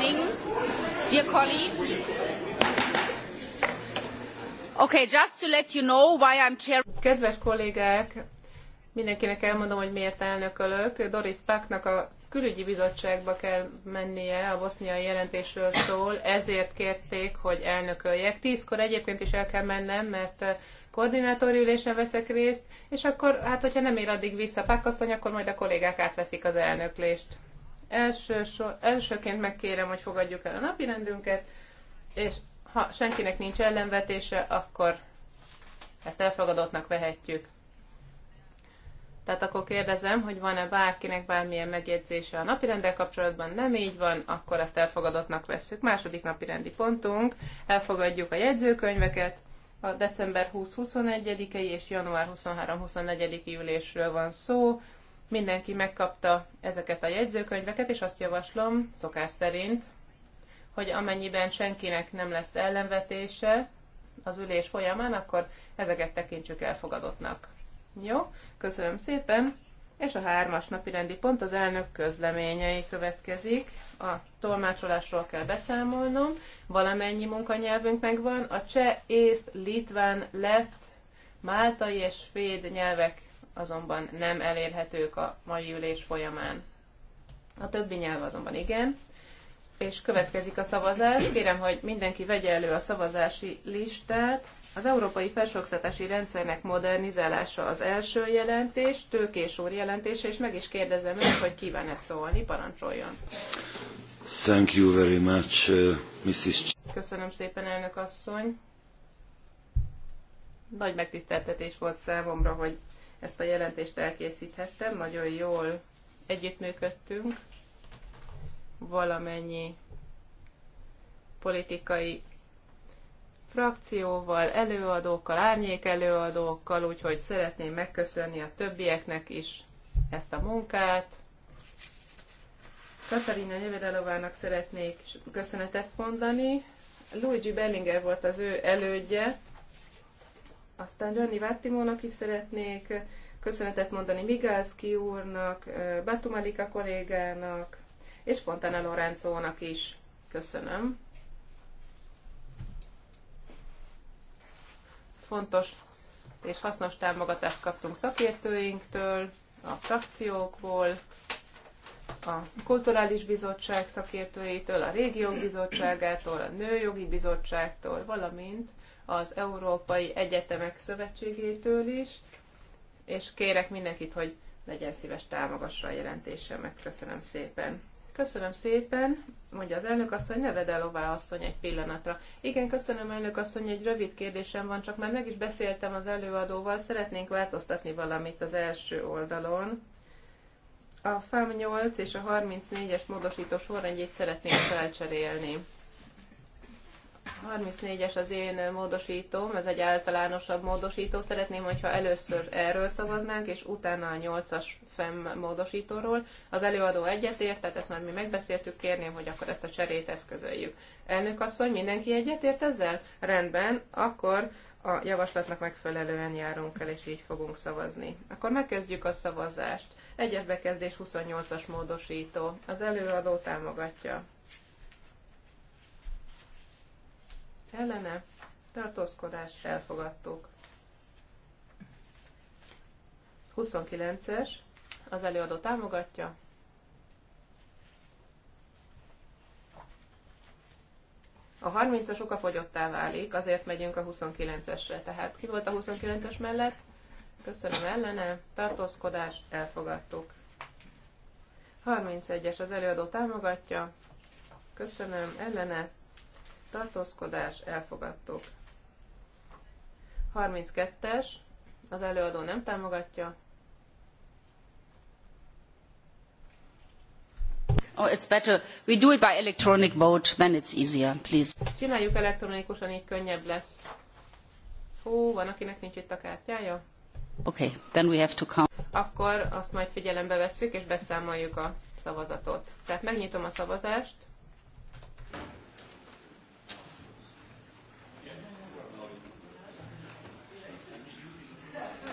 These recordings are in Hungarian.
morning, dear colleagues. Okay, just to let you know why I'm chair. Kedves kollégák, mindenkinek elmondom, hogy miért elnökölök. Doris Paknak a külügyi bizottságba kell mennie, a boszniai jelentésről szól, ezért kérték, hogy elnököljek. Tízkor egyébként is el kell mennem, mert eh, koordinátori ülésen veszek részt, és akkor, hát hogyha nem ér addig vissza Pákasszony, akkor majd a kollégák átveszik az elnöklést elsőként megkérem, hogy fogadjuk el a napi rendünket, és ha senkinek nincs ellenvetése, akkor ezt elfogadottnak vehetjük. Tehát akkor kérdezem, hogy van-e bárkinek bármilyen megjegyzése a napirendel kapcsolatban, nem így van, akkor ezt elfogadottnak vesszük. Második napirendi pontunk, elfogadjuk a jegyzőkönyveket, a december 20-21-i és január 23-24-i ülésről van szó, Mindenki megkapta ezeket a jegyzőkönyveket, és azt javaslom, szokás szerint, hogy amennyiben senkinek nem lesz ellenvetése az ülés folyamán, akkor ezeket tekintsük elfogadottnak. Jó, köszönöm szépen, és a hármas napi rendi pont az elnök közleményei következik. A tolmácsolásról kell beszámolnom, valamennyi munkanyelvünk megvan, a cseh, észt, litván, lett, máltai és svéd nyelvek azonban nem elérhetők a mai ülés folyamán. A többi nyelv azonban igen, és következik a szavazás. Kérem, hogy mindenki vegye elő a szavazási listát. Az Európai Felsőoktatási Rendszernek modernizálása az első jelentés, tőkés úr jelentése, és meg is kérdezem önt, hogy kíván-e szólni, parancsoljon. Thank you very much, uh, Mrs. Köszönöm szépen, elnök asszony. Nagy megtiszteltetés volt számomra, hogy ezt a jelentést elkészíthettem. Nagyon jól együttműködtünk valamennyi politikai frakcióval, előadókkal, árnyék előadókkal, úgyhogy szeretném megköszönni a többieknek is ezt a munkát. Katarina Nyevedelovának szeretnék köszönetet mondani. Luigi Bellinger volt az ő elődje, aztán Johnny Vattimónak is szeretnék köszönetet mondani Migalski úrnak, Batumalika kollégának, és Fontana Lorenzónak is. Köszönöm. Fontos és hasznos támogatást kaptunk szakértőinktől, a frakciókból, a Kulturális Bizottság szakértőitől, a Régiók Bizottságától, a Nőjogi Bizottságtól, valamint az Európai Egyetemek Szövetségétől is, és kérek mindenkit, hogy legyen szíves támogassa a jelentésemet. Köszönöm szépen. Köszönöm szépen, mondja az elnök asszony, ne vedd el Ová asszony egy pillanatra. Igen, köszönöm elnök asszony, egy rövid kérdésem van, csak már meg is beszéltem az előadóval, szeretnénk változtatni valamit az első oldalon. A FAM 8 és a 34-es módosító sorrendjét szeretnénk felcserélni. 34-es az én módosítóm, ez egy általánosabb módosító. Szeretném, hogyha először erről szavaznánk, és utána a 8-as FEM módosítóról. Az előadó egyetért, tehát ezt már mi megbeszéltük, kérném, hogy akkor ezt a cserét eszközöljük. Elnök asszony, mindenki egyetért ezzel? Rendben, akkor a javaslatnak megfelelően járunk el, és így fogunk szavazni. Akkor megkezdjük a szavazást. Egyes bekezdés 28-as módosító. Az előadó támogatja. ellene tartózkodást elfogadtuk. 29-es, az előadó támogatja. A 30-as okafogyottá válik, azért megyünk a 29-esre. Tehát ki volt a 29-es mellett? Köszönöm ellene, tartózkodás, elfogadtuk. 31-es az előadó támogatja. Köszönöm ellene, tartózkodás, elfogadtuk. 32-es, az előadó nem támogatja. Oh, it's better. We do it by electronic vote, then it's easier, please. Csináljuk elektronikusan, így könnyebb lesz. Hú, van akinek nincs itt a kártyája? Okay, then we have to count. Akkor azt majd figyelembe vesszük, és beszámoljuk a szavazatot. Tehát megnyitom a szavazást.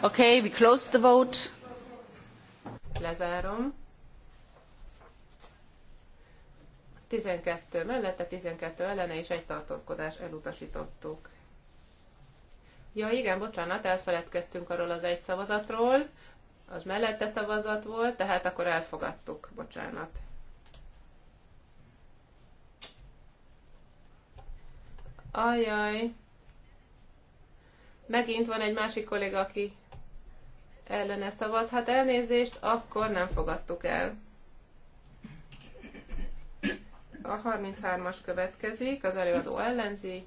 Okay, we close the vote. Lezárom. 12 mellette, 12 ellene és egy tartózkodás elutasítottuk. Ja igen, bocsánat, elfeledkeztünk arról az egy szavazatról. Az mellette szavazat volt, tehát akkor elfogadtuk. Bocsánat. Ajaj. Megint van egy másik kolléga, aki ellene szavazhat elnézést, akkor nem fogadtuk el. A 33-as következik, az előadó ellenzi.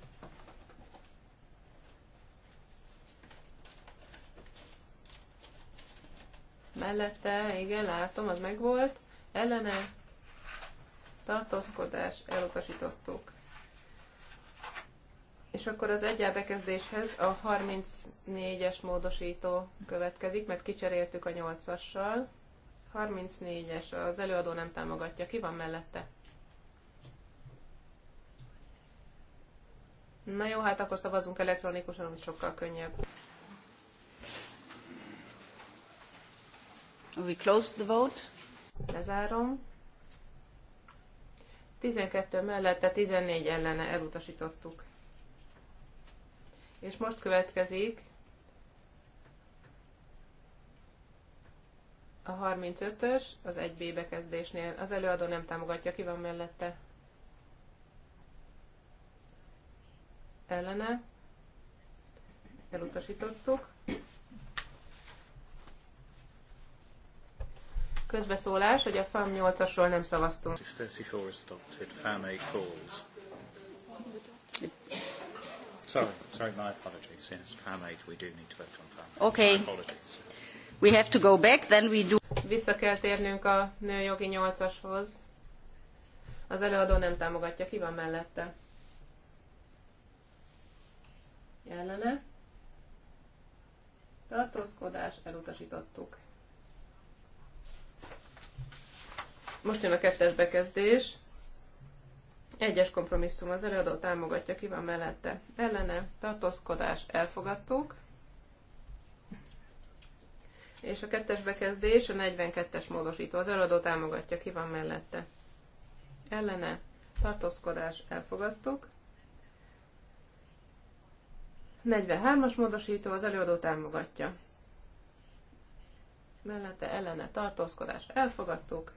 Mellette, igen, látom, az megvolt. Ellene tartózkodás, elutasítottuk. És akkor az egyel bekezdéshez a 34-es módosító következik, mert kicseréltük a 8-assal. 34-es, az előadó nem támogatja. Ki van mellette? Na jó, hát akkor szavazunk elektronikusan, ami sokkal könnyebb. We close the vote. Lezárom. 12 mellette, 14 ellene elutasítottuk. És most következik a 35-ös, az 1B bekezdésnél. Az előadó nem támogatja, ki van mellette? Ellene. Elutasítottuk. Közbeszólás, hogy a FAM 8-asról nem szavaztunk. 634 is FAM 8 falls. Sorry, sorry, my apologies. Yes, farm aid, we do need to vote on farm aid. Okay. My apologies. We have to go back, then we do... Vissza kell térnünk a nőjogi nyolcashoz. Az előadó nem támogatja. Ki van mellette? Ellene. Tartózkodás, elutasítottuk. Most jön a kettes bekezdés. Egyes kompromisszum az előadó támogatja, ki van mellette. Ellene tartózkodás elfogadtuk. És a kettes bekezdés, a 42-es módosító. Az előadó támogatja, ki van mellette. Ellene tartózkodás elfogadtuk. 43-as módosító, az előadó támogatja. Mellette ellene tartózkodás elfogadtuk.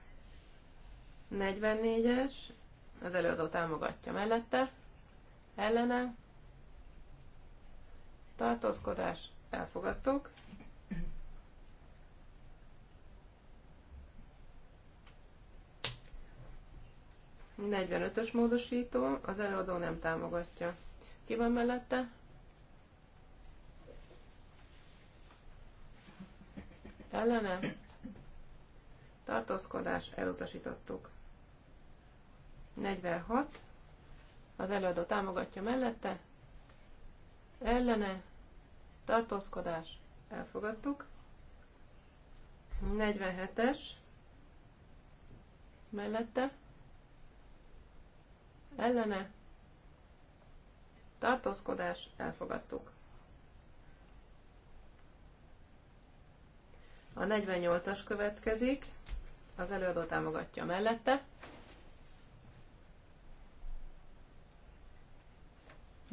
44-es, az előadó támogatja mellette, ellene, tartózkodás, elfogadtuk. ös módosító, az előadó nem támogatja. Ki van mellette? Ellene? Tartózkodás, elutasítottuk. 46, az előadó támogatja mellette, ellene, tartózkodás, elfogadtuk. 47-es, mellette, ellene, tartózkodás, elfogadtuk. A 48-as következik, az előadó támogatja mellette,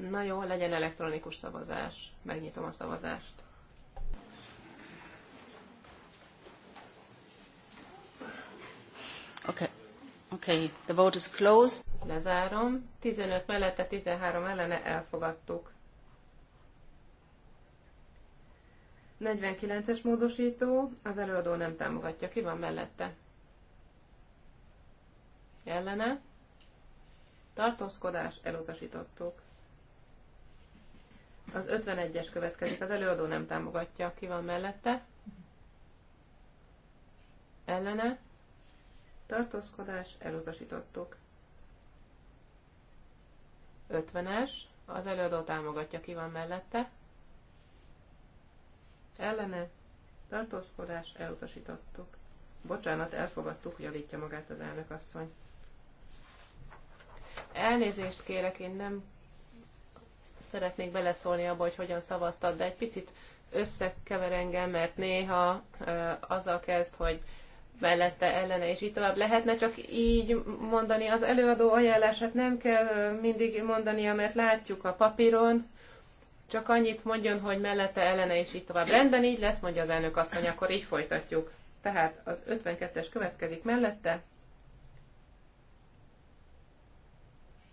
Na jó, legyen elektronikus szavazás. Megnyitom a szavazást. Okay. Okay, the vote is closed. Lezárom. 15 mellette, 13 ellene elfogadtuk. 49-es módosító, az előadó nem támogatja. Ki van mellette? Ellene. Tartózkodás, elutasítottuk. Az 51-es következik, az előadó nem támogatja, ki van mellette. Ellene. Tartózkodás, elutasítottuk. 50-es, az előadó támogatja, ki van mellette. Ellene. Tartózkodás, elutasítottuk. Bocsánat, elfogadtuk, javítja magát az elnök asszony. Elnézést kérek, én nem szeretnék beleszólni abba, hogy hogyan szavaztad, de egy picit összekever engem, mert néha azzal kezd, hogy mellette, ellene, és így tovább. Lehetne csak így mondani az előadó ajánlását, nem kell mindig mondania, mert látjuk a papíron, csak annyit mondjon, hogy mellette, ellene, és így tovább. Rendben, így lesz, mondja az elnök asszony, akkor így folytatjuk. Tehát az 52-es következik mellette,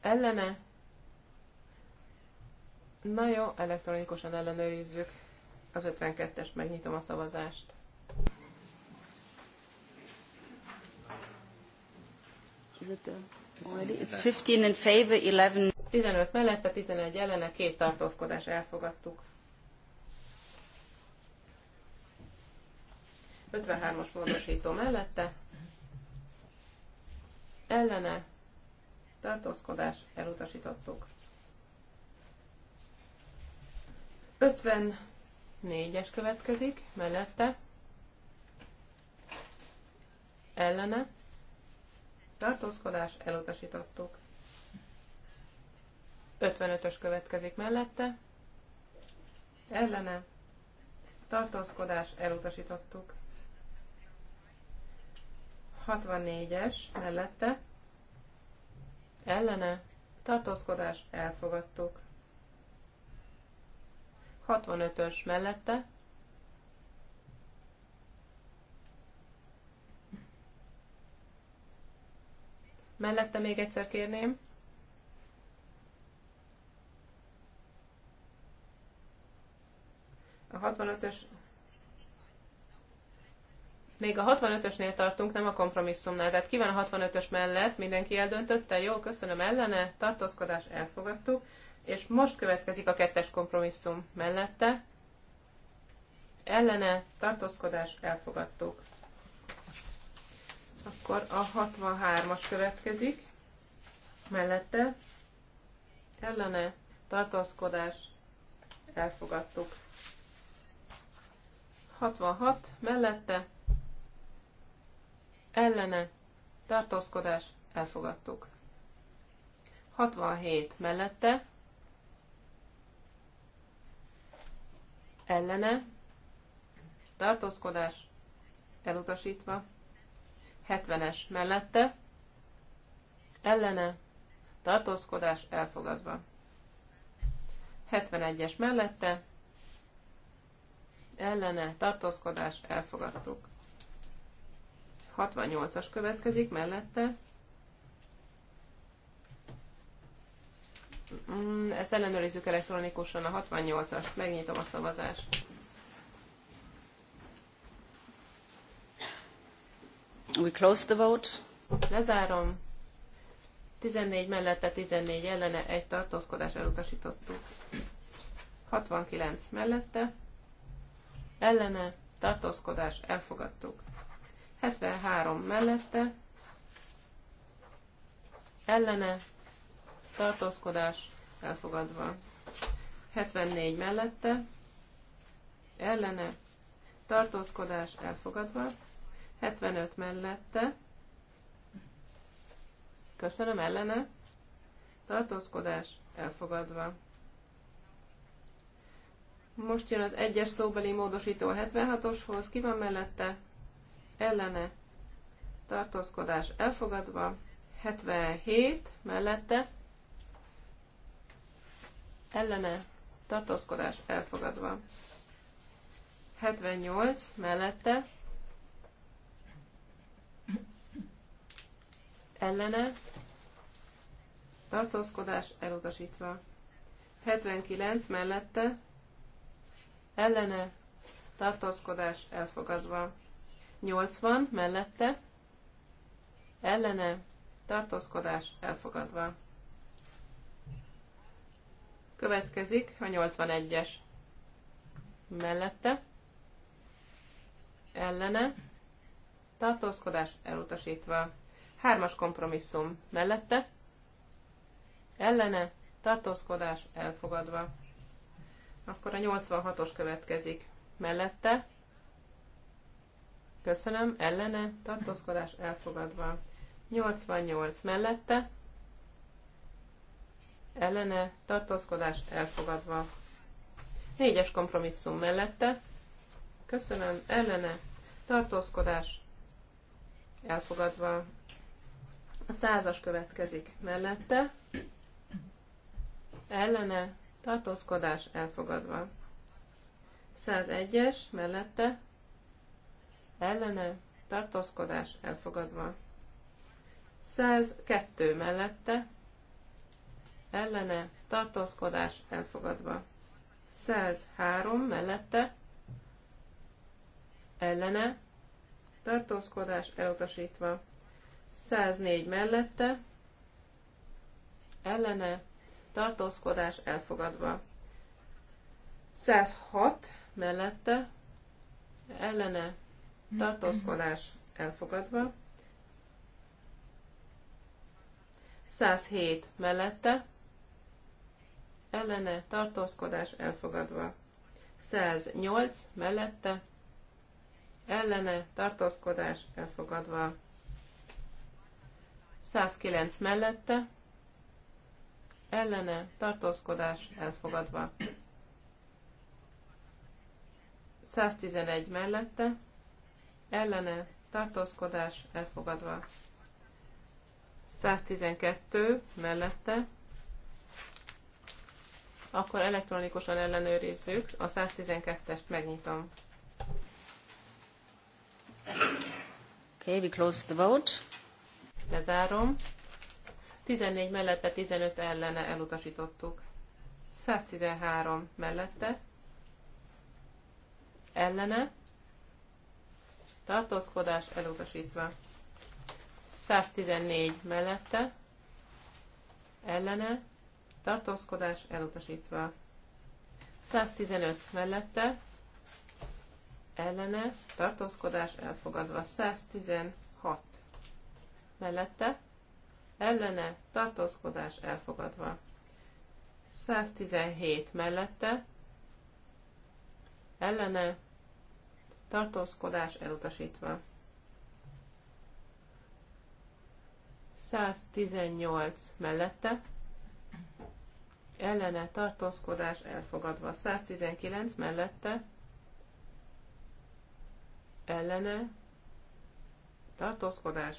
ellene, Na jó, elektronikusan ellenőrizzük. Az 52-est megnyitom a szavazást. Is it It's 15 in favor, 11... 15 mellette, 11 ellene, két tartózkodás elfogadtuk. 53-as módosító mellette, ellene, tartózkodás elutasítottuk. 54-es következik, mellette, ellene, tartózkodás, elutasítottuk. 55-ös következik mellette, ellene, tartózkodás, elutasítottuk. 64-es mellette, ellene, tartózkodás, elfogadtuk. 65-ös mellette, Mellette még egyszer kérném. A 65-ös... Még a 65-ösnél tartunk, nem a kompromisszumnál. Tehát ki van a 65-ös mellett? Mindenki eldöntötte? Jó, köszönöm ellene. Tartózkodás elfogadtuk és most következik a kettes kompromisszum mellette, ellene tartózkodás elfogadtuk. Akkor a 63-as következik, mellette, ellene tartózkodás elfogadtuk. 66 mellette, ellene tartózkodás elfogadtuk. 67 mellette, ellene, tartózkodás, elutasítva, 70-es mellette, ellene, tartózkodás, elfogadva. 71-es mellette, ellene, tartózkodás, elfogadtuk. 68-as következik mellette, Mm, ezt ellenőrizzük elektronikusan a 68-as. Megnyitom a szavazást. We close the vote. Lezárom. 14 mellette, 14 ellene, egy tartózkodás elutasítottuk. 69 mellette, ellene, tartózkodás elfogadtuk. 73 mellette, ellene, tartózkodás elfogadva. 74 mellette, ellene, tartózkodás elfogadva. 75 mellette, köszönöm, ellene, tartózkodás elfogadva. Most jön az egyes szóbeli módosító a 76-oshoz, ki van mellette, ellene, tartózkodás elfogadva, 77 mellette, ellene tartózkodás elfogadva. 78 mellette ellene tartózkodás elutasítva. 79 mellette ellene tartózkodás elfogadva. 80 mellette ellene tartózkodás elfogadva. Következik a 81-es mellette, ellene, tartózkodás elutasítva. Hármas kompromisszum mellette, ellene, tartózkodás elfogadva. Akkor a 86-os következik mellette, köszönöm, ellene, tartózkodás elfogadva. 88 mellette, ellene tartózkodás elfogadva. Négyes kompromisszum mellette. Köszönöm, ellene tartózkodás elfogadva. A százas következik mellette. Ellene tartózkodás elfogadva. 101-es mellette. Ellene tartózkodás elfogadva. 102 mellette ellene, tartózkodás elfogadva. 103 mellette, ellene, tartózkodás elutasítva. 104 mellette, ellene, tartózkodás elfogadva. 106 mellette, ellene, tartózkodás elfogadva. 107 mellette, ellene tartózkodás elfogadva. 108 mellette ellene tartózkodás elfogadva. 109 mellette ellene tartózkodás elfogadva. 111 mellette ellene tartózkodás elfogadva. 112 mellette akkor elektronikusan ellenőrizzük. A 112-est megnyitom. Okay, we close the vote. Lezárom. 14 mellette, 15 ellene elutasítottuk. 113 mellette, ellene, tartózkodás elutasítva. 114 mellette, ellene, tartózkodás elutasítva. 115 mellette ellene tartózkodás elfogadva. 116 mellette ellene tartózkodás elfogadva. 117 mellette ellene tartózkodás elutasítva. 118 mellette ellene tartózkodás elfogadva. 119 mellette ellene tartózkodás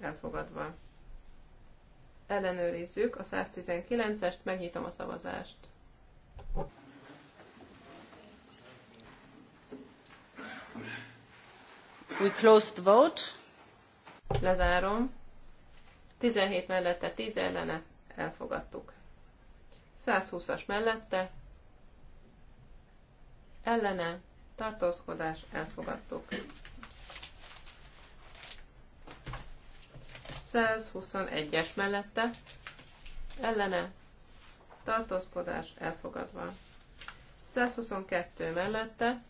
elfogadva. Ellenőrizzük a 119-est, megnyitom a szavazást. We closed vote. Lezárom. 17 mellette 10 ellene elfogadtuk. 120-as mellette, ellene, tartózkodás, elfogadtuk. 121-es mellette, ellene, tartózkodás, elfogadva. 122 mellette,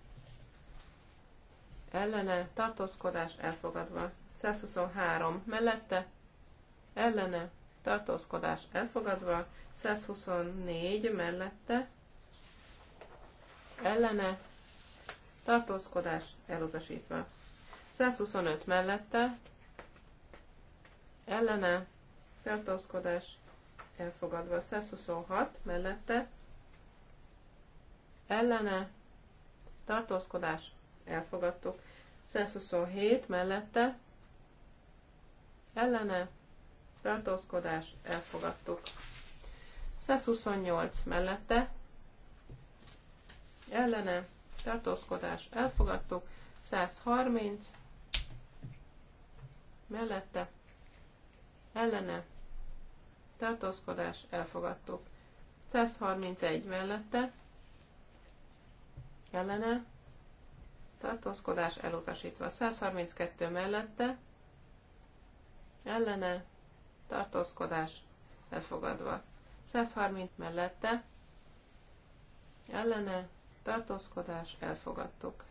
ellene, tartózkodás, elfogadva. 123 mellette, ellene, tartózkodás elfogadva, 124 mellette ellene tartózkodás elutasítva, 125 mellette ellene tartózkodás elfogadva, 126 mellette ellene tartózkodás elfogadtuk, 127 mellette ellene tartózkodás, elfogadtuk. 128 mellette, ellene, tartózkodás, elfogadtuk. 130 mellette, ellene, tartózkodás, elfogadtuk. 131 mellette, ellene, tartózkodás elutasítva. 132 mellette, ellene, tartózkodás elfogadva. 130 mellette ellene tartózkodás elfogadtuk.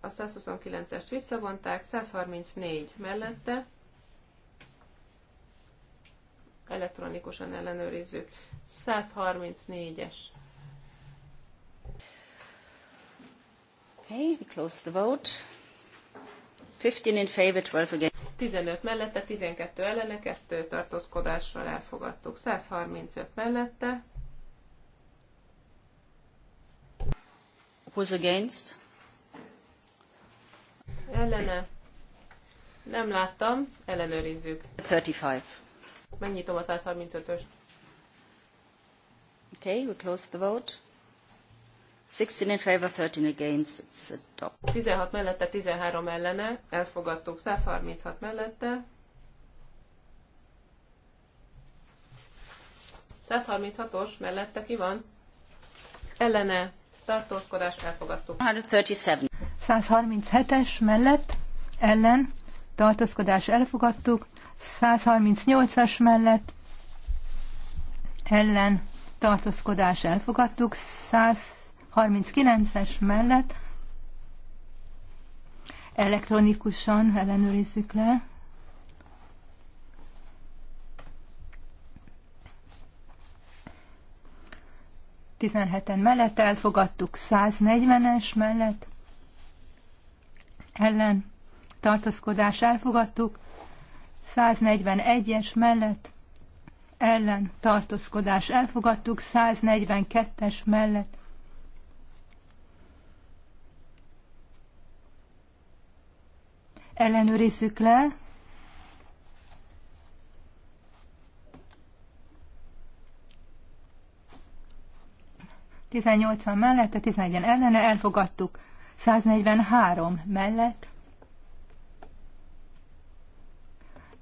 A 129-est visszavonták, 134 mellette elektronikusan ellenőrizzük. 134-es. Okay, we close the vote. 15 in favor, 12 against. 15 mellette, 12 ellene, 2 tartózkodással elfogadtuk. 135 mellette. Who's against? Ellene. Nem láttam, ellenőrizzük. 35. Megnyitom a 135-ös. Okay, we close the vote. 16 in favor, 13 against, it's adopted. 16 mellette, 13 ellene, elfogadtuk. 136 mellette. 136-os mellette ki van? Ellene, tartózkodás, elfogadtuk. 137. 137-es mellett, ellen, tartózkodás, elfogadtuk. 138-as mellett, ellen, tartózkodás, elfogadtuk. 100 39-es mellett elektronikusan ellenőrizzük le. Tizenheten mellett elfogadtuk 140-es mellett ellen tartózkodás elfogadtuk, 141-es mellett ellen tartózkodás elfogadtuk, 142-es mellett ellenőrizzük le. Tizennyolcan mellette, tizenegyen ellene, elfogadtuk. 143 mellett.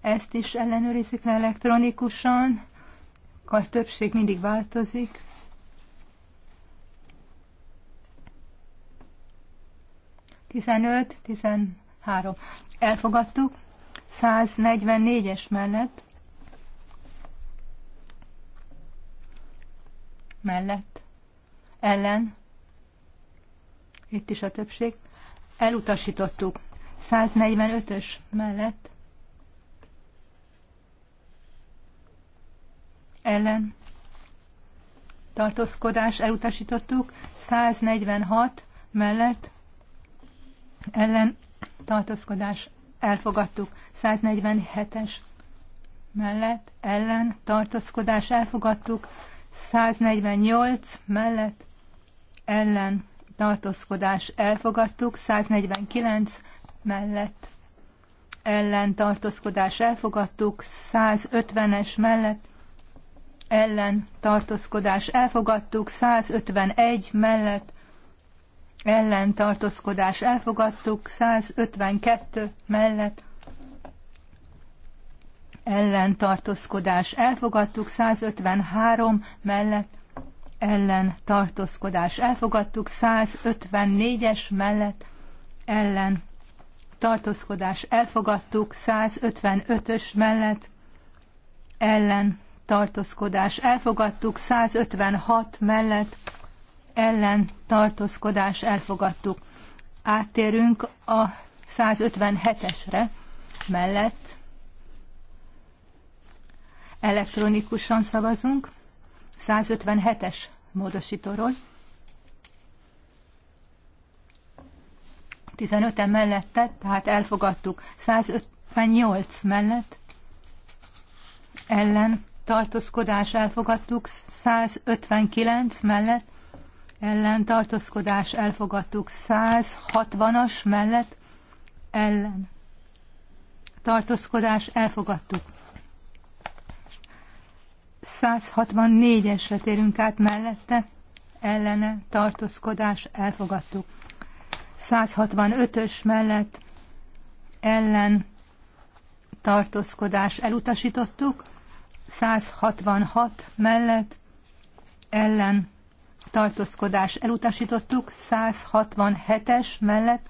Ezt is ellenőrizzük le elektronikusan. A többség mindig változik. Tizenöt, tizen... 3. Elfogadtuk. 144-es mellett. Mellett. Ellen. Itt is a többség. Elutasítottuk. 145-ös mellett. Ellen. Tartózkodás elutasítottuk. 146 mellett ellen tartózkodás elfogadtuk. 147-es mellett ellen tartózkodás elfogadtuk. 148 mellett ellen tartózkodás elfogadtuk. 149 mellett ellen tartózkodás elfogadtuk. 150-es mellett ellen tartózkodás elfogadtuk. 151 mellett ellen tartózkodás elfogadtuk, 152 mellett ellen tartózkodás elfogadtuk, 153 mellett ellen tartózkodás elfogadtuk, 154-es mellett ellen tartózkodás elfogadtuk, 155-ös mellett ellen tartózkodás elfogadtuk, 156 mellett ellen tartózkodás elfogadtuk. Áttérünk a 157-esre mellett. Elektronikusan szavazunk. 157-es módosítóról. 15-en mellette, tehát elfogadtuk. 158 mellett ellen tartózkodás elfogadtuk, 159 mellett ellen tartózkodás elfogadtuk 160-as mellett ellen tartózkodás elfogadtuk. 164-esre térünk át mellette, ellene tartózkodás elfogadtuk. 165-ös mellett ellen tartózkodás elutasítottuk, 166 mellett ellen tartózkodás elutasítottuk, 167-es mellett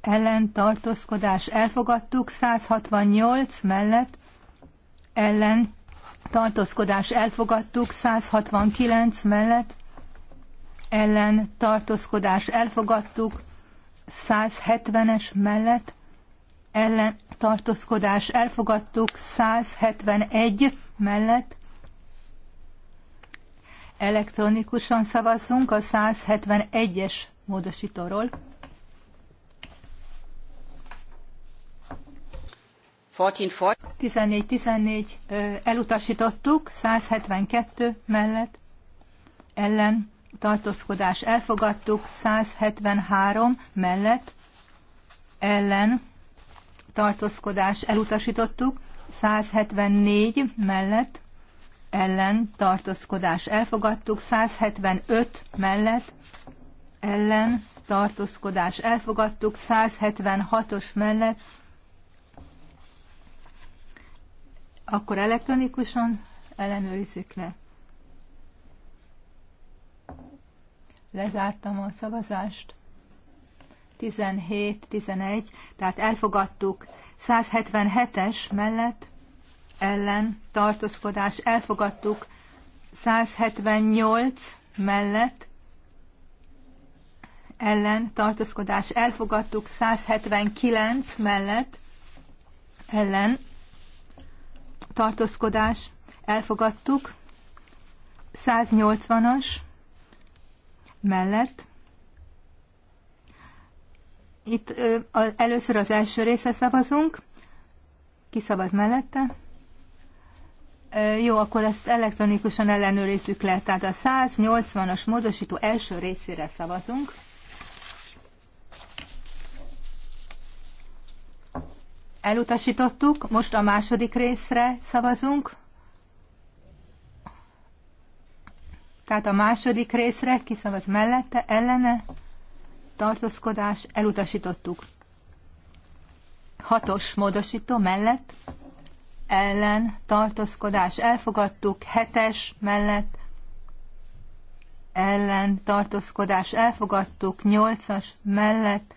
ellen tartózkodás elfogadtuk, 168 mellett ellen tartózkodás elfogadtuk, 169 mellett ellen tartózkodás elfogadtuk, 170-es mellett ellen tartózkodás elfogadtuk, 171 mellett elektronikusan szavazzunk a 171-es módosítóról. Tizennégy, tizennégy elutasítottuk, 172 mellett ellen tartózkodás elfogadtuk, 173 mellett ellen tartózkodás elutasítottuk, 174 mellett ellen tartózkodás elfogadtuk, 175 mellett ellen tartózkodás elfogadtuk, 176-os mellett akkor elektronikusan ellenőrizzük le. Lezártam a szavazást. 17-11, tehát elfogadtuk 177-es mellett ellen tartózkodás elfogadtuk 178 mellett ellen tartózkodás elfogadtuk 179 mellett ellen tartózkodás elfogadtuk 180-as mellett itt ö, először az első része szavazunk kiszavaz mellette jó, akkor ezt elektronikusan ellenőrizzük le. Tehát a 180-as módosító első részére szavazunk. Elutasítottuk, most a második részre szavazunk. Tehát a második részre kiszavaz mellette, ellene, tartózkodás, elutasítottuk. Hatos módosító mellett, ellen tartózkodás elfogadtuk, hetes mellett ellen tartózkodás elfogadtuk, nyolcas mellett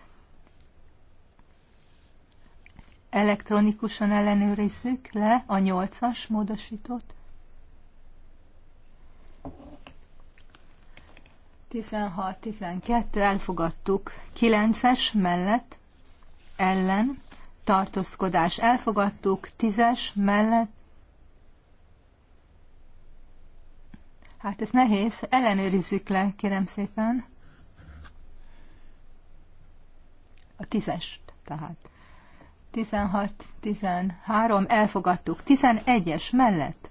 elektronikusan ellenőrizzük le a nyolcas módosítót. 16-12 elfogadtuk, 9-es mellett ellen tartózkodás elfogadtuk, tízes mellett. Hát ez nehéz, ellenőrizzük le, kérem szépen. A tízes, tehát. 16, 13, elfogadtuk. 11-es mellett.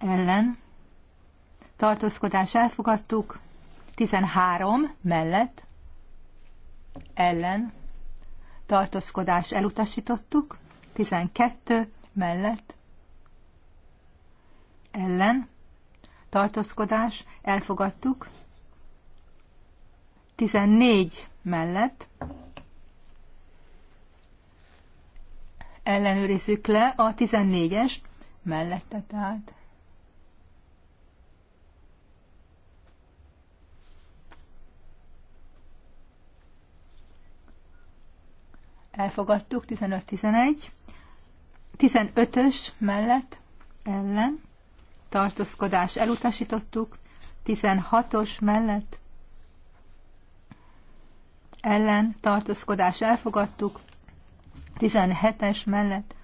Ellen. Tartózkodás elfogadtuk. 13 mellett. Ellen tartózkodás elutasítottuk, 12 mellett ellen tartózkodás elfogadtuk, 14 mellett ellenőrizzük le a 14-est mellette tehát elfogadtuk, 15-11. 15-ös mellett ellen tartózkodás elutasítottuk, 16-os mellett ellen tartózkodás elfogadtuk, 17-es mellett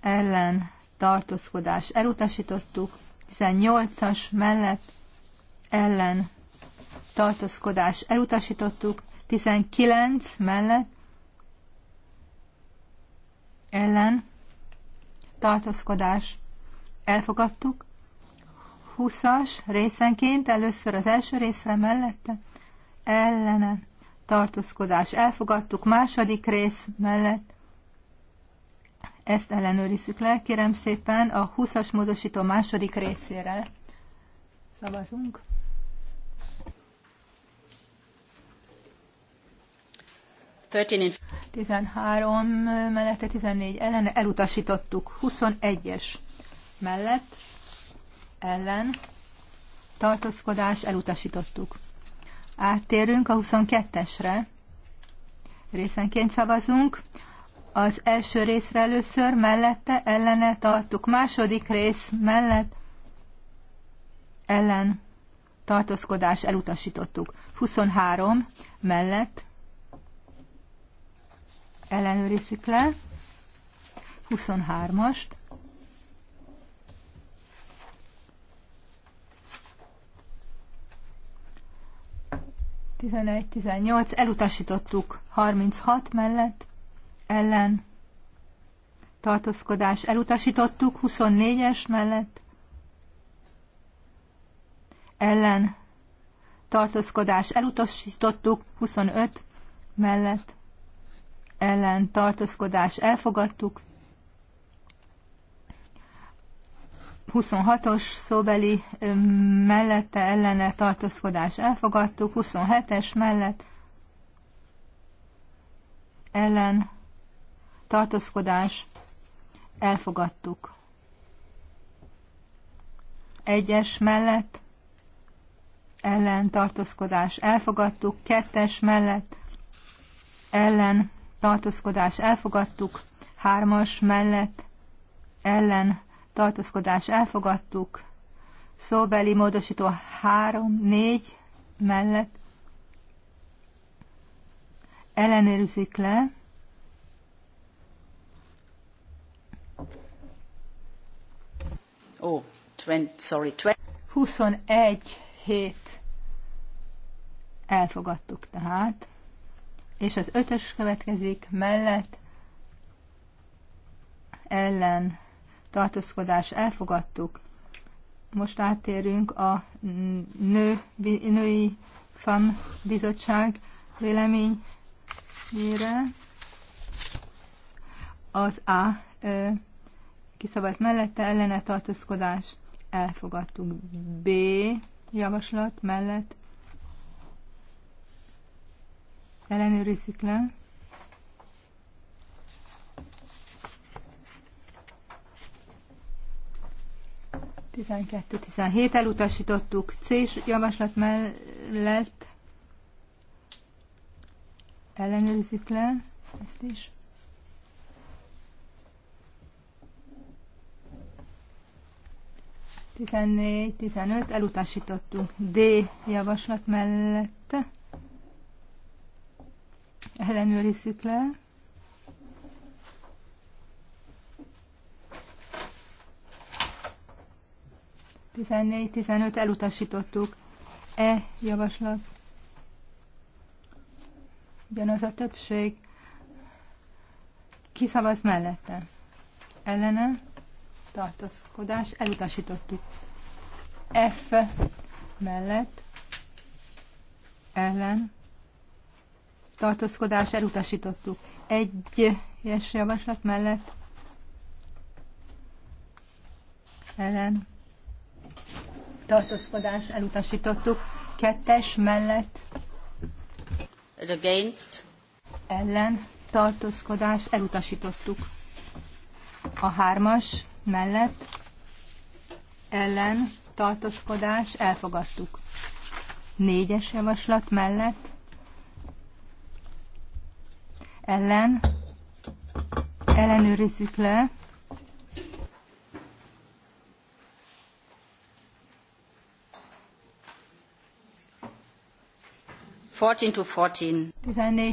ellen tartózkodás elutasítottuk, 18-as mellett ellen tartózkodás elutasítottuk, 19 mellett ellen tartózkodás elfogadtuk. 20-as részenként először az első részre mellette ellene tartózkodás elfogadtuk. Második rész mellett ezt ellenőrizzük le. Kérem szépen a 20-as módosító második részére szavazunk. 13 mellette 14 ellen elutasítottuk. 21-es mellett ellen tartózkodás elutasítottuk. Áttérünk a 22-esre. Részenként szavazunk. Az első részre először mellette ellene tartuk. Második rész mellett ellen tartózkodás elutasítottuk. 23 mellett ellenőrizzük le. 23-ast. Tizenegy, tizennyolc, elutasítottuk 36 mellett, ellen tartózkodás elutasítottuk 24-es mellett, ellen tartózkodás elutasítottuk 25 mellett, ellen tartózkodás elfogadtuk. 26-os szóbeli mellette ellene tartózkodás elfogadtuk, 27-es mellett ellen tartózkodás elfogadtuk. Egyes mellett ellen tartózkodás elfogadtuk, kettes mellett ellen tartózkodás elfogadtuk, hármas mellett ellen tartózkodás elfogadtuk, szóbeli módosító három, négy mellett ellenőrzik le, Oh, 20, sorry, 20. 21 hét elfogadtuk tehát és az ötös következik mellett ellen tartózkodás elfogadtuk. Most áttérünk a nő, női FAM bizottság véleményére. Az A kiszabályt mellette ellene tartózkodás elfogadtuk. B javaslat mellett ellenőrizzük le. Tizenkettő, tizenhét elutasítottuk C javaslat mellett. Ellenőrizzük le ezt is. Tizennégy, tizenöt elutasítottuk D javaslat mellett ellenőrizzük le. Tizennégy, tizenöt elutasítottuk. E javaslat. Ugyanaz a többség. szavaz mellette. Ellene Tartozkodás. elutasítottuk. F mellett ellen tartózkodás elutasítottuk. Egyes javaslat mellett ellen tartózkodás elutasítottuk. Kettes mellett against ellen tartózkodás elutasítottuk. A hármas mellett ellen tartózkodás elfogadtuk. Négyes javaslat mellett ellen ellenőrizzük le. to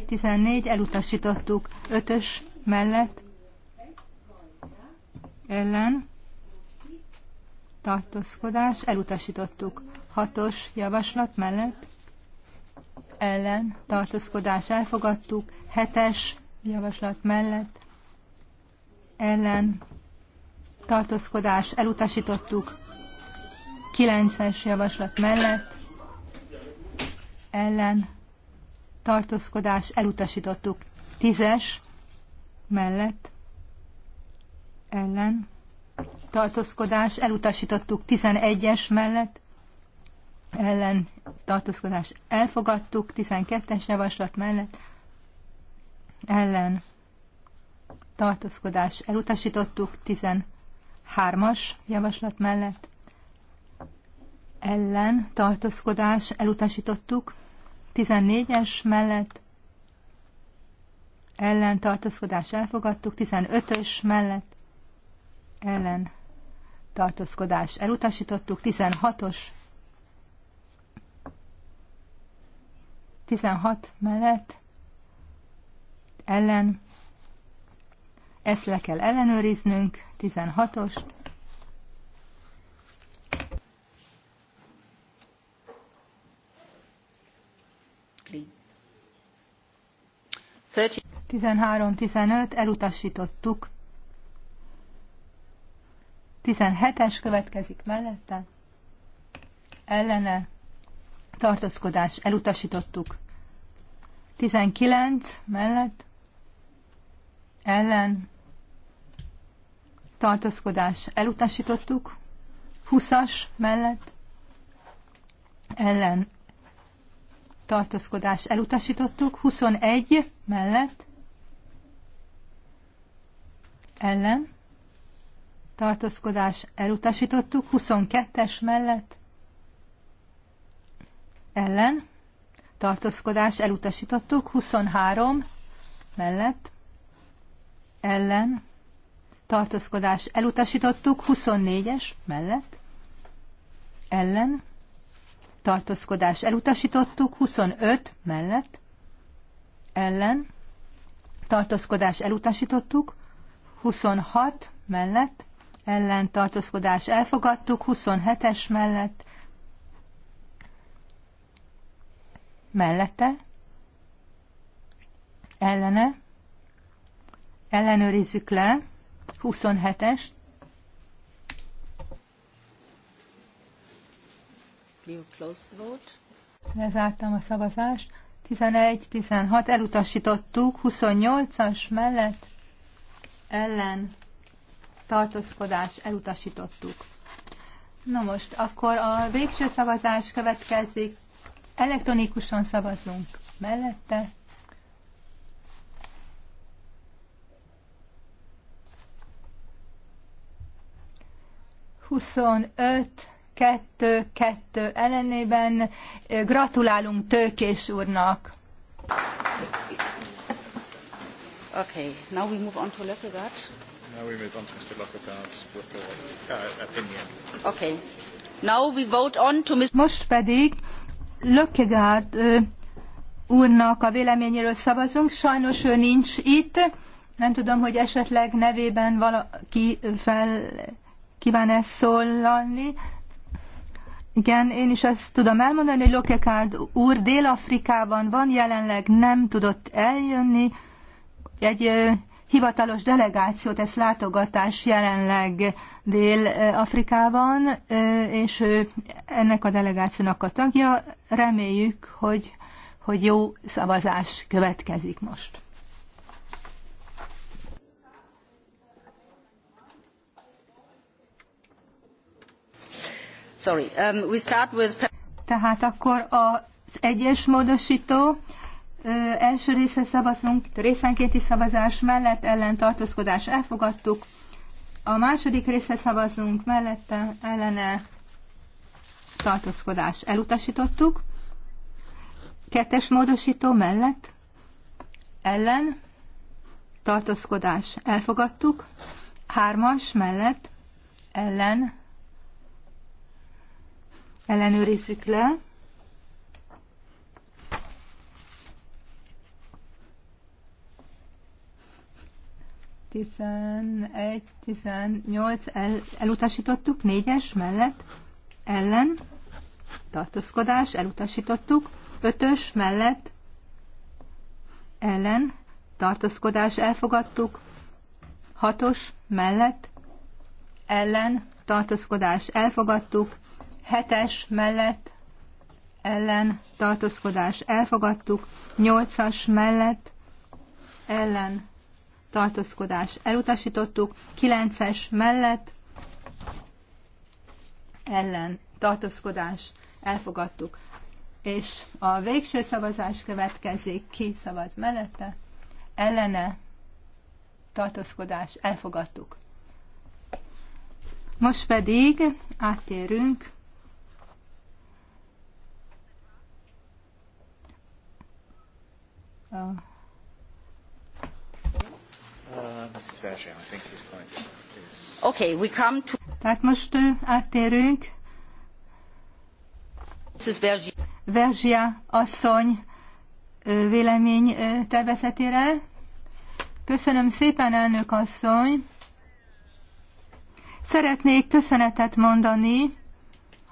tizennégy, elutasítottuk. Ötös mellett ellen tartózkodás elutasítottuk. Hatos javaslat mellett ellen tartózkodás elfogadtuk, hetes javaslat mellett ellen tartózkodás elutasítottuk, kilences javaslat mellett ellen tartózkodás elutasítottuk, tízes mellett ellen tartózkodás elutasítottuk, tizenegyes mellett ellen tartózkodás elfogadtuk, 12-es javaslat mellett ellen tartózkodás elutasítottuk, 13-as javaslat mellett ellen tartózkodás elutasítottuk, 14-es mellett ellen tartózkodás elfogadtuk, 15-ös mellett ellen tartózkodás elutasítottuk, 16-os 16 mellett ellen. Ezt le kell ellenőriznünk, 16 os Tizenhárom, tizenöt, elutasítottuk. Tizenhetes következik mellette. Ellene tartózkodás elutasítottuk. 19 mellett ellen tartózkodás elutasítottuk. 20-as mellett ellen tartózkodás elutasítottuk. 21 mellett ellen tartózkodás elutasítottuk. 22-es mellett ellen, tartózkodás elutasítottuk, 23 mellett, ellen, tartózkodás elutasítottuk, 24-es mellett, ellen, tartózkodás elutasítottuk, 25 mellett, ellen, tartózkodás elutasítottuk, 26 mellett, ellen tartózkodás elfogadtuk, 27-es mellett, mellette, ellene, ellenőrizzük le, 27-es, Lezártam a szavazást. 11-16 elutasítottuk, 28-as mellett ellen tartózkodás elutasítottuk. Na most, akkor a végső szavazás következik, Elektronikusan szavazunk mellette. Huszonöt, kettő, kettő ellenében. Gratulálunk Tőkés úrnak! Okay, now we move on to Lökkegaard. Now we move on to Mr. Lökkegaard's uh, opinion. Okay. Now we vote on to Mr. Most pedig Lökkegárd úrnak a véleményéről szavazunk. Sajnos ő nincs itt. Nem tudom, hogy esetleg nevében valaki fel kíván e szólalni. Igen, én is ezt tudom elmondani, hogy Lokekárd úr Dél-Afrikában van, jelenleg nem tudott eljönni. Egy hivatalos delegáció tesz látogatás jelenleg Dél-Afrikában, és ennek a delegációnak a tagja. Reméljük, hogy, hogy jó szavazás következik most. Sorry, um, we start with... Tehát akkor az egyes módosító első része szavazunk, részenkénti szavazás mellett ellen tartózkodás elfogadtuk. A második része szavazunk, mellette ellene tartózkodás elutasítottuk. Kettes módosító mellett ellen tartózkodás elfogadtuk. Hármas mellett ellen ellenőrizzük le. 11, 18 el, elutasítottuk, 4-es mellett, ellen, tartózkodás, elutasítottuk, 5-ös mellett, ellen, tartózkodás, elfogadtuk, 6-os mellett, ellen, tartózkodás, elfogadtuk, 7-es mellett, ellen, tartózkodás, elfogadtuk, 8-as mellett, ellen, tartózkodás elutasítottuk, 9-es mellett ellen tartózkodás elfogadtuk. És a végső szavazás következik, ki szavaz mellette, ellene tartózkodás elfogadtuk. Most pedig áttérünk a Okay, we come to... Tehát most áttérünk. Verzsia asszony vélemény tervezetére. Köszönöm szépen, elnök asszony. Szeretnék köszönetet mondani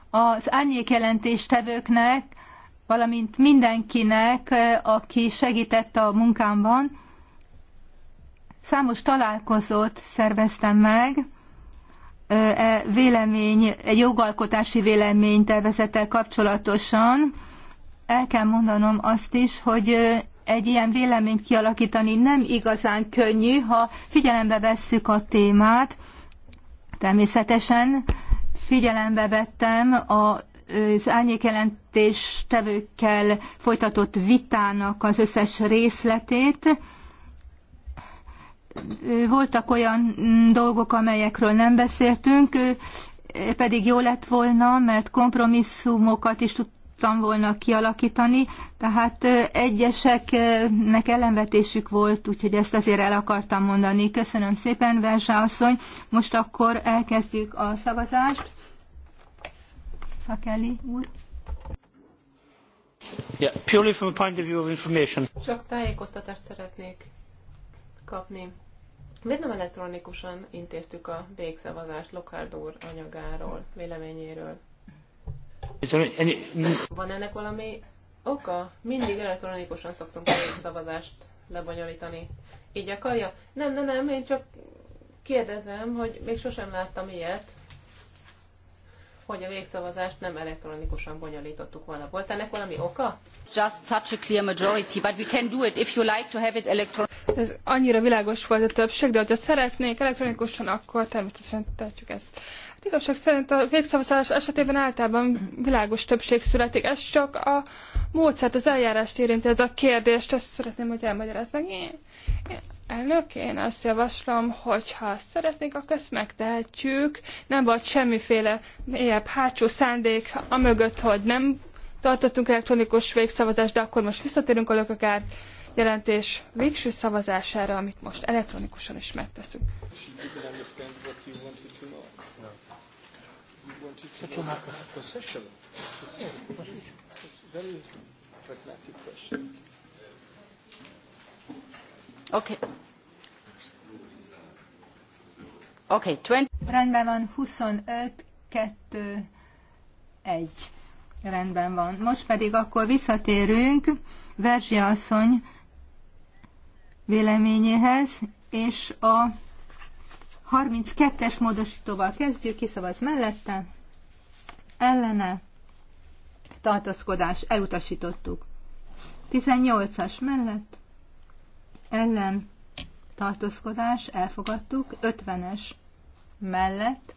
az árnyékjelentéstevőknek, valamint mindenkinek, aki segített a munkámban. Számos találkozót szerveztem meg, e vélemény, egy jogalkotási tervezettel kapcsolatosan. El kell mondanom azt is, hogy egy ilyen véleményt kialakítani nem igazán könnyű, ha figyelembe vesszük a témát. Természetesen figyelembe vettem a az árnyékjelentéstevőkkel folytatott vitának az összes részletét, voltak olyan dolgok, amelyekről nem beszéltünk, pedig jó lett volna, mert kompromisszumokat is tudtam volna kialakítani, tehát egyeseknek ellenvetésük volt, úgyhogy ezt azért el akartam mondani. Köszönöm szépen, Verzsa asszony. Most akkor elkezdjük a szavazást. Szakeli úr. Yeah, purely from a point of view of information. Csak tájékoztatást szeretnék kapni Miért nem elektronikusan intéztük a végszavazást Lockhard anyagáról, véleményéről? Van ennek valami oka? Mindig elektronikusan szoktunk a végszavazást lebonyolítani. Így akarja? Nem, nem, nem, én csak kérdezem, hogy még sosem láttam ilyet hogy a végszavazást nem elektronikusan bonyolítottuk volna. Volt ennek valami oka? Just such a clear majority, but we can do it if you like to have it electronic. Ez annyira világos volt a többség, de hogyha szeretnék elektronikusan, akkor természetesen tehetjük ezt. Hát igazság szerint a végszavazás esetében általában világos többség születik. Ez csak a módszert, az eljárást érinti ez a kérdést, ezt szeretném, hogy elmagyaráznak. Én, én Elnök, én azt javaslom, hogyha szeretnék, akkor ezt megtehetjük. Nem volt semmiféle mélyebb hátsó szándék amögött, hogy nem tartottunk elektronikus végszavazást, de akkor most visszatérünk a lökökár jelentés végső szavazására, amit most elektronikusan is megteszünk. pragmatic question. Oké. Okay. Oké, okay, 20. Rendben van, 25, 2, 1. Rendben van. Most pedig akkor visszatérünk Verzsi asszony véleményéhez, és a 32-es módosítóval kezdjük, kiszavaz mellette, ellene, tartózkodás, elutasítottuk. 18-as mellett, ellen tartózkodás elfogadtuk, 50-es mellett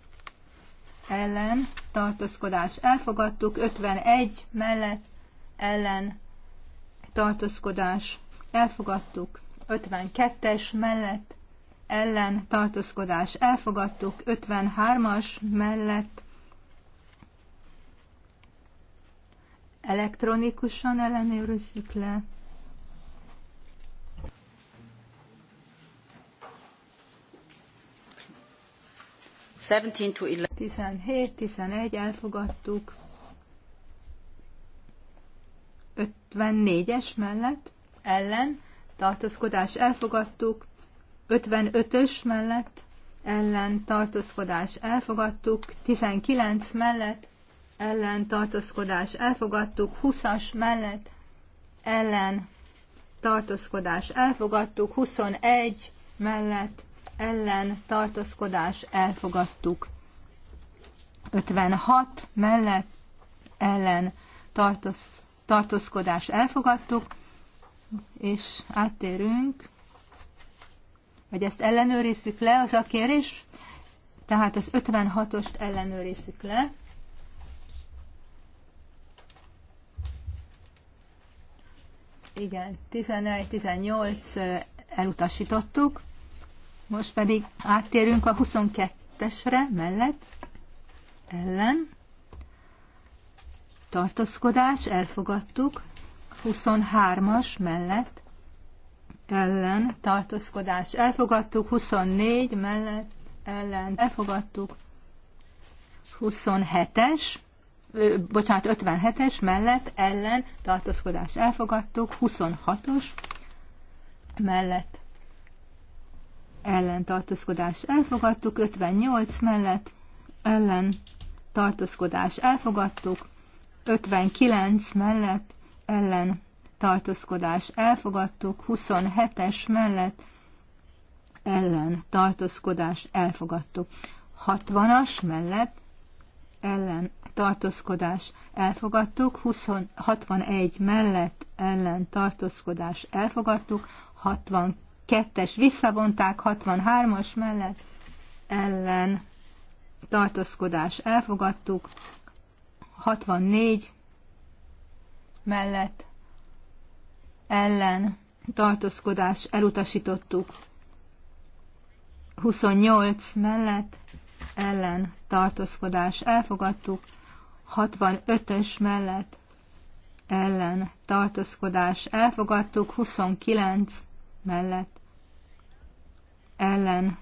ellen tartózkodás elfogadtuk, 51 mellett ellen tartózkodás elfogadtuk, 52-es mellett ellen tartózkodás elfogadtuk, 53-as mellett elektronikusan ellenőrizzük le. 17 11 elfogadtuk. 54-es mellett ellen tartózkodás elfogadtuk. 55-ös mellett ellen tartózkodás elfogadtuk. 19 mellett ellen tartózkodás elfogadtuk. 20-as mellett ellen tartózkodás elfogadtuk. 21 mellett ellen tartózkodás elfogadtuk. 56 mellett ellen tartoz, tartózkodás elfogadtuk, és áttérünk, vagy ezt ellenőrizzük le, az a kérés, tehát az 56-ost ellenőrizzük le. Igen, 11-18 eh, elutasítottuk. Most pedig áttérünk a 22-esre mellett, ellen, tartózkodás, elfogadtuk, 23-as mellett, ellen, tartózkodás, elfogadtuk, 24 mellett, ellen, elfogadtuk, 27-es, bocsánat, 57-es mellett, ellen, tartózkodás, elfogadtuk, 26-os mellett, ellen elfogadtuk, 58 mellett ellen elfogadtuk, 59 mellett ellen elfogadtuk, 27-es mellett ellen elfogadtuk, 60-as mellett ellen tartózkodás elfogadtuk, 20, 61 mellett ellen tartózkodás elfogadtuk, 62 kettes visszavonták, 63-as mellett ellen tartózkodás elfogadtuk, 64 mellett ellen tartózkodás elutasítottuk, 28 mellett ellen tartózkodás elfogadtuk, 65-ös mellett ellen tartózkodás elfogadtuk, 29 mellett ellen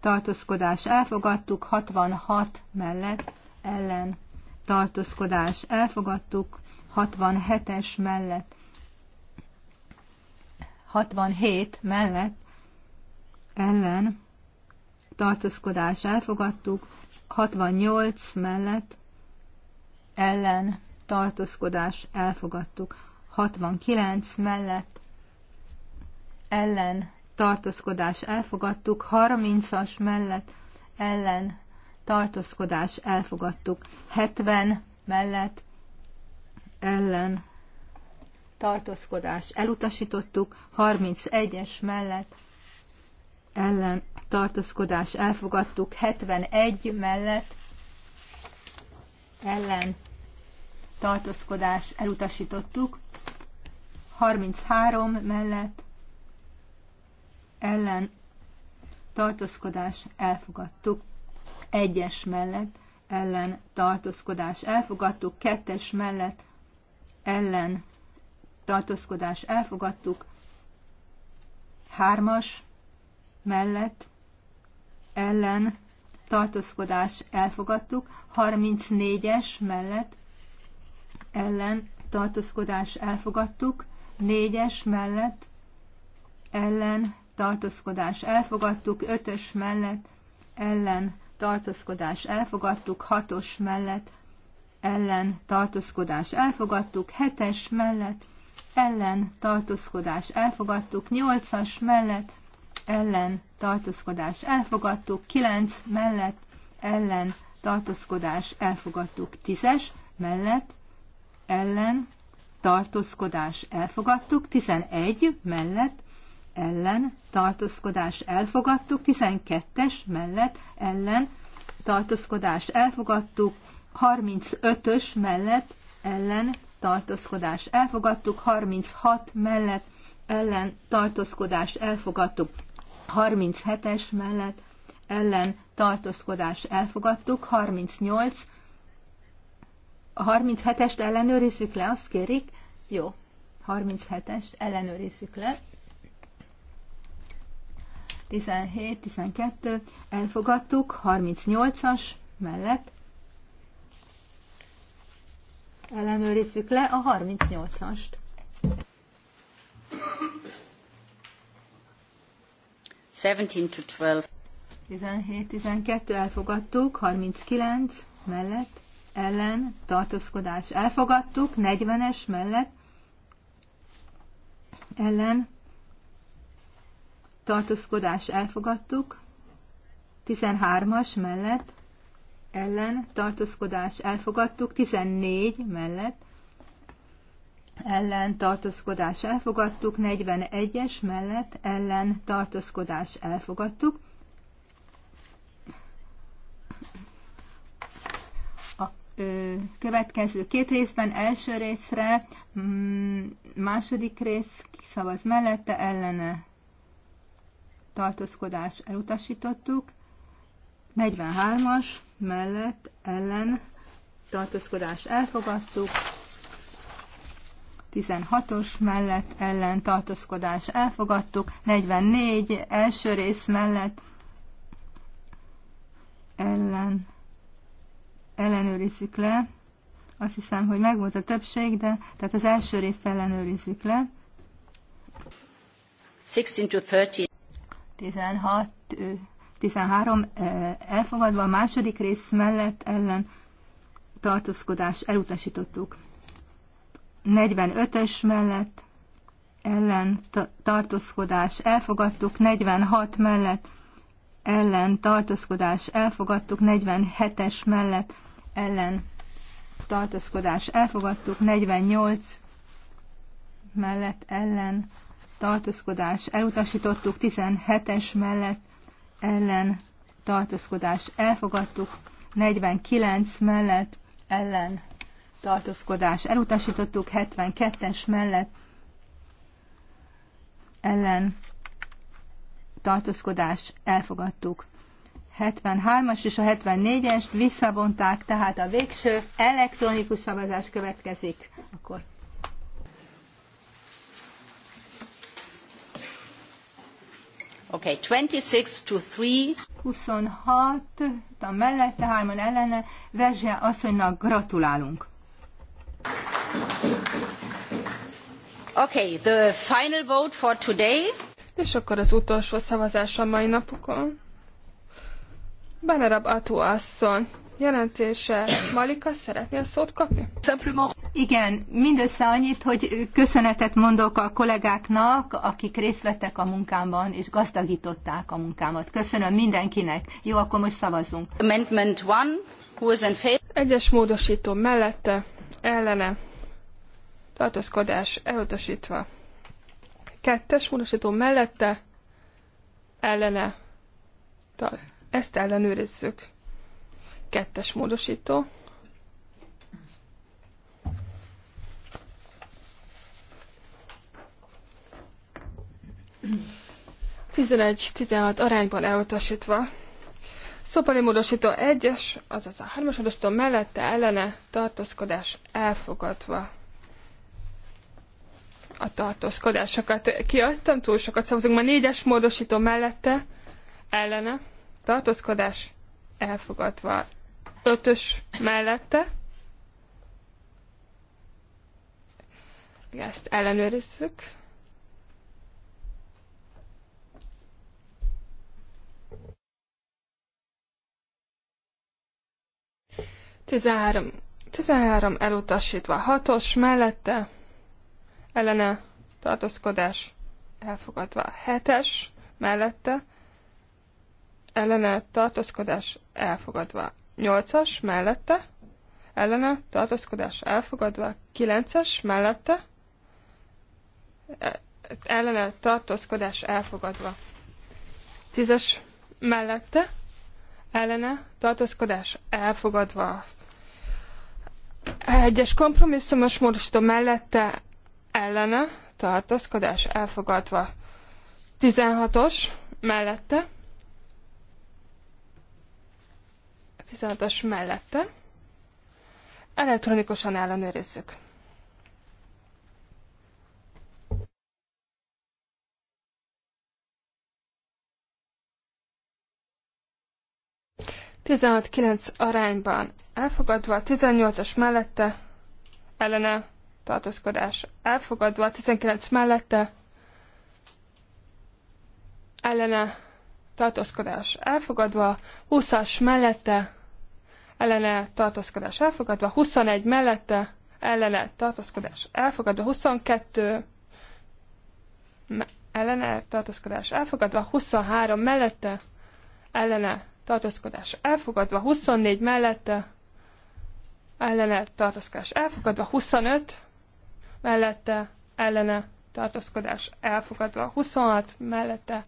tartózkodás elfogadtuk, 66 mellett ellen tartózkodás elfogadtuk, 67-es mellett 67 mellett ellen tartózkodás elfogadtuk, 68 mellett ellen tartózkodás elfogadtuk, 69 mellett ellen tartózkodás elfogadtuk, 30-as mellett ellen tartózkodás elfogadtuk, 70 mellett ellen tartózkodás elutasítottuk, 31-es mellett ellen tartózkodás elfogadtuk, 71 mellett ellen tartózkodás elutasítottuk, 33 mellett ellen tartózkodás elfogadtuk, egyes mellett ellen tartózkodás elfogadtuk, kettes mellett ellen tartózkodás elfogadtuk, hármas mellett ellen tartózkodás elfogadtuk, 34-es mellett ellen tartózkodás elfogadtuk, 4-es mellett ellen tartózkodás elfogadtuk, ötös mellett ellen tartózkodás elfogadtuk, hatos mellett ellen tartózkodás elfogadtuk, hetes mellett ellen tartózkodás elfogadtuk, nyolcas mellett ellen tartózkodás elfogadtuk, kilenc mellett ellen tartózkodás elfogadtuk, tízes mellett ellen tartózkodás elfogadtuk, tizenegy mellett ellen tartózkodás elfogadtuk, 12-es mellett ellen tartózkodás elfogadtuk, 35-ös mellett ellen tartózkodás elfogadtuk, 36 mellett ellen tartózkodás elfogadtuk, 37-es mellett ellen tartózkodás elfogadtuk, 38 a 37-est ellenőrizzük le, azt kérik? Jó, 37-est ellenőrizzük le. 17, 12, elfogadtuk, 38-as mellett. Ellenőrizzük le a 38-ast. Seventeen to twelve. 17-12 elfogadtuk, 39 mellett, ellen, tartózkodás elfogadtuk, 40-es mellett, ellen, tartózkodás elfogadtuk, 13-as mellett ellen tartózkodás elfogadtuk, 14 mellett ellen tartózkodás elfogadtuk, 41-es mellett ellen tartózkodás elfogadtuk. A ö, következő két részben, első részre, második rész szavaz mellette, ellene tartózkodás elutasítottuk, 43-as mellett ellen tartózkodás elfogadtuk, 16-os mellett ellen tartózkodás elfogadtuk, 44 első rész mellett ellen ellenőrizzük le. Azt hiszem, hogy megvolt a többség, de tehát az első részt ellenőrizzük le. 16 to 30. 16, 13 elfogadva, a második rész mellett ellen tartózkodás elutasítottuk. 45-ös mellett ellen tartózkodás elfogadtuk, 46 mellett ellen tartózkodás elfogadtuk, 47-es mellett ellen tartózkodás elfogadtuk, 48 mellett ellen tartózkodás elutasítottuk, 17-es mellett ellen tartózkodás elfogadtuk, 49 mellett ellen tartózkodás elutasítottuk, 72-es mellett ellen tartózkodás elfogadtuk. 73-as és a 74-est visszavonták, tehát a végső elektronikus szavazás következik. Akkor Okay, 26 to 3. 26, a mellette, hárman ellene, Verzse asszonynak gratulálunk. Okay, the final vote for today. És akkor az utolsó szavazás a mai napokon. Benerab Atu asszony jelentése. Malika, szeretné szót kapni? Igen, mindössze annyit, hogy köszönetet mondok a kollégáknak, akik részt vettek a munkámban, és gazdagították a munkámat. Köszönöm mindenkinek. Jó, akkor most szavazunk. Amendment one, who is in favor? Egyes módosító mellette, ellene, tartózkodás elutasítva. Kettes módosító mellette, ellene, tar- ezt ellenőrizzük. Kettes módosító. Tizenegy, tizenhat arányban elutasítva. Szopali módosító 1-es, azaz a 3-as módosító mellette ellene tartózkodás elfogadva. A tartózkodásokat kiadtam, túl sokat szavazunk, ma 4-es módosító mellette ellene tartózkodás elfogadva. Ötös mellette. Ezt ellenőrizzük. Tizenhárom. Tizenhárom elutasítva. Hatos mellette. Ellene tartózkodás elfogadva. Hetes mellette ellene tartózkodás elfogadva. 8-as mellette, ellene tartózkodás elfogadva, 9-es mellette, ellene tartózkodás elfogadva, 10-es mellette, ellene tartózkodás elfogadva, egyes kompromisszumos módosító mellette ellene tartózkodás elfogadva. 16-os mellette 16-as mellette. Elektronikusan ellenőrizzük. Tizenhat kilenc arányban elfogadva, 18-as mellette ellene tartózkodás elfogadva, 19 mellette ellene tartózkodás elfogadva, 20-as mellette ellene tartózkodás elfogadva, 21 mellette ellene tartózkodás elfogadva, 22 ellene tartózkodás elfogadva, 23 mellette ellene tartózkodás elfogadva, 24 mellette ellene tartózkodás elfogadva, 25 mellette ellene tartózkodás elfogadva, 26 mellette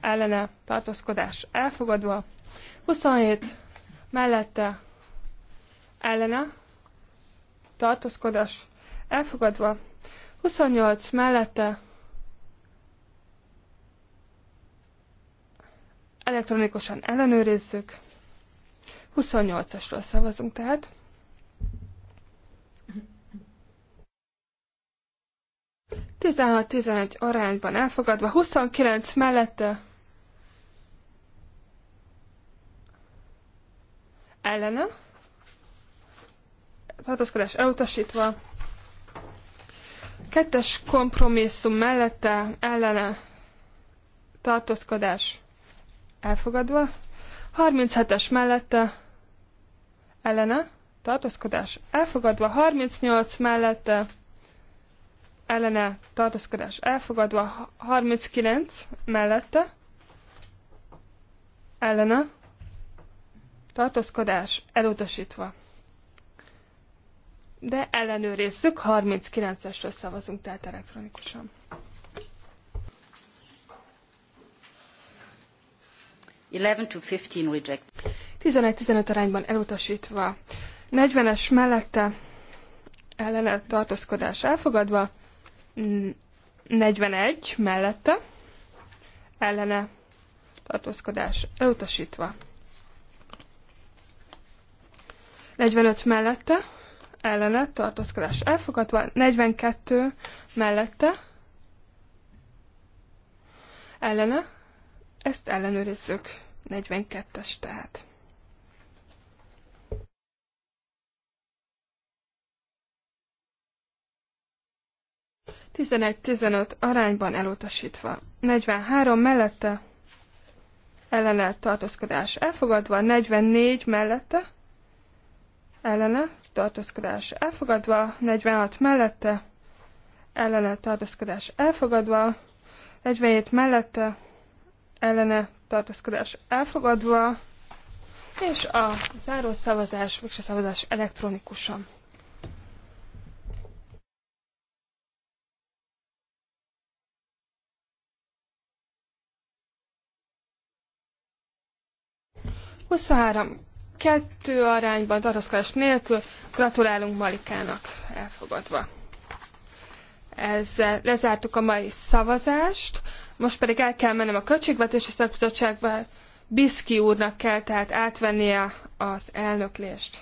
ellene tartózkodás elfogadva, 27 mellette ellene tartózkodás elfogadva, 28 mellette elektronikusan ellenőrizzük, 28-asról szavazunk tehát. Tizenhat-tizenegy arányban elfogadva, huszonkilenc mellette ellene, tartózkodás elutasítva, kettes kompromisszum mellette ellene tartózkodás elfogadva, 37-es mellette ellene tartózkodás elfogadva, 38 mellette ellene tartózkodás elfogadva, 39 mellette ellene tartózkodás elutasítva. De ellenőrizzük, 39-esről szavazunk, tehát elektronikusan. to 15 11-15 arányban elutasítva. 40-es mellette ellene tartózkodás elfogadva, 41 mellette ellene tartózkodás elutasítva. 45 mellette, ellene, tartózkodás elfogadva, 42 mellette, ellene, ezt ellenőrizzük, 42-es tehát. Tizenegy-tizenöt arányban elutasítva. 43 mellette ellenállt tartózkodás elfogadva, 44 mellette ellene tartózkodás elfogadva, 46 mellette ellene tartózkodás elfogadva, 47 mellette ellene tartózkodás elfogadva, és a záró szavazás, végső szavazás elektronikusan. Huszonhárom kettő arányban, tartozkodás nélkül. Gratulálunk Malikának elfogadva. Ezzel lezártuk a mai szavazást, most pedig el kell mennem a Költségvetési Szakbizottságba, Biszki úrnak kell tehát átvennie az elnöklést.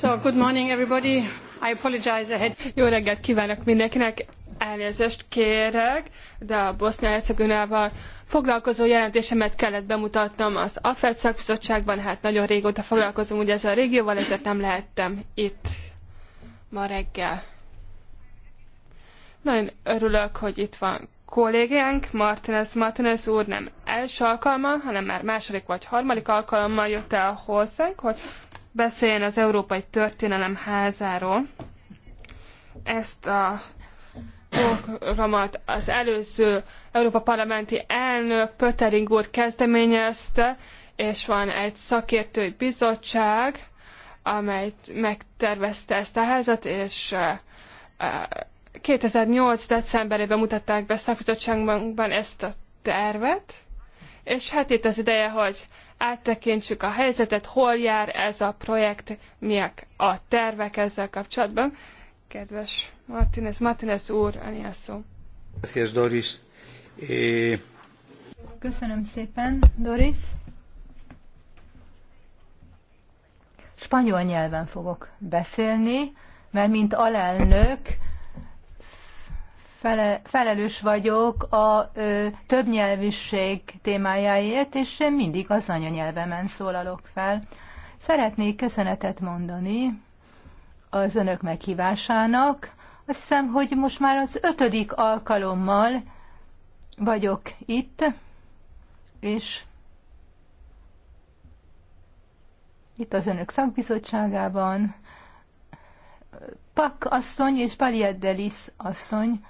So, good morning everybody. I apologize ahead. Jó reggelt kívánok mindenkinek. Elnézést kérek, de a Bosznia-Hercegovinával foglalkozó jelentésemet kellett bemutatnom az AFED szakbizottságban, hát nagyon régóta foglalkozom ugye ezzel a régióval, ezért nem lehettem itt ma reggel. Nagyon örülök, hogy itt van kollégánk, Martinez Martinez úr nem első alkalma, hanem már második vagy harmadik alkalommal jött el hozzánk, hogy beszéljen az Európai Történelem házáról. Ezt a programot az előző Európa Parlamenti elnök Pöttering úr kezdeményezte, és van egy szakértői bizottság, amely megtervezte ezt a házat, és 2008. decemberében mutatták be szakbizottságunkban ezt a tervet, és hát itt az ideje, hogy áttekintsük a helyzetet, hol jár ez a projekt, miek a tervek ezzel kapcsolatban. Kedves Martinez, Martinez úr, ennyi a szó. Doris. Eh, Köszönöm szépen, Doris. Spanyol nyelven fogok beszélni, mert mint alelnök fele, felelős vagyok a ö, többnyelvűség témájáért, és én mindig az anyanyelvemen szólalok fel. Szeretnék köszönetet mondani az önök meghívásának. Azt hiszem, hogy most már az ötödik alkalommal vagyok itt, és itt az önök szakbizottságában, Pak asszony és Paliadelis asszony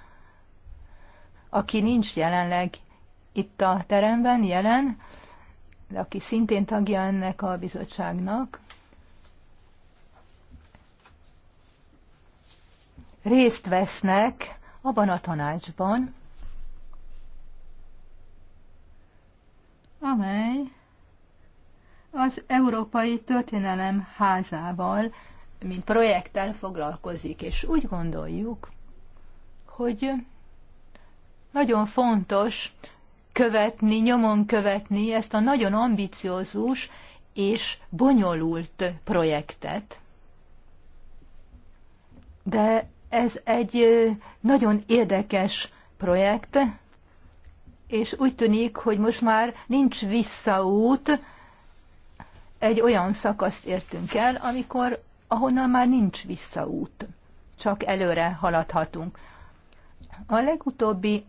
aki nincs jelenleg itt a teremben jelen, de aki szintén tagja ennek a bizottságnak, részt vesznek abban a tanácsban, amely az Európai Történelem házával, mint projekttel foglalkozik, és úgy gondoljuk, hogy nagyon fontos követni, nyomon követni ezt a nagyon ambiciózus és bonyolult projektet. De ez egy nagyon érdekes projekt, és úgy tűnik, hogy most már nincs visszaút, egy olyan szakaszt értünk el, amikor ahonnan már nincs visszaút, csak előre haladhatunk. A legutóbbi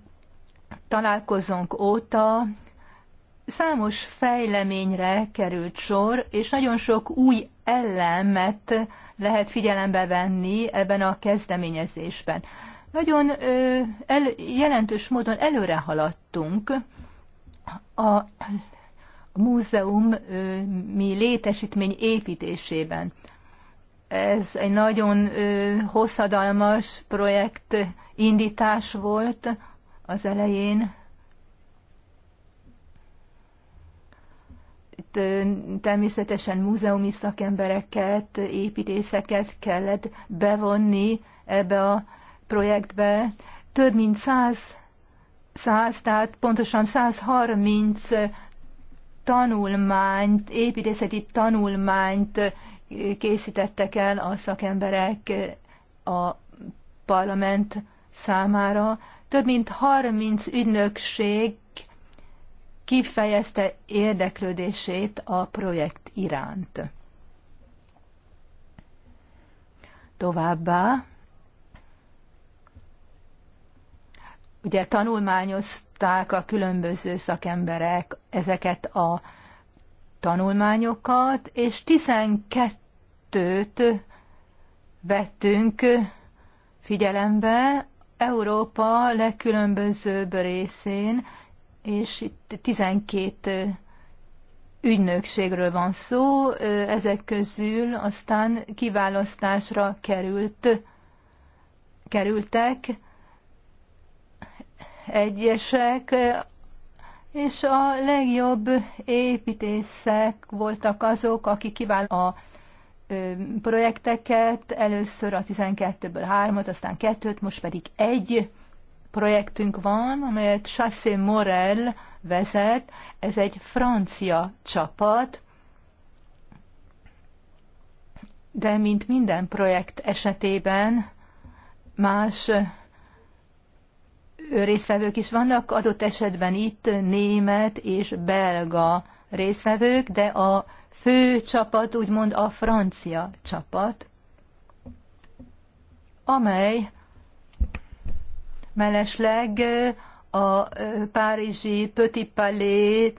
találkozónk óta számos fejleményre került sor, és nagyon sok új elemet lehet figyelembe venni ebben a kezdeményezésben. Nagyon ö, el, jelentős módon előre haladtunk a múzeum ö, mi létesítmény építésében. Ez egy nagyon ö, hosszadalmas projekt indítás volt, az elején. Itt természetesen múzeumi szakembereket, építészeket kellett bevonni ebbe a projektbe. Több mint 100, 100 tehát pontosan 130 tanulmányt, építészeti tanulmányt készítettek el a szakemberek a parlament számára. Több mint 30 ügynökség kifejezte érdeklődését a projekt iránt. Továbbá, ugye tanulmányozták a különböző szakemberek ezeket a tanulmányokat, és 12-t vettünk figyelembe Európa legkülönbözőbb részén, és itt 12 ügynökségről van szó, ezek közül aztán kiválasztásra került, kerültek egyesek, és a legjobb építészek voltak azok, akik kiváló a projekteket, először a 12-ből 3-at, aztán 2-t, most pedig egy projektünk van, amelyet Chassé Morel vezet, ez egy francia csapat, de mint minden projekt esetében más részvevők is vannak, adott esetben itt német és belga részvevők, de a fő csapat, úgymond a francia csapat, amely mellesleg a párizsi Petit Palais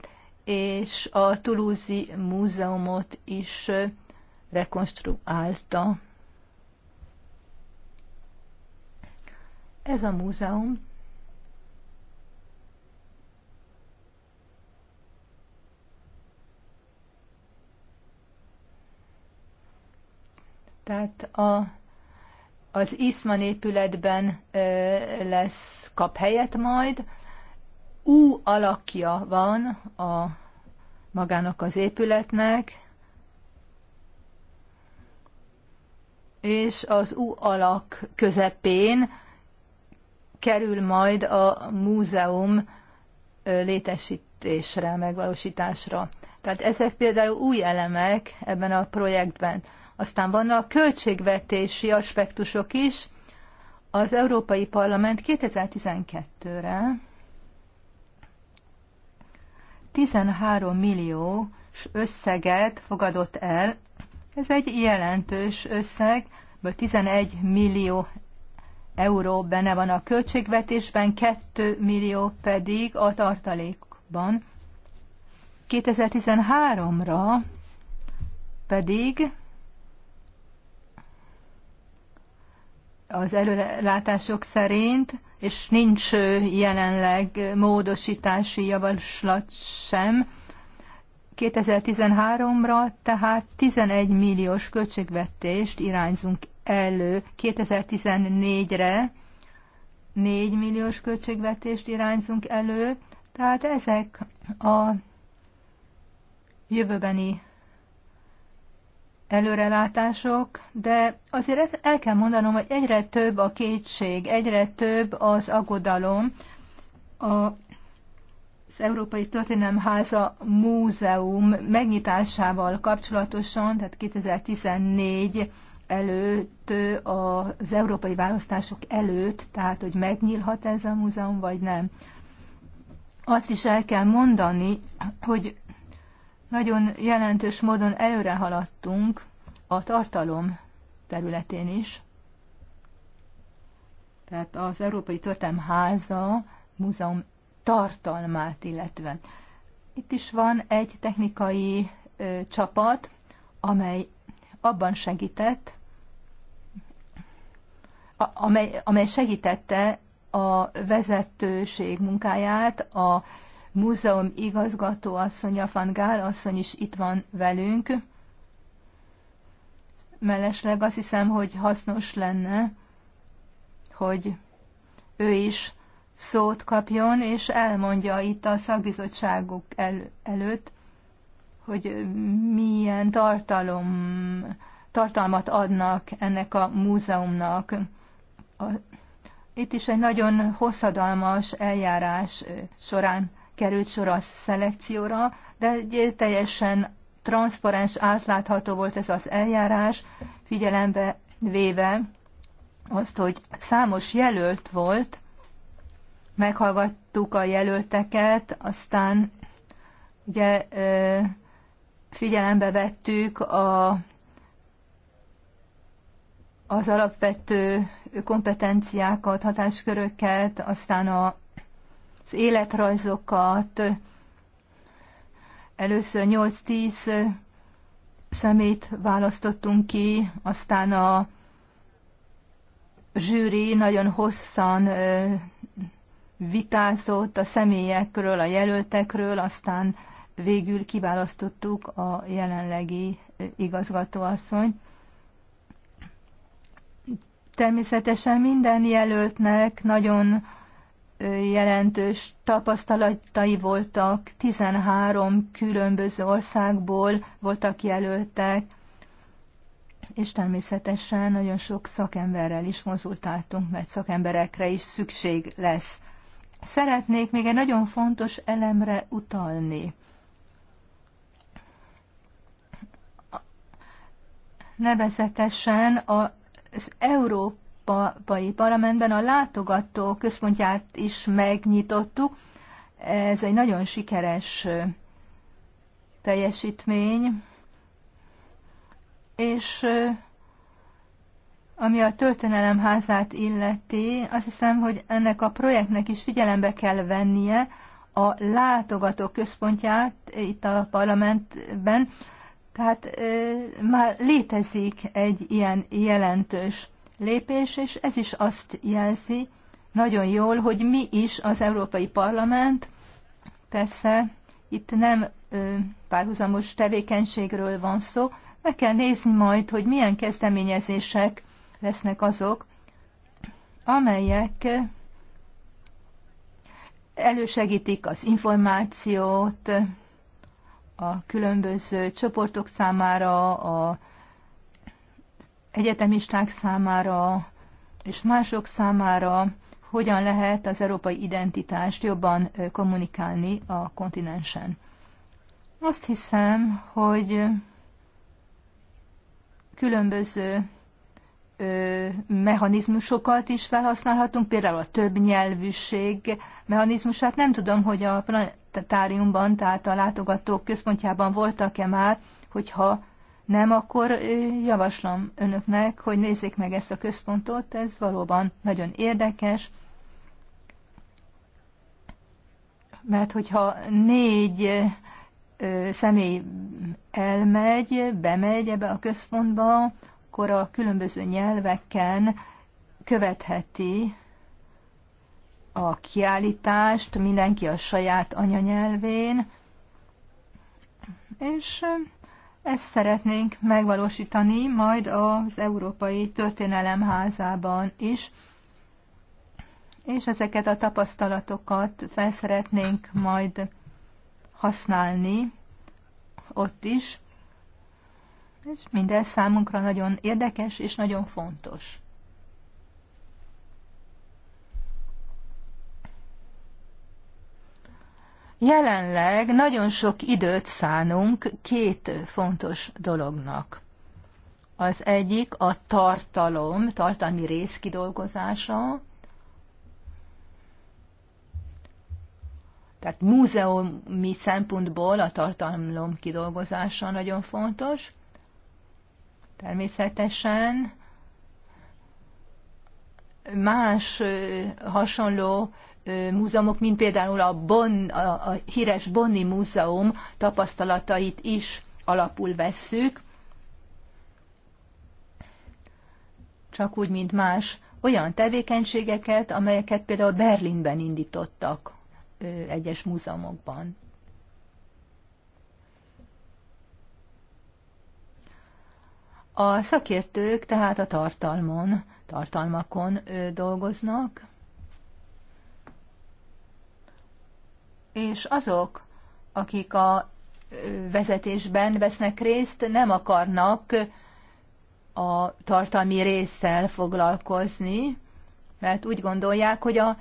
és a Toulouse múzeumot is rekonstruálta. Ez a múzeum Tehát a, az Iszman épületben ö, lesz, kap helyet majd. Ú alakja van a magának az épületnek, és az U alak közepén kerül majd a múzeum létesítésre, megvalósításra. Tehát ezek például új elemek ebben a projektben. Aztán vannak költségvetési aspektusok is. Az Európai Parlament 2012-re 13 millió összeget fogadott el. Ez egy jelentős összeg, 11 millió euró benne van a költségvetésben, 2 millió pedig a tartalékban. 2013-ra pedig az előlátások szerint, és nincs jelenleg módosítási javaslat sem. 2013-ra tehát 11 milliós költségvetést irányzunk elő, 2014-re 4 milliós költségvetést irányzunk elő, tehát ezek a jövőbeni előrelátások, de azért el kell mondanom, hogy egyre több a kétség, egyre több az aggodalom. A az Európai háza Múzeum megnyitásával kapcsolatosan, tehát 2014 előtt, az európai választások előtt, tehát hogy megnyílhat ez a múzeum, vagy nem. Azt is el kell mondani, hogy nagyon jelentős módon előre haladtunk a tartalom területén is. Tehát az Európai Történelm Háza múzeum tartalmát illetve. Itt is van egy technikai ö, csapat, amely abban segített, a, amely, amely segítette a vezetőség munkáját, a múzeum igazgató asszonya, Van Gál asszony is itt van velünk. Mellesleg azt hiszem, hogy hasznos lenne, hogy ő is szót kapjon, és elmondja itt a szakbizottságok el, előtt, hogy milyen tartalom, tartalmat adnak ennek a múzeumnak. A, itt is egy nagyon hosszadalmas eljárás során került sor a szelekcióra, de egy teljesen transzparens, átlátható volt ez az eljárás, figyelembe véve azt, hogy számos jelölt volt, meghallgattuk a jelölteket, aztán ugye figyelembe vettük a, az alapvető kompetenciákat, hatásköröket, aztán a az életrajzokat, először 8-10 szemét választottunk ki, aztán a zsűri nagyon hosszan vitázott a személyekről, a jelöltekről, aztán végül kiválasztottuk a jelenlegi igazgatóasszony. Természetesen minden jelöltnek nagyon jelentős tapasztalatai voltak, 13 különböző országból voltak jelöltek, és természetesen nagyon sok szakemberrel is konzultáltunk, mert szakemberekre is szükség lesz. Szeretnék még egy nagyon fontos elemre utalni. Nevezetesen az Európa Európai Parlamentben a látogató központját is megnyitottuk. Ez egy nagyon sikeres teljesítmény, és ami a történelemházát illeti, azt hiszem, hogy ennek a projektnek is figyelembe kell vennie a látogató központját itt a parlamentben, tehát e, már létezik egy ilyen jelentős lépés, és ez is azt jelzi nagyon jól, hogy mi is az Európai Parlament. Persze itt nem ö, párhuzamos tevékenységről van szó, meg kell nézni majd, hogy milyen kezdeményezések lesznek azok, amelyek elősegítik az információt a különböző csoportok számára, a egyetemisták számára és mások számára hogyan lehet az európai identitást jobban kommunikálni a kontinensen. Azt hiszem, hogy különböző mechanizmusokat is felhasználhatunk, például a többnyelvűség mechanizmusát. Nem tudom, hogy a planetáriumban, tehát a látogatók központjában voltak-e már, hogyha nem, akkor javaslom önöknek, hogy nézzék meg ezt a központot, ez valóban nagyon érdekes, mert hogyha négy személy elmegy, bemegy ebbe a központba, akkor a különböző nyelveken követheti a kiállítást, mindenki a saját anyanyelvén, és ezt szeretnénk megvalósítani majd az Európai Történelemházában házában is, és ezeket a tapasztalatokat felszeretnénk majd használni ott is, és mindez számunkra nagyon érdekes és nagyon fontos. Jelenleg nagyon sok időt szánunk két fontos dolognak. Az egyik a tartalom, tartalmi rész kidolgozása, tehát múzeumi szempontból a tartalom kidolgozása nagyon fontos. Természetesen más hasonló múzeumok, mint például a, bon, a, a híres Bonni Múzeum tapasztalatait is alapul vesszük, csak úgy, mint más olyan tevékenységeket, amelyeket például Berlinben indítottak egyes múzeumokban. A szakértők tehát a tartalmon, tartalmakon dolgoznak, és azok, akik a vezetésben vesznek részt, nem akarnak a tartalmi résszel foglalkozni, mert úgy gondolják, hogy a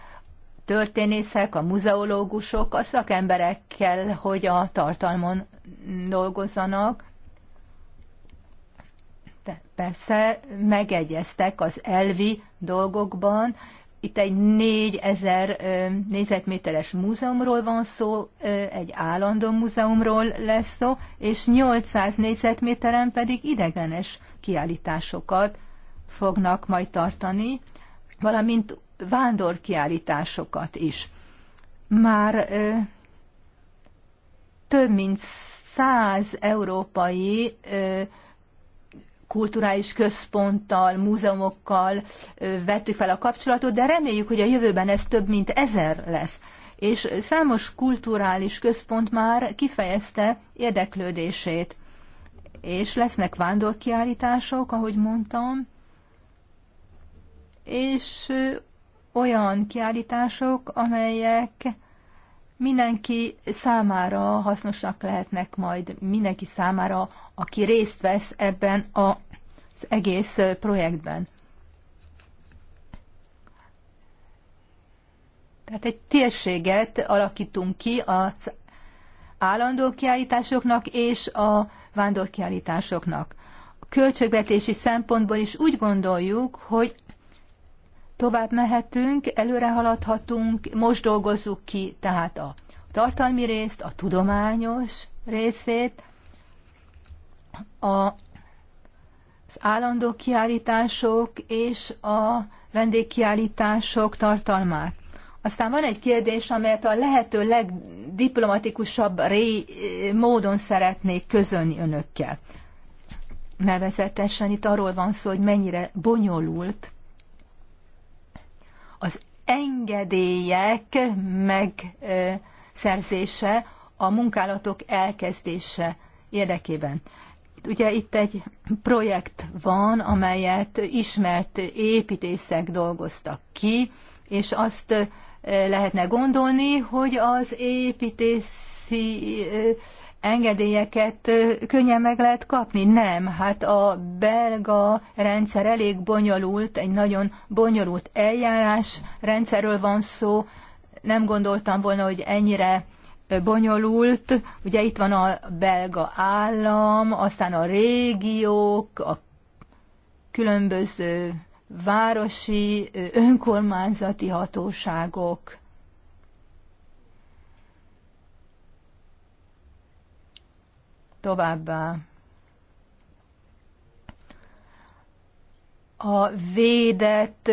történészek, a muzeológusok, a szakemberekkel, hogy a tartalmon dolgozzanak. De persze megegyeztek az elvi dolgokban, itt egy 4000 négyzetméteres múzeumról van szó, egy állandó múzeumról lesz szó, és 800 négyzetméteren pedig idegenes kiállításokat fognak majd tartani, valamint vándorkiállításokat is. Már ö, több mint 100 európai ö, kulturális központtal, múzeumokkal vettük fel a kapcsolatot, de reméljük, hogy a jövőben ez több mint ezer lesz. És számos kulturális központ már kifejezte érdeklődését. És lesznek vándorkiállítások, ahogy mondtam, és olyan kiállítások, amelyek mindenki számára hasznosak lehetnek majd, mindenki számára, aki részt vesz ebben az egész projektben. Tehát egy térséget alakítunk ki az állandó kiállításoknak és a vándorkiállításoknak. A költségvetési szempontból is úgy gondoljuk, hogy tovább mehetünk, előre haladhatunk, most dolgozzuk ki tehát a tartalmi részt, a tudományos részét, a, az állandó kiállítások és a vendégkiállítások tartalmát. Aztán van egy kérdés, amelyet a lehető legdiplomatikusabb ré, módon szeretnék közölni önökkel. Nevezetesen itt arról van szó, hogy mennyire bonyolult az engedélyek megszerzése a munkálatok elkezdése érdekében. Ugye itt egy projekt van, amelyet ismert építészek dolgoztak ki, és azt eh, lehetne gondolni, hogy az építészi eh, engedélyeket könnyen meg lehet kapni? Nem, hát a belga rendszer elég bonyolult, egy nagyon bonyolult eljárás rendszerről van szó, nem gondoltam volna, hogy ennyire bonyolult. Ugye itt van a belga állam, aztán a régiók, a különböző városi önkormányzati hatóságok. Továbbá a védett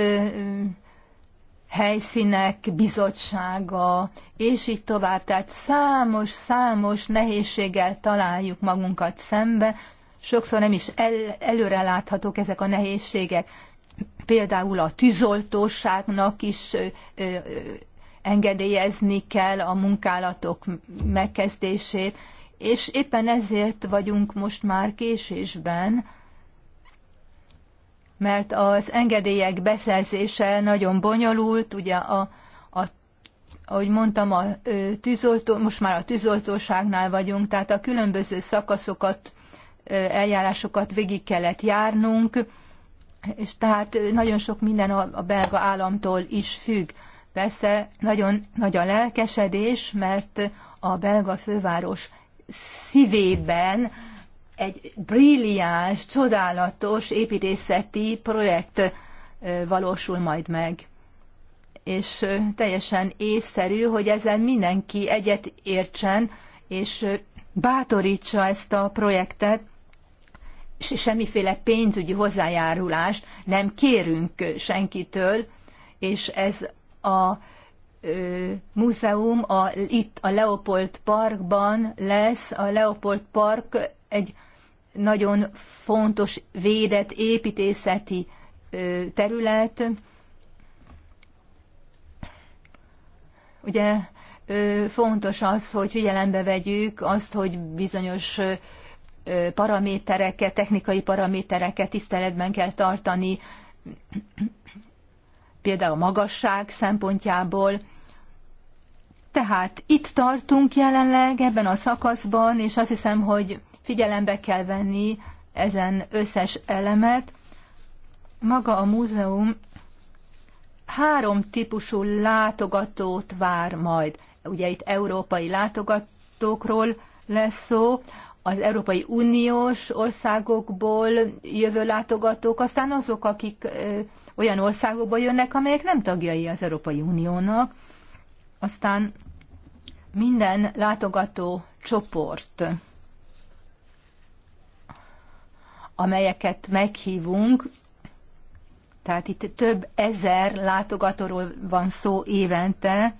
helyszínek bizottsága, és így tovább. Tehát számos-számos nehézséggel találjuk magunkat szembe, sokszor nem is el, előre láthatók ezek a nehézségek. Például a tűzoltóságnak is ö, ö, engedélyezni kell a munkálatok megkezdését és éppen ezért vagyunk most már késésben, mert az engedélyek beszerzése nagyon bonyolult, ugye a, a ahogy mondtam, a tűzoltó, most már a tűzoltóságnál vagyunk, tehát a különböző szakaszokat, eljárásokat végig kellett járnunk, és tehát nagyon sok minden a, belga államtól is függ. Persze nagyon nagy a lelkesedés, mert a belga főváros szívében egy brilliáns, csodálatos építészeti projekt valósul majd meg. És teljesen észszerű, hogy ezzel mindenki egyet értsen, és bátorítsa ezt a projektet, és semmiféle pénzügyi hozzájárulást nem kérünk senkitől, és ez a múzeum a, itt a Leopold Parkban lesz. A Leopold Park egy nagyon fontos védett építészeti terület. Ugye fontos az, hogy figyelembe vegyük azt, hogy bizonyos paramétereket, technikai paramétereket tiszteletben kell tartani, például a magasság szempontjából. Tehát itt tartunk jelenleg ebben a szakaszban, és azt hiszem, hogy figyelembe kell venni ezen összes elemet. Maga a múzeum három típusú látogatót vár majd. Ugye itt európai látogatókról lesz szó, az Európai Uniós országokból jövő látogatók, aztán azok, akik ö, olyan országokból jönnek, amelyek nem tagjai az Európai Uniónak, aztán minden látogató csoport, amelyeket meghívunk, tehát itt több ezer látogatóról van szó évente,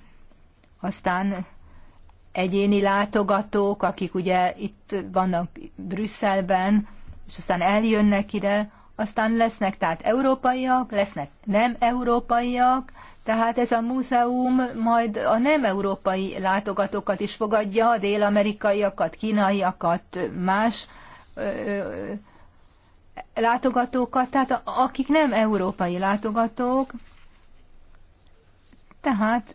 aztán egyéni látogatók, akik ugye itt vannak Brüsszelben, és aztán eljönnek ide, aztán lesznek tehát európaiak, lesznek nem európaiak, tehát ez a múzeum majd a nem európai látogatókat is fogadja, a dél-amerikaiakat, kínaiakat, más látogatókat, tehát akik nem európai látogatók, tehát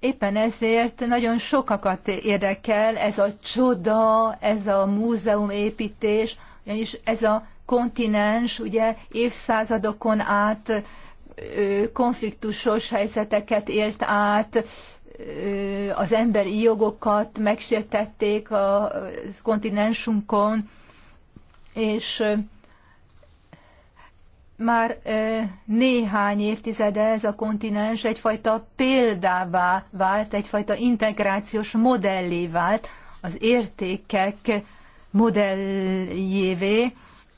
éppen ezért nagyon sokakat érdekel ez a csoda, ez a múzeumépítés, ugyanis ez a kontinens ugye évszázadokon át konfliktusos helyzeteket élt át, az emberi jogokat megsértették a kontinensunkon, és már néhány évtizede ez a kontinens egyfajta példává vált, egyfajta integrációs modellé vált, az értékek modelljévé,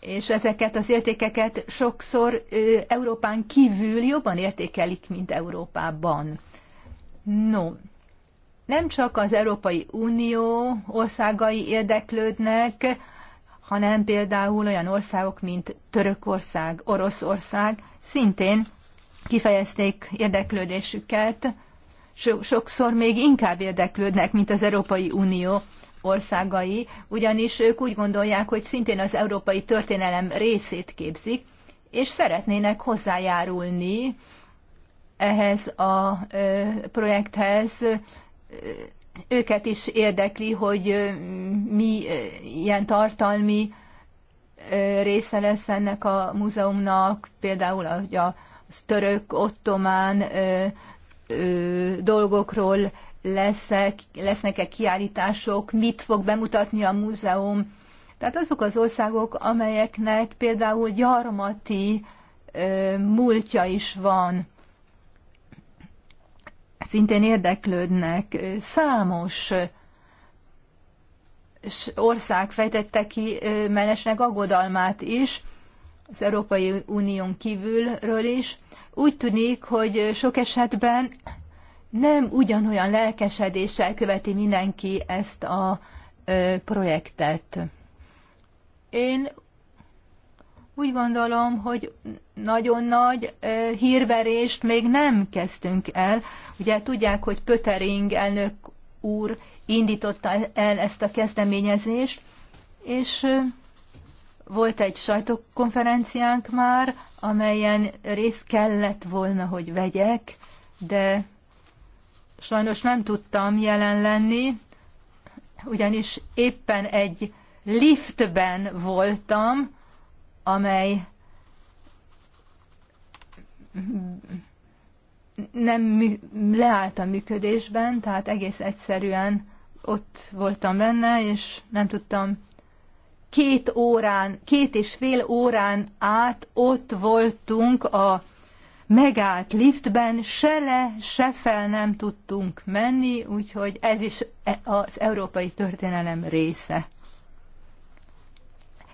és ezeket az értékeket sokszor Európán kívül jobban értékelik, mint Európában. No, nem csak az Európai Unió országai érdeklődnek, hanem például olyan országok, mint Törökország, Oroszország szintén kifejezték érdeklődésüket, sokszor még inkább érdeklődnek, mint az Európai Unió országai, ugyanis ők úgy gondolják, hogy szintén az európai történelem részét képzik, és szeretnének hozzájárulni ehhez a projekthez. Őket is érdekli, hogy mi ilyen tartalmi része lesz ennek a múzeumnak, például hogy a török, ottomán dolgokról lesznek-e kiállítások, mit fog bemutatni a múzeum. Tehát azok az országok, amelyeknek például gyarmati ö, múltja is van, szintén érdeklődnek. Számos ország fejtette ki mellesnek aggodalmát is, az Európai Unión kívülről is. Úgy tűnik, hogy sok esetben nem ugyanolyan lelkesedéssel követi mindenki ezt a projektet. Én úgy gondolom, hogy nagyon nagy hírverést még nem kezdtünk el. Ugye tudják, hogy Pötering elnök úr indította el ezt a kezdeményezést, és volt egy sajtókonferenciánk már, amelyen részt kellett volna, hogy vegyek, de Sajnos nem tudtam jelen lenni, ugyanis éppen egy liftben voltam, amely nem leállt a működésben, tehát egész egyszerűen ott voltam benne, és nem tudtam két órán, két és fél órán át ott voltunk a megállt liftben, se le, se fel nem tudtunk menni, úgyhogy ez is e, az európai történelem része.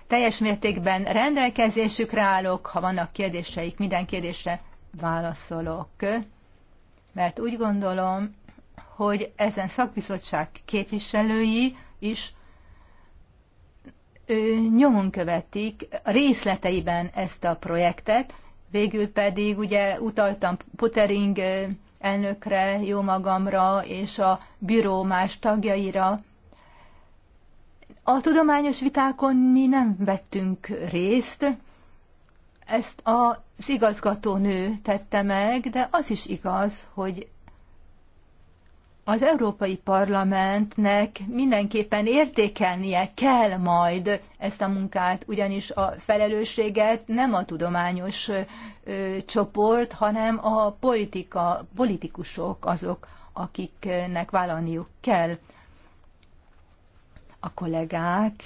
Teljes mértékben rendelkezésükre állok, ha vannak kérdéseik, minden kérdésre válaszolok. Mert úgy gondolom, hogy ezen szakbizottság képviselői is ő, nyomon követik részleteiben ezt a projektet, Végül pedig ugye utaltam Pottering elnökre, jó magamra és a büró más tagjaira. A tudományos vitákon mi nem vettünk részt, ezt az igazgatónő tette meg, de az is igaz, hogy az Európai Parlamentnek mindenképpen értékelnie kell majd ezt a munkát, ugyanis a felelősséget nem a tudományos ö, csoport, hanem a politika, politikusok azok, akiknek vállalniuk kell. A kollégáknak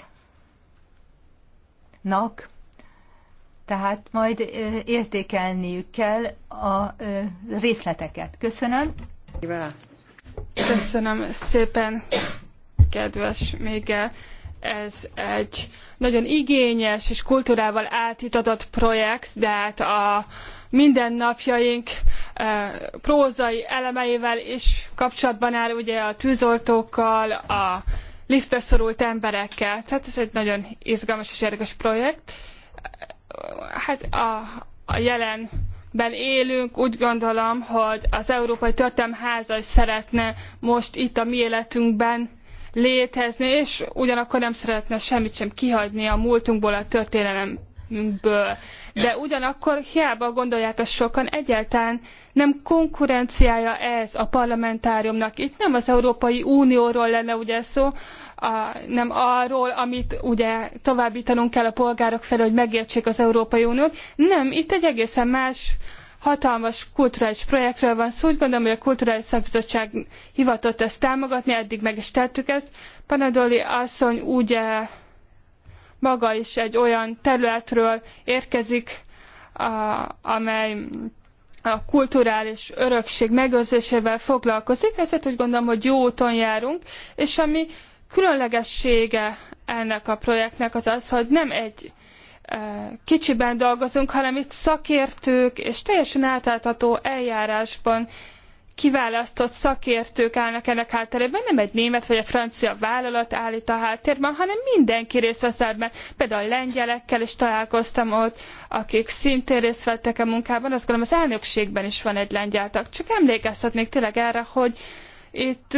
tehát majd értékelniük kell a részleteket. Köszönöm. Köszönöm. Köszönöm szépen, kedves mégel Ez egy nagyon igényes és kultúrával átítatott projekt, de hát a mindennapjaink e, prózai elemeivel is kapcsolatban áll, ugye a tűzoltókkal, a liftbe szorult emberekkel. Tehát ez egy nagyon izgalmas és érdekes projekt. Hát a, a jelen ben élünk, úgy gondolom, hogy az Európai Történelem Háza is szeretne most itt a mi életünkben létezni, és ugyanakkor nem szeretne semmit sem kihagyni a múltunkból, a történelemből. De ugyanakkor hiába gondolják ezt sokan, egyáltalán nem konkurenciája ez a parlamentáriumnak. Itt nem az Európai Unióról lenne ugye szó, a, nem arról, amit ugye továbbítanunk kell a polgárok felé, hogy megértsék az Európai Uniót. Nem, itt egy egészen más hatalmas kulturális projektről van szó. Úgy gondolom, hogy a Kulturális Szakbizottság hivatott ezt támogatni, eddig meg is tettük ezt. Panadoli asszony ugye maga is egy olyan területről érkezik, a, amely a kulturális örökség megőrzésével foglalkozik, ezért úgy gondolom, hogy jó úton járunk, és ami különlegessége ennek a projektnek az az, hogy nem egy e, kicsiben dolgozunk, hanem itt szakértők és teljesen átlátható eljárásban kiválasztott szakértők állnak ennek hátterében, nem egy német vagy egy francia vállalat állít a háttérben, hanem mindenki részt vesz ebben. Például a lengyelekkel is találkoztam ott, akik szintén részt vettek a munkában, azt gondolom az elnökségben is van egy lengyel tag. Csak emlékeztetnék tényleg erre, hogy itt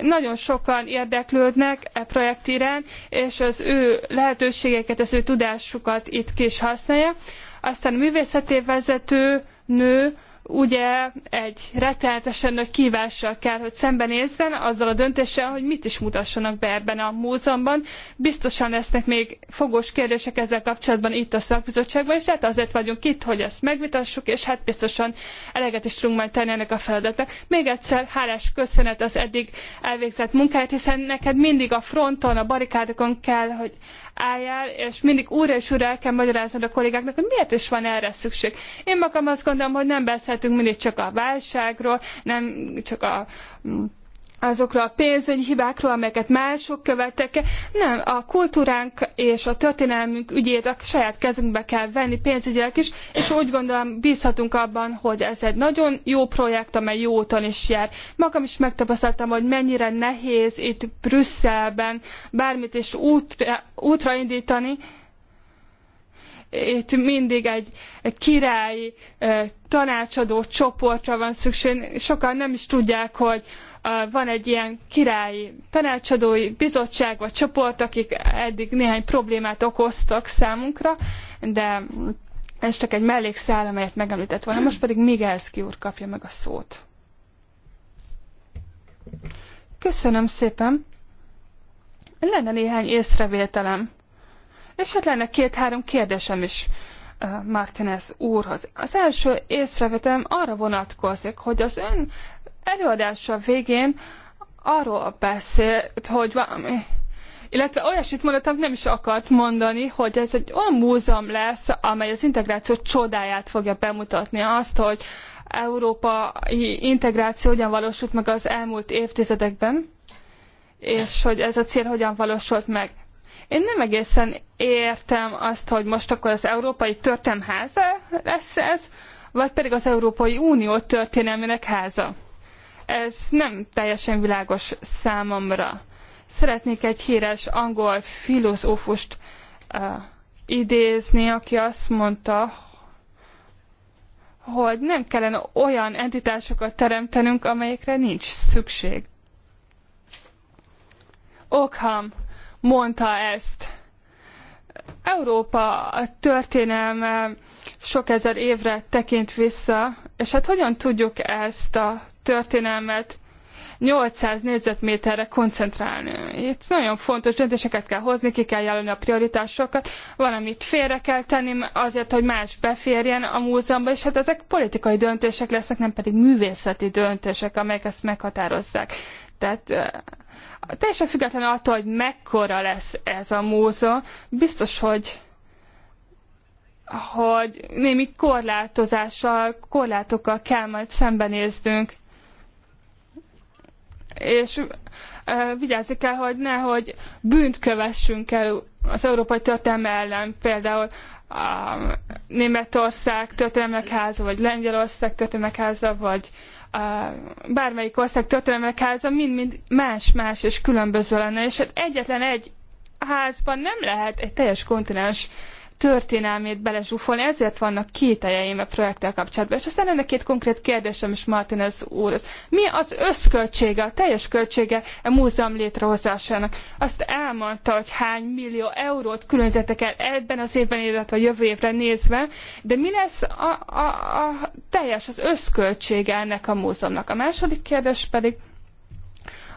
nagyon sokan érdeklődnek e projekt iránt, és az ő lehetőségeket, az ő tudásukat itt ki is használja. Aztán a művészeti vezető nő, ugye egy rettenetesen nagy kívással kell, hogy szembenézzen azzal a döntéssel, hogy mit is mutassanak be ebben a múzeumban. Biztosan lesznek még fogós kérdések ezzel kapcsolatban itt a szakbizottságban, és hát azért vagyunk itt, hogy ezt megvitassuk, és hát biztosan eleget is tudunk majd tenni ennek a feladatnak. Még egyszer hálás köszönet az eddig elvégzett munkáért, hiszen neked mindig a fronton, a barikádokon kell, hogy álljál, és mindig újra és újra el kell magyaráznod a kollégáknak, hogy miért is van erre szükség. Én magam azt gondolom, hogy nem beszélhetünk mindig csak a válságról, nem csak a azokról a pénzügyi hibákról, amelyeket mások követtek el. Nem, a kultúránk és a történelmünk ügyét a saját kezünkbe kell venni pénzügyileg is, és úgy gondolom bízhatunk abban, hogy ez egy nagyon jó projekt, amely jó úton is jár. Magam is megtapasztaltam, hogy mennyire nehéz itt Brüsszelben bármit is útra, útra indítani, itt mindig egy, egy királyi tanácsadó csoportra van szükség. Sokan nem is tudják, hogy, van egy ilyen királyi tanácsadói bizottság vagy csoport, akik eddig néhány problémát okoztak számunkra, de ez csak egy mellékszál, amelyet megemlített volna. Most pedig Migelszki úr kapja meg a szót. Köszönöm szépen. Lenne néhány észrevételem. És hát lenne két-három kérdésem is eh, Martinez úrhoz. Az első észrevételem arra vonatkozik, hogy az ön előadása végén arról beszélt, hogy valami illetve olyasmit mondott, amit nem is akart mondani, hogy ez egy olyan múzeum lesz, amely az integráció csodáját fogja bemutatni, azt, hogy európai integráció hogyan valósult meg az elmúlt évtizedekben, és hogy ez a cél hogyan valósult meg. Én nem egészen értem azt, hogy most akkor az Európai Történelmháza lesz ez, vagy pedig az Európai Unió történelmének háza ez nem teljesen világos számomra. Szeretnék egy híres angol filozófust uh, idézni, aki azt mondta, hogy nem kellene olyan entitásokat teremtenünk, amelyekre nincs szükség. Okham mondta ezt Európa történelme sok ezer évre tekint vissza, és hát hogyan tudjuk ezt a történelmet 800 négyzetméterre koncentrálni. Itt nagyon fontos döntéseket kell hozni, ki kell jelölni a prioritásokat, valamit félre kell tenni azért, hogy más beférjen a múzeumba, és hát ezek politikai döntések lesznek, nem pedig művészeti döntések, amelyek ezt meghatározzák. Tehát teljesen független attól, hogy mekkora lesz ez a múzeum, biztos, hogy hogy némi korlátozással, korlátokkal kell majd szembenéznünk. És e, vigyázzuk kell, hogy nehogy bűnt kövessünk el az európai történelme ellen, például a Németország történelmek háza, vagy Lengyelország történelmek háza, vagy bármelyik ország történelmek háza mind-mind más-más és különböző lenne, és hát egyetlen egy házban nem lehet egy teljes kontinens történelmét belezsúfolni, ezért vannak kételjeim a projekttel kapcsolatban. És aztán ennek két konkrét kérdésem is Martinez úrhoz. Mi az összköltsége, a teljes költsége a múzeum létrehozásának? Azt elmondta, hogy hány millió eurót különítettek el ebben az évben, illetve a jövő évre nézve, de mi lesz a, a, a teljes, az összköltsége ennek a múzeumnak? A második kérdés pedig,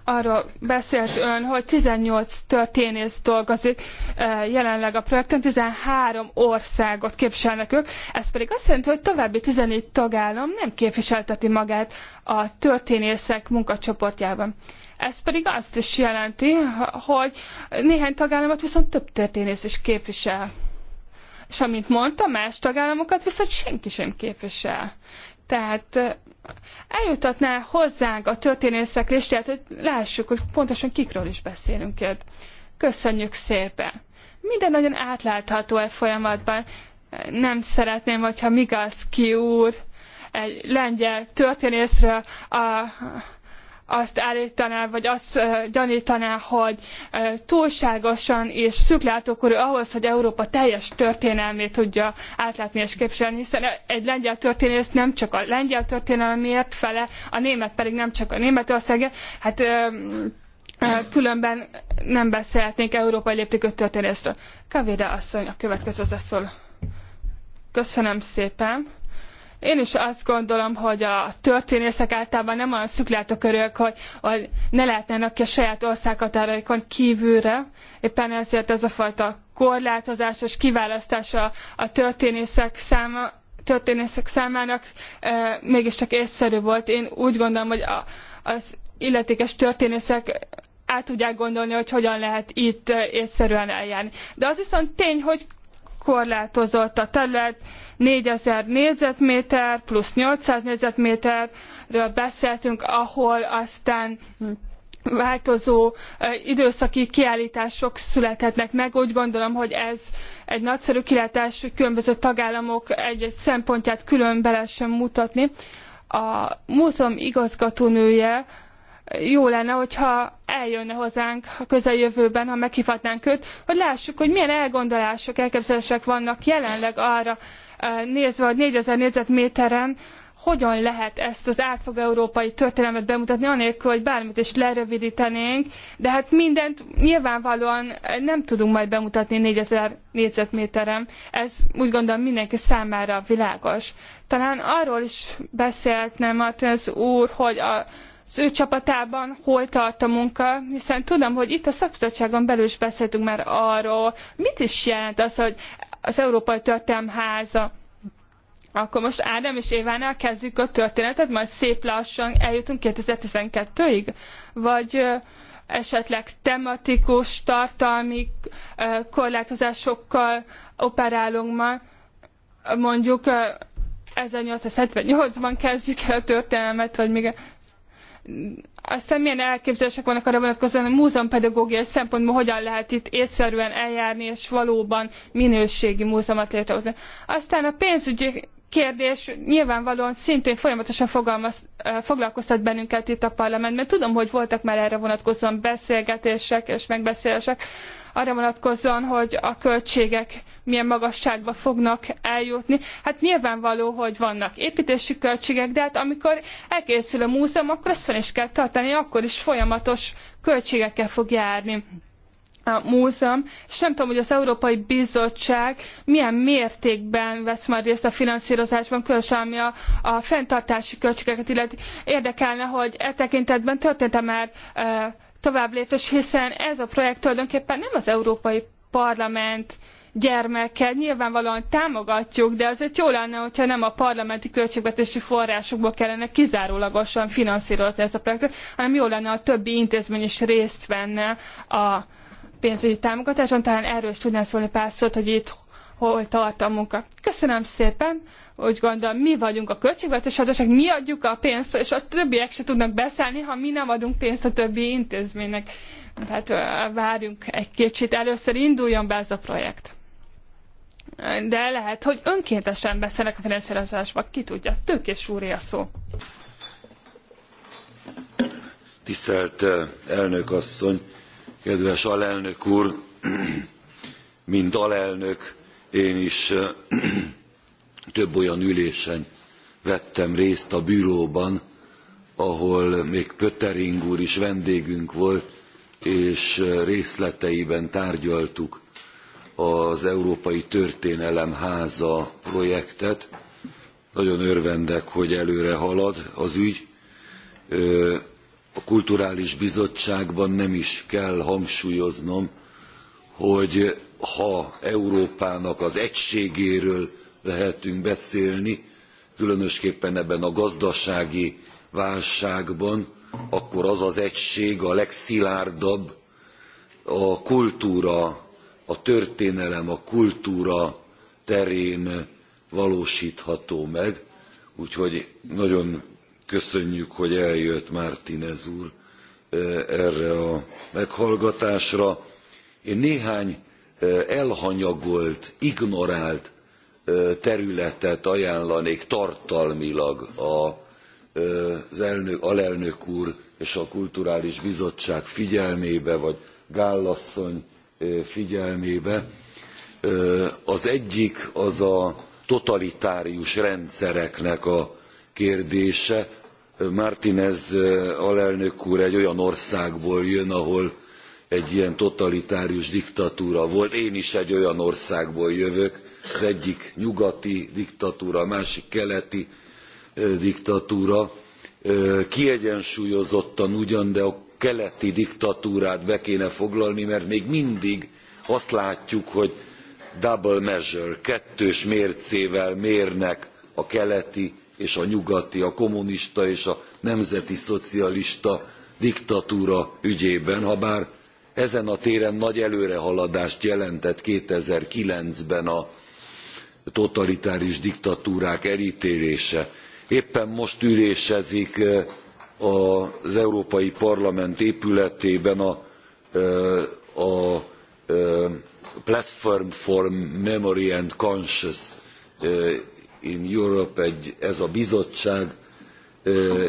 arról beszélt ön, hogy 18 történész dolgozik eh, jelenleg a projekten, 13 országot képviselnek ők, ez pedig azt jelenti, hogy további 14 tagállam nem képviselteti magát a történészek munkacsoportjában. Ez pedig azt is jelenti, hogy néhány tagállamot viszont több történész is képvisel. És amint mondta, más tagállamokat viszont senki sem képvisel. Tehát eh, eljutatná hozzánk a történészek listáját, hogy lássuk, hogy pontosan kikről is beszélünk itt. Köszönjük szépen! Minden nagyon átlátható egy folyamatban. Nem szeretném, hogyha Migalski úr egy lengyel történészről a, azt állítaná, vagy azt gyanítaná, hogy túlságosan és szüklátókorú ahhoz, hogy Európa teljes történelmét tudja átlátni és képviselni, hiszen egy lengyel történész nem csak a lengyel történelmért fele, a német pedig nem csak a németországért, hát különben nem beszélhetnénk európai léptékű történészről. Kavéda asszony a következő szól. Köszönöm szépen. Én is azt gondolom, hogy a történészek általában nem olyan szüklátokorőek, hogy, hogy ne lehetnének ki a saját országhatáraikon kívülre. Éppen ezért ez a fajta és kiválasztása a történészek száma, történészek számának e, mégiscsak észszerű volt. Én úgy gondolom, hogy a, az illetékes történészek át tudják gondolni, hogy hogyan lehet itt észszerűen eljárni. De az viszont tény, hogy korlátozott a terület, 4000 négyzetméter plusz 800 négyzetméterről beszéltünk, ahol aztán változó időszaki kiállítások születhetnek meg. Úgy gondolom, hogy ez egy nagyszerű kilátás, hogy különböző tagállamok egy-egy szempontját külön be lehessen mutatni. A múzeum igazgatónője jó lenne, hogyha eljönne hozzánk a közeljövőben, ha meghívhatnánk őt, hogy lássuk, hogy milyen elgondolások, elképzelések vannak jelenleg arra eh, nézve, hogy 4000 négyzetméteren hogyan lehet ezt az átfogó európai történelmet bemutatni, anélkül, hogy bármit is lerövidítenénk, de hát mindent nyilvánvalóan nem tudunk majd bemutatni 4000 négyzetméteren. Ez úgy gondolom mindenki számára világos. Talán arról is beszélt nem Martinez úr, hogy a az ő csapatában hol tart a munka, hiszen tudom, hogy itt a szakbizottságon belül is beszéltünk már arról, mit is jelent az, hogy az Európai Történelem Háza. Akkor most Ádám és Évánál kezdjük a történetet, majd szép lassan eljutunk 2012-ig? Vagy esetleg tematikus, tartalmi korlátozásokkal operálunk ma, mondjuk 1878-ban kezdjük el a történelmet, vagy még aztán milyen elképzelések vannak arra vonatkozóan, hogy múzeumpedagógiai szempontból hogyan lehet itt észszerűen eljárni, és valóban minőségi múzeumot létrehozni. Aztán a pénzügyi kérdés nyilvánvalóan szintén folyamatosan fogalmaz, foglalkoztat bennünket itt a parlamentben. Tudom, hogy voltak már erre vonatkozóan beszélgetések és megbeszélések, arra vonatkozóan, hogy a költségek milyen magasságba fognak eljutni. Hát nyilvánvaló, hogy vannak építési költségek, de hát amikor elkészül a múzeum, akkor ezt fel is kell tartani, akkor is folyamatos költségekkel fog járni a múzeum, és nem tudom, hogy az Európai Bizottság milyen mértékben vesz majd részt a finanszírozásban, különösen ami a, a fenntartási költségeket illeti. Érdekelne, hogy e tekintetben történt-e már e, tovább lépés, hiszen ez a projekt tulajdonképpen nem az Európai Parlament gyermekkel. Nyilvánvalóan támogatjuk, de azért jó lenne, hogyha nem a parlamenti költségvetési forrásokból kellene kizárólagosan finanszírozni ezt a projektet, hanem jó lenne, ha a többi intézmény is részt venne a pénzügyi támogatáson. Talán erről is tudnám szólni pár szót, hogy itt hol tart a munka. Köszönöm szépen, úgy gondolom, mi vagyunk a költségvetés hatóság, mi adjuk a pénzt, és a többiek se tudnak beszélni, ha mi nem adunk pénzt a többi intézménynek. Tehát várjunk egy kicsit, először induljon be ez a projekt de lehet, hogy önkéntesen beszélnek a finanszírozásba, ki tudja, tőkés úré a szó. Tisztelt eh, elnök asszony, kedves alelnök úr, mint alelnök én is eh, több olyan ülésen vettem részt a bűróban, ahol még Pöttering úr is vendégünk volt, és eh, részleteiben tárgyaltuk az Európai Történelem Háza projektet. Nagyon örvendek, hogy előre halad az ügy. A Kulturális Bizottságban nem is kell hangsúlyoznom, hogy ha Európának az egységéről lehetünk beszélni, különösképpen ebben a gazdasági válságban, akkor az az egység a legszilárdabb a kultúra a történelem, a kultúra terén valósítható meg. Úgyhogy nagyon köszönjük, hogy eljött Mártinez úr e, erre a meghallgatásra. Én néhány e, elhanyagolt, ignorált e, területet ajánlanék tartalmilag az elnök, alelnök úr és a Kulturális Bizottság figyelmébe, vagy Gállasszony figyelmébe. Az egyik az a totalitárius rendszereknek a kérdése. Martinez alelnök úr egy olyan országból jön, ahol egy ilyen totalitárius diktatúra volt. Én is egy olyan országból jövök, az egyik nyugati diktatúra, a másik keleti diktatúra. Kiegyensúlyozottan ugyan, de a keleti diktatúrát be kéne foglalni mert még mindig azt látjuk hogy double measure kettős mércével mérnek a keleti és a nyugati a kommunista és a nemzeti szocialista diktatúra ügyében habár ezen a téren nagy előrehaladást jelentett two thousand and nine ben a totalitárius diktatúrák eltélése. éppen most ülésezik eh, az Európai Parlament épületében a, a Platform for Memory and Conscience in Europe egy, ez a bizottság,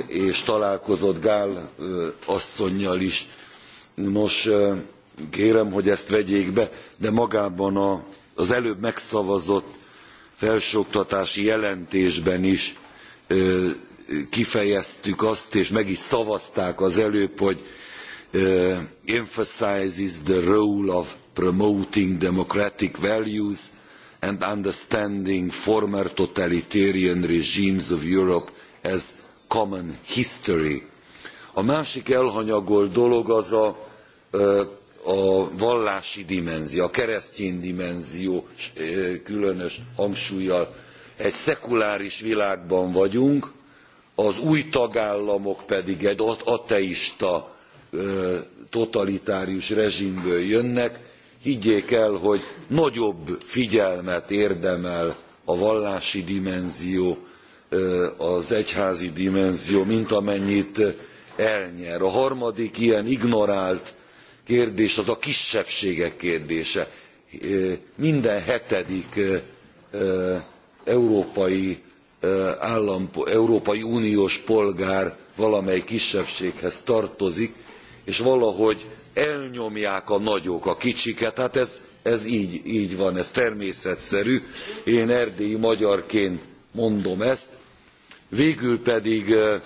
és találkozott Gál asszonynal is. Nos, kérem, hogy ezt vegyék be, de magában a, az előbb megszavazott felsőoktatási jelentésben is kifejeztük azt, és meg is szavazták az előbb, hogy uh, emphasizes the role of promoting democratic values and understanding former totalitarian regimes of Europe as common history. A másik elhanyagolt dolog az a, a vallási dimenzió, a keresztény dimenzió különös hangsúlyjal. Egy szekuláris világban vagyunk, az új tagállamok pedig egy ateista totalitárius rezsimből jönnek, higgyék el, hogy nagyobb figyelmet érdemel a vallási dimenzió, az egyházi dimenzió, mint amennyit elnyer. A harmadik ilyen ignorált kérdés az a kisebbségek kérdése. Minden hetedik európai európai uniós polgár valamely kisebbséghez tartozik és valahogy elnyomják a nagyok a kicsiket hát ez, ez így, így van ez természetszerű én erdélyi magyarként mondom ezt végül pedig e,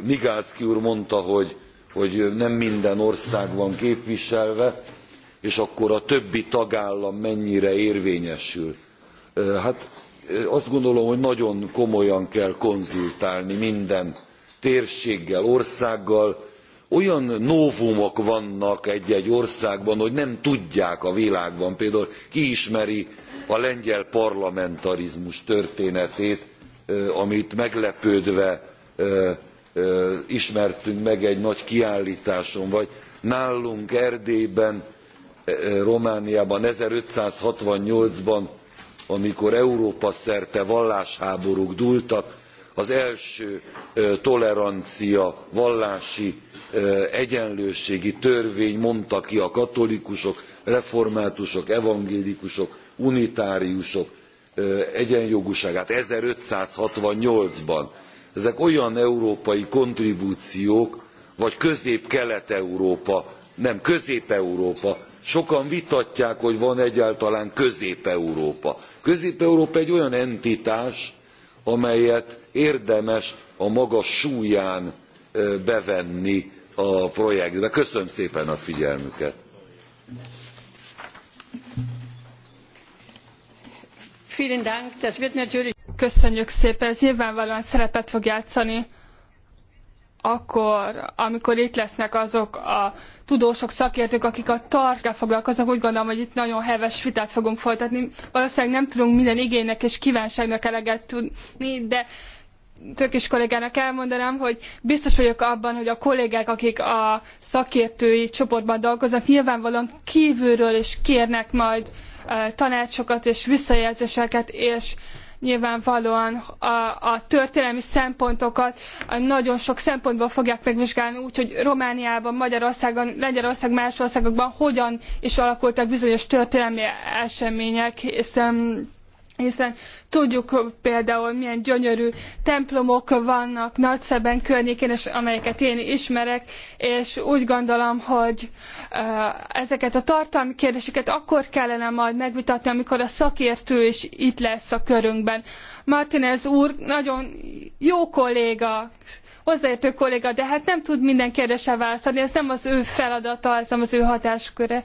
migalski úr mondta hogy, hogy nem minden ország van képviselve és akkor a többi tagállam mennyire érvényesül. hát azt gondolom, hogy nagyon komolyan kell konzultálni minden térséggel, országgal. Olyan novumok vannak egy-egy országban, hogy nem tudják a világban. Például ki ismeri a lengyel parlamentarizmus történetét, amit meglepődve ismertünk meg egy nagy kiállításon, vagy nálunk Erdélyben, Romániában 1568-ban amikor európa szerte vallásháborúk dúltak az első tolerancia vallási egyenlőségi törvény mondta ki a katolikusok reformátusok evangélikusok unitáriusok egyenjogúságát one thousand five hundred and sixty eight ban. ezek olyan európai kontribúciók vagy közép kelet európa nem közép európa sokan vitatják hogy van egyáltalán közép európa közép európa egy olyan entitás amelyet érdemes a maga súlyán bevenni a projektbe. köszönöm szépen a figyelmüket. Köszönjük szépen, ez nyilvánvalóan szerepet fog játszani akkor, amikor itt lesznek azok a tudósok, szakértők, akik a tartgal foglalkoznak, úgy gondolom, hogy itt nagyon heves vitát fogunk folytatni. Valószínűleg nem tudunk minden igénynek és kívánságnak eleget tudni, de tökés kollégának elmondanám, hogy biztos vagyok abban, hogy a kollégák, akik a szakértői csoportban dolgoznak, nyilvánvalóan kívülről is kérnek majd eh, tanácsokat és visszajelzéseket, és nyilvánvalóan a, a történelmi szempontokat nagyon sok szempontból fogják megvizsgálni, úgyhogy Romániában, Magyarországon, Lengyelország, más országokban hogyan is alakultak bizonyos történelmi események, hiszen hiszen tudjuk például milyen gyönyörű templomok vannak Nagyszeben környékén, és amelyeket én ismerek, és úgy gondolom, hogy ezeket a tartalmi kérdéseket akkor kellene majd megvitatni, amikor a szakértő is itt lesz a körünkben. Martinez úr nagyon jó kolléga, hozzáértő kolléga, de hát nem tud minden kérdésre válaszolni, ez nem az ő feladata, ez nem az ő hatásköre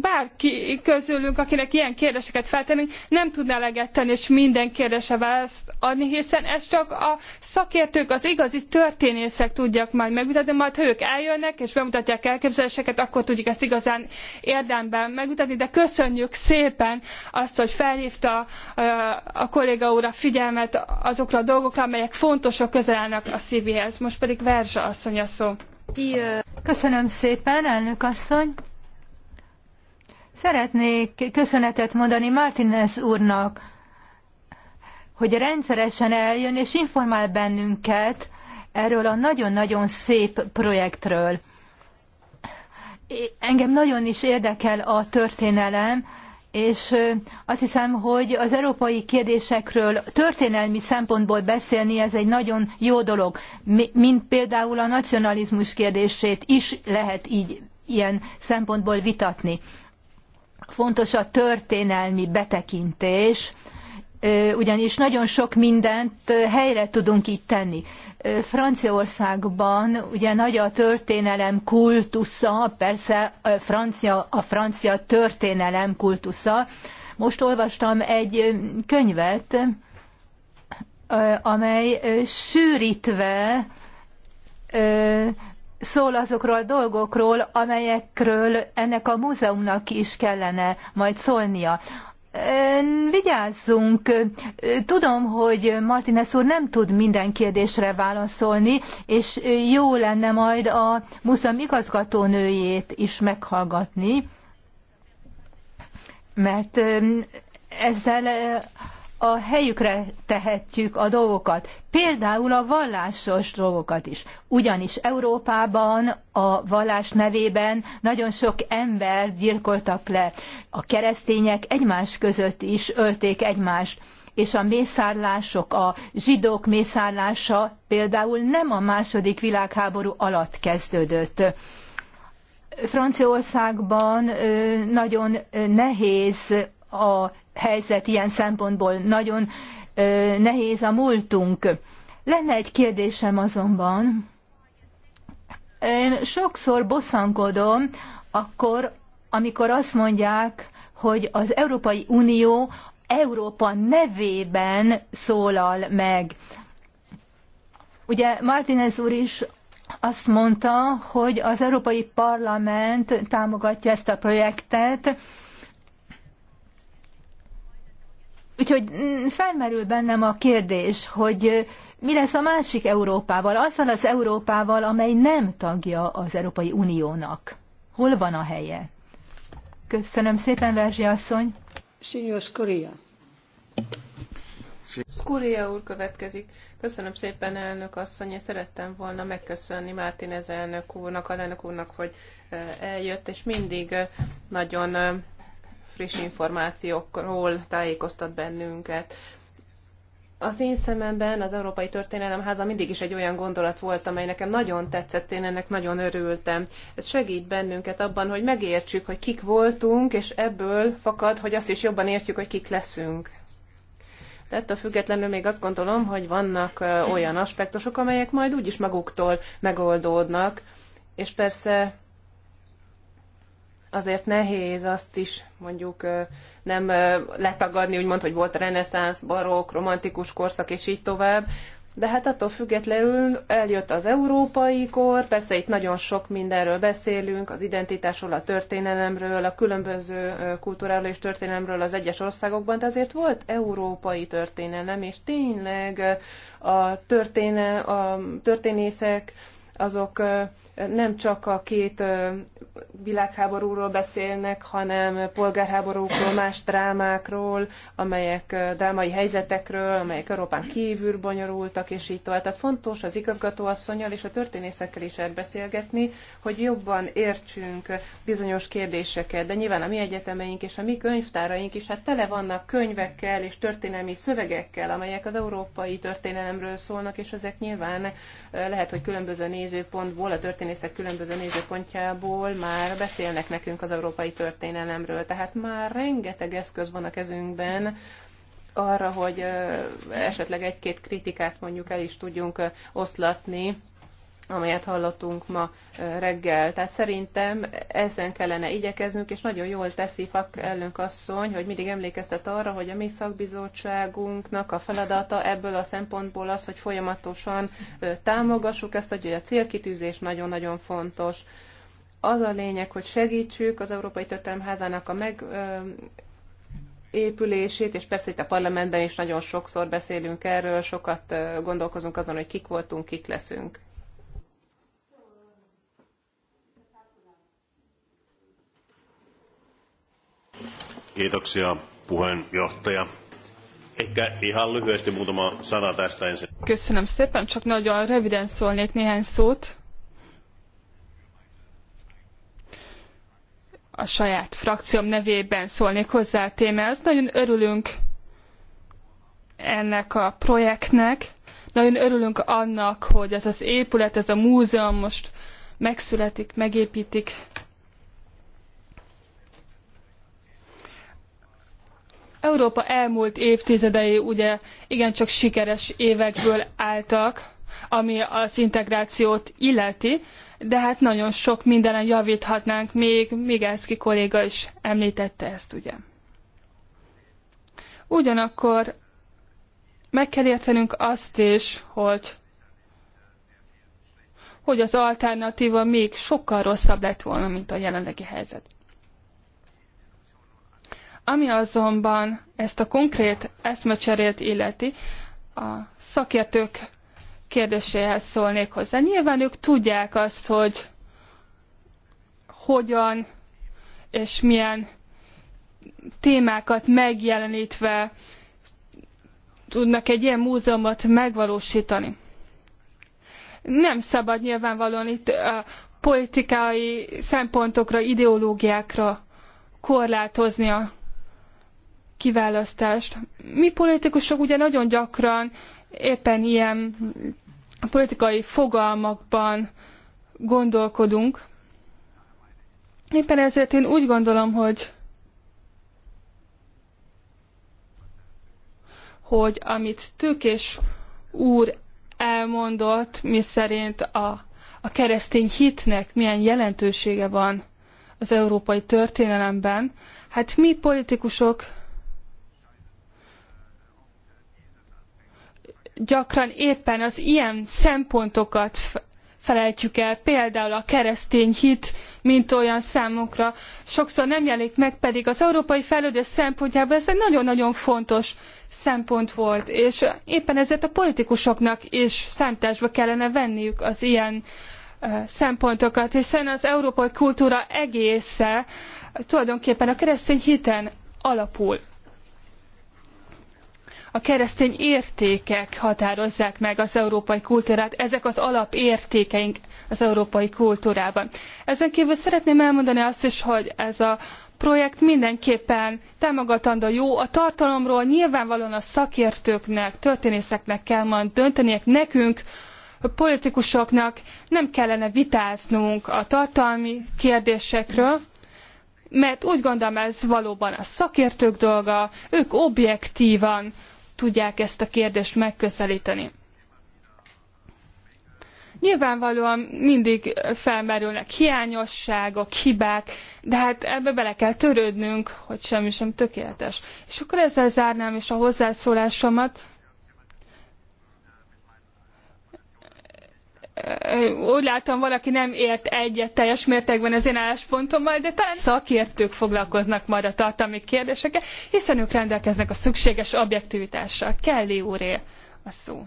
bárki közülünk, akinek ilyen kérdéseket feltennénk, nem tudna eleget tenni és minden kérdésre választ adni, hiszen ezt csak a szakértők, az igazi történészek tudják majd megmutatni, majd ha ők eljönnek és bemutatják elképzeléseket, akkor tudjuk ezt igazán érdemben megmutatni, de köszönjük szépen azt, hogy felhívta a kolléga úr a figyelmet azokra a dolgokra, amelyek fontosak, közel állnak a szívéhez. Most pedig Verzsa asszony a szó. Köszönöm szépen, elnök asszony. Szeretnék köszönetet mondani Martinez úrnak, hogy rendszeresen eljön és informál bennünket erről a nagyon-nagyon szép projektről. Engem nagyon is érdekel a történelem, és azt hiszem, hogy az európai kérdésekről történelmi szempontból beszélni, ez egy nagyon jó dolog, mint például a nacionalizmus kérdését is lehet így ilyen szempontból vitatni fontos a történelmi betekintés, ugyanis nagyon sok mindent helyre tudunk itt tenni. Franciaországban ugye nagy a történelem kultusza, persze a francia, a francia történelem kultusza. Most olvastam egy könyvet, amely sűrítve szól azokról a dolgokról, amelyekről ennek a múzeumnak is kellene majd szólnia. Vigyázzunk! Tudom, hogy Martinez úr nem tud minden kérdésre válaszolni, és jó lenne majd a múzeum igazgatónőjét is meghallgatni, mert ezzel a helyükre tehetjük a dolgokat, például a vallásos dolgokat is. Ugyanis Európában a vallás nevében nagyon sok ember gyilkoltak le. A keresztények egymás között is ölték egymást és a mészárlások, a zsidók mészárlása például nem a második világháború alatt kezdődött. Franciaországban nagyon nehéz a helyzet ilyen szempontból nagyon nehéz a múltunk. Lenne egy kérdésem azonban. Én sokszor bosszankodom akkor, amikor azt mondják, hogy az Európai Unió Európa nevében szólal meg. Ugye Martinez úr is azt mondta, hogy az Európai Parlament támogatja ezt a projektet, Úgyhogy mm, felmerül bennem a kérdés, hogy mi lesz a másik Európával, azzal az Európával, amely nem tagja az Európai Uniónak. Hol van a helye? Köszönöm szépen, Verzsi asszony. Signor Skoria. Skuria úr következik. Köszönöm szépen, elnök asszony. Én szerettem volna megköszönni Mártinez elnök úrnak, alelnök úrnak, hogy eljött, és mindig nagyon friss információkról tájékoztat bennünket. Az én szememben az Európai Történelem Háza mindig is egy olyan gondolat volt, amely nekem nagyon tetszett, én ennek nagyon örültem. Ez segít bennünket abban, hogy megértsük, hogy kik voltunk, és ebből fakad, hogy azt is jobban értjük, hogy kik leszünk. De ettől függetlenül még azt gondolom, hogy vannak olyan aspektusok, amelyek majd úgyis maguktól megoldódnak, és persze azért nehéz azt is mondjuk nem letagadni, úgymond, hogy volt reneszánsz, barokk, romantikus korszak, és így tovább, de hát attól függetlenül eljött az európai kor, persze itt nagyon sok mindenről beszélünk, az identitásról, a történelemről, a különböző kultúráról és történelemről az egyes országokban, de azért volt európai történelem, és tényleg a, történe, a történészek, azok nem csak a két világháborúról beszélnek, hanem polgárháborúkról, más drámákról, amelyek drámai helyzetekről, amelyek Európán kívül bonyolultak, és így tovább. Tehát fontos az igazgatóasszonyal és a történészekkel is beszélgetni, hogy jobban értsünk bizonyos kérdéseket. De nyilván a mi egyetemeink és a mi könyvtáraink is hát tele vannak könyvekkel és történelmi szövegekkel, amelyek az európai történelemről szólnak, és ezek nyilván lehet, hogy különböző néz nézőpontból, a történészek különböző nézőpontjából már beszélnek nekünk az európai történelemről. Tehát már rengeteg eszköz van a kezünkben, arra, hogy esetleg egy-két kritikát mondjuk el is tudjunk oszlatni amelyet hallottunk ma reggel. Tehát szerintem ezen kellene igyekeznünk, és nagyon jól teszi Fak ellünk asszony, hogy mindig emlékeztet arra, hogy a mi szakbizottságunknak a feladata ebből a szempontból az, hogy folyamatosan támogassuk ezt, hogy a célkitűzés nagyon-nagyon fontos. Az a lényeg, hogy segítsük az Európai Történelemházának a meg, épülését, és persze itt a parlamentben is nagyon sokszor beszélünk erről, sokat gondolkozunk azon, hogy kik voltunk, kik leszünk. Kiitoksia puheenjohtaja. Ehkä ihan lyhyesti muutama sana tästä ensin. Köszönöm szépen, csak nagyon röviden szólnék néhány szót. A saját frakcióm nevében szólnék hozzá a témához. Nagyon örülünk ennek a projektnek. Nagyon örülünk annak, hogy ez az épület, ez a múzeum most megszületik, megépítik Európa elmúlt évtizedei ugye igencsak sikeres évekből álltak, ami az integrációt illeti, de hát nagyon sok mindenen javíthatnánk, még Migelszki kolléga is említette ezt, ugye. Ugyanakkor meg kell értenünk azt is, hogy hogy az alternatíva még sokkal rosszabb lett volna, mint a jelenlegi helyzet. Ami azonban ezt a konkrét eszmecserét illeti, a szakértők kérdéséhez szólnék hozzá. Nyilván ők tudják azt, hogy hogyan és milyen témákat megjelenítve tudnak egy ilyen múzeumot megvalósítani. Nem szabad nyilvánvalóan itt politikai szempontokra, ideológiákra korlátozni a kiválasztást. Mi politikusok ugye nagyon gyakran éppen ilyen politikai fogalmakban gondolkodunk. Éppen ezért én úgy gondolom, hogy hogy amit Tőkés úr elmondott, mi szerint a, a keresztény hitnek milyen jelentősége van az európai történelemben, hát mi politikusok gyakran éppen az ilyen szempontokat felejtjük el, például a keresztény hit, mint olyan számunkra. Sokszor nem jelenik meg, pedig az európai fejlődés szempontjából ez egy nagyon-nagyon fontos szempont volt, és éppen ezért a politikusoknak is számításba kellene venniük az ilyen szempontokat, hiszen az európai kultúra egésze tulajdonképpen a keresztény hiten alapul a keresztény értékek határozzák meg az európai kultúrát, ezek az alapértékeink az európai kultúrában. Ezen kívül szeretném elmondani azt is, hogy ez a projekt mindenképpen támogatandó jó. A tartalomról nyilvánvalóan a szakértőknek, történészeknek kell majd dönteniek nekünk, a politikusoknak nem kellene vitáznunk a tartalmi kérdésekről, mert úgy gondolom ez valóban a szakértők dolga, ők objektívan tudják ezt a kérdést megközelíteni. Nyilvánvalóan mindig felmerülnek hiányosságok, hibák, de hát ebbe bele kell törődnünk, hogy semmi sem tökéletes. És akkor ezzel zárnám is a hozzászólásomat, úgy látom, valaki nem ért egyet teljes mértékben az én álláspontommal, de talán szakértők foglalkoznak majd a tartalmi kérdésekkel, hiszen ők rendelkeznek a szükséges objektivitással. Kelly úré a szó.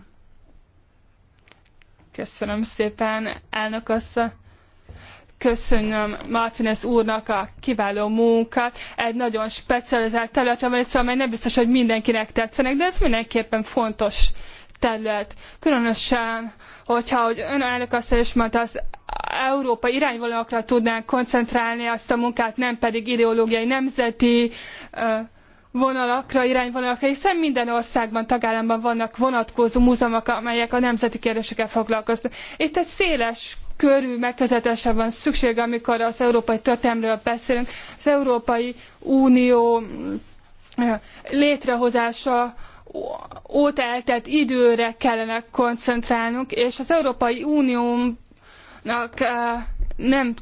Köszönöm szépen, elnök asszony köszönöm Martinez úrnak a kiváló munkát. Egy nagyon specializált területen van, amely nem biztos, hogy mindenkinek tetszenek, de ez mindenképpen fontos terület. Különösen, hogyha, hogy ön elnök azt is mondta, az Európa irányvonalakra tudnánk koncentrálni azt a munkát, nem pedig ideológiai, nemzeti vonalakra, irányvonalakra, hiszen minden országban, tagállamban vannak vonatkozó múzeumok, amelyek a nemzeti kérdésekkel foglalkoznak. Itt egy széles körű megközelítésre van szükség, amikor az európai történelmről beszélünk. Az Európai Unió létrehozása óta eltelt időre kellene koncentrálnunk, és az Európai Uniónak eh, nem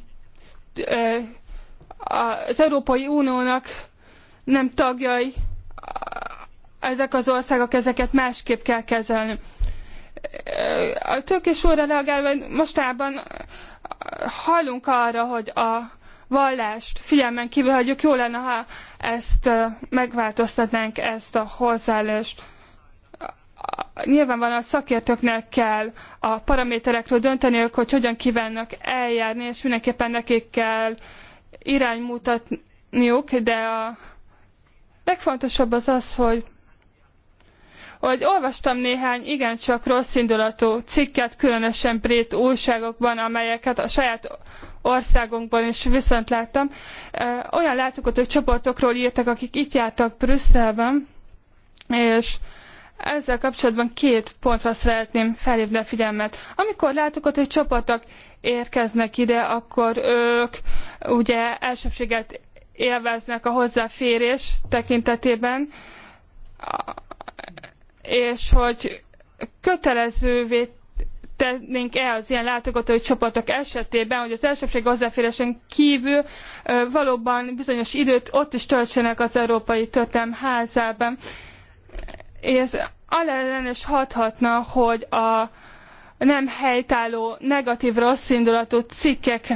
eh, az Európai Uniónak nem tagjai ezek az országok, ezeket másképp kell kezelni. Eh, a tőkés óra reagálva mostában hallunk arra, hogy a vallást figyelmen kívül hagyjuk. Jó lenne, ha ezt megváltoztatnánk, ezt a hozzáállást. Nyilvánvalóan a szakértőknek kell a paraméterekről dönteniük, hogy hogyan kívánnak eljárni, és mindenképpen nekik kell iránymutatniuk, de a legfontosabb az az, hogy hogy olvastam néhány igencsak rossz indulatú cikket, különösen brit újságokban, amelyeket a saját országunkban is viszont láttam. Olyan látogató csoportokról írtak, akik itt jártak Brüsszelben, és ezzel kapcsolatban két pontra szeretném felhívni a figyelmet. Amikor látogató csoportok érkeznek ide, akkor ők ugye elsőbséget élveznek a hozzáférés tekintetében, és hogy kötelezővé tennénk-e az ilyen látogatói csoportok esetében, hogy az elsőbség hozzáférésen kívül valóban bizonyos időt ott is töltsenek az Európai Történelem házában. Ez alellenes hathatna, hogy a nem helytálló, negatív, rosszindulatú cikkek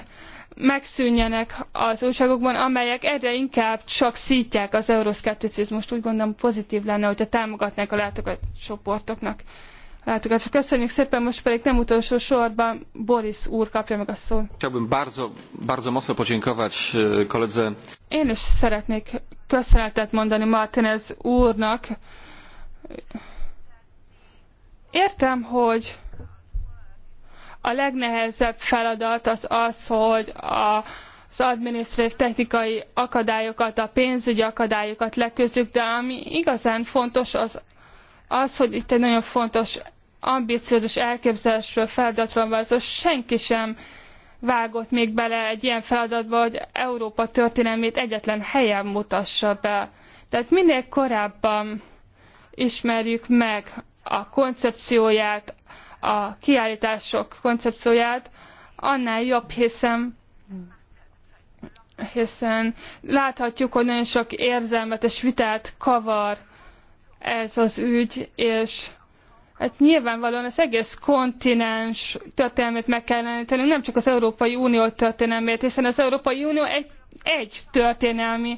megszűnjenek az újságokban, amelyek egyre inkább csak szítják az euroszkepticizmust. Úgy gondolom pozitív lenne, hogyha támogatnák a látogatócsoportoknak látogatásra. Hát köszönjük szépen, most pedig nem utolsó sorban Boris úr kapja meg a szót. Chciałbym bardzo, bardzo mocno podziękować e, koledze. Én is szeretnék köszönetet mondani Martinez úrnak. Értem, hogy a legnehezebb feladat az az, hogy a, az adminisztratív technikai akadályokat, a pénzügyi akadályokat leküzdjük, de ami igazán fontos, az az, hogy itt egy nagyon fontos ambiciózus elképzelésről feladatról van, az senki sem vágott még bele egy ilyen feladatba, hogy Európa történelmét egyetlen helyen mutassa be. Tehát minél korábban ismerjük meg a koncepcióját, a kiállítások koncepcióját, annál jobb, hiszen hiszen láthatjuk, hogy nagyon sok érzelmet és vitát kavar ez az ügy, és Hát nyilvánvalóan az egész kontinens történelmét meg kell említeni, nem csak az Európai Unió történelmét, hiszen az Európai Unió egy, egy történelmi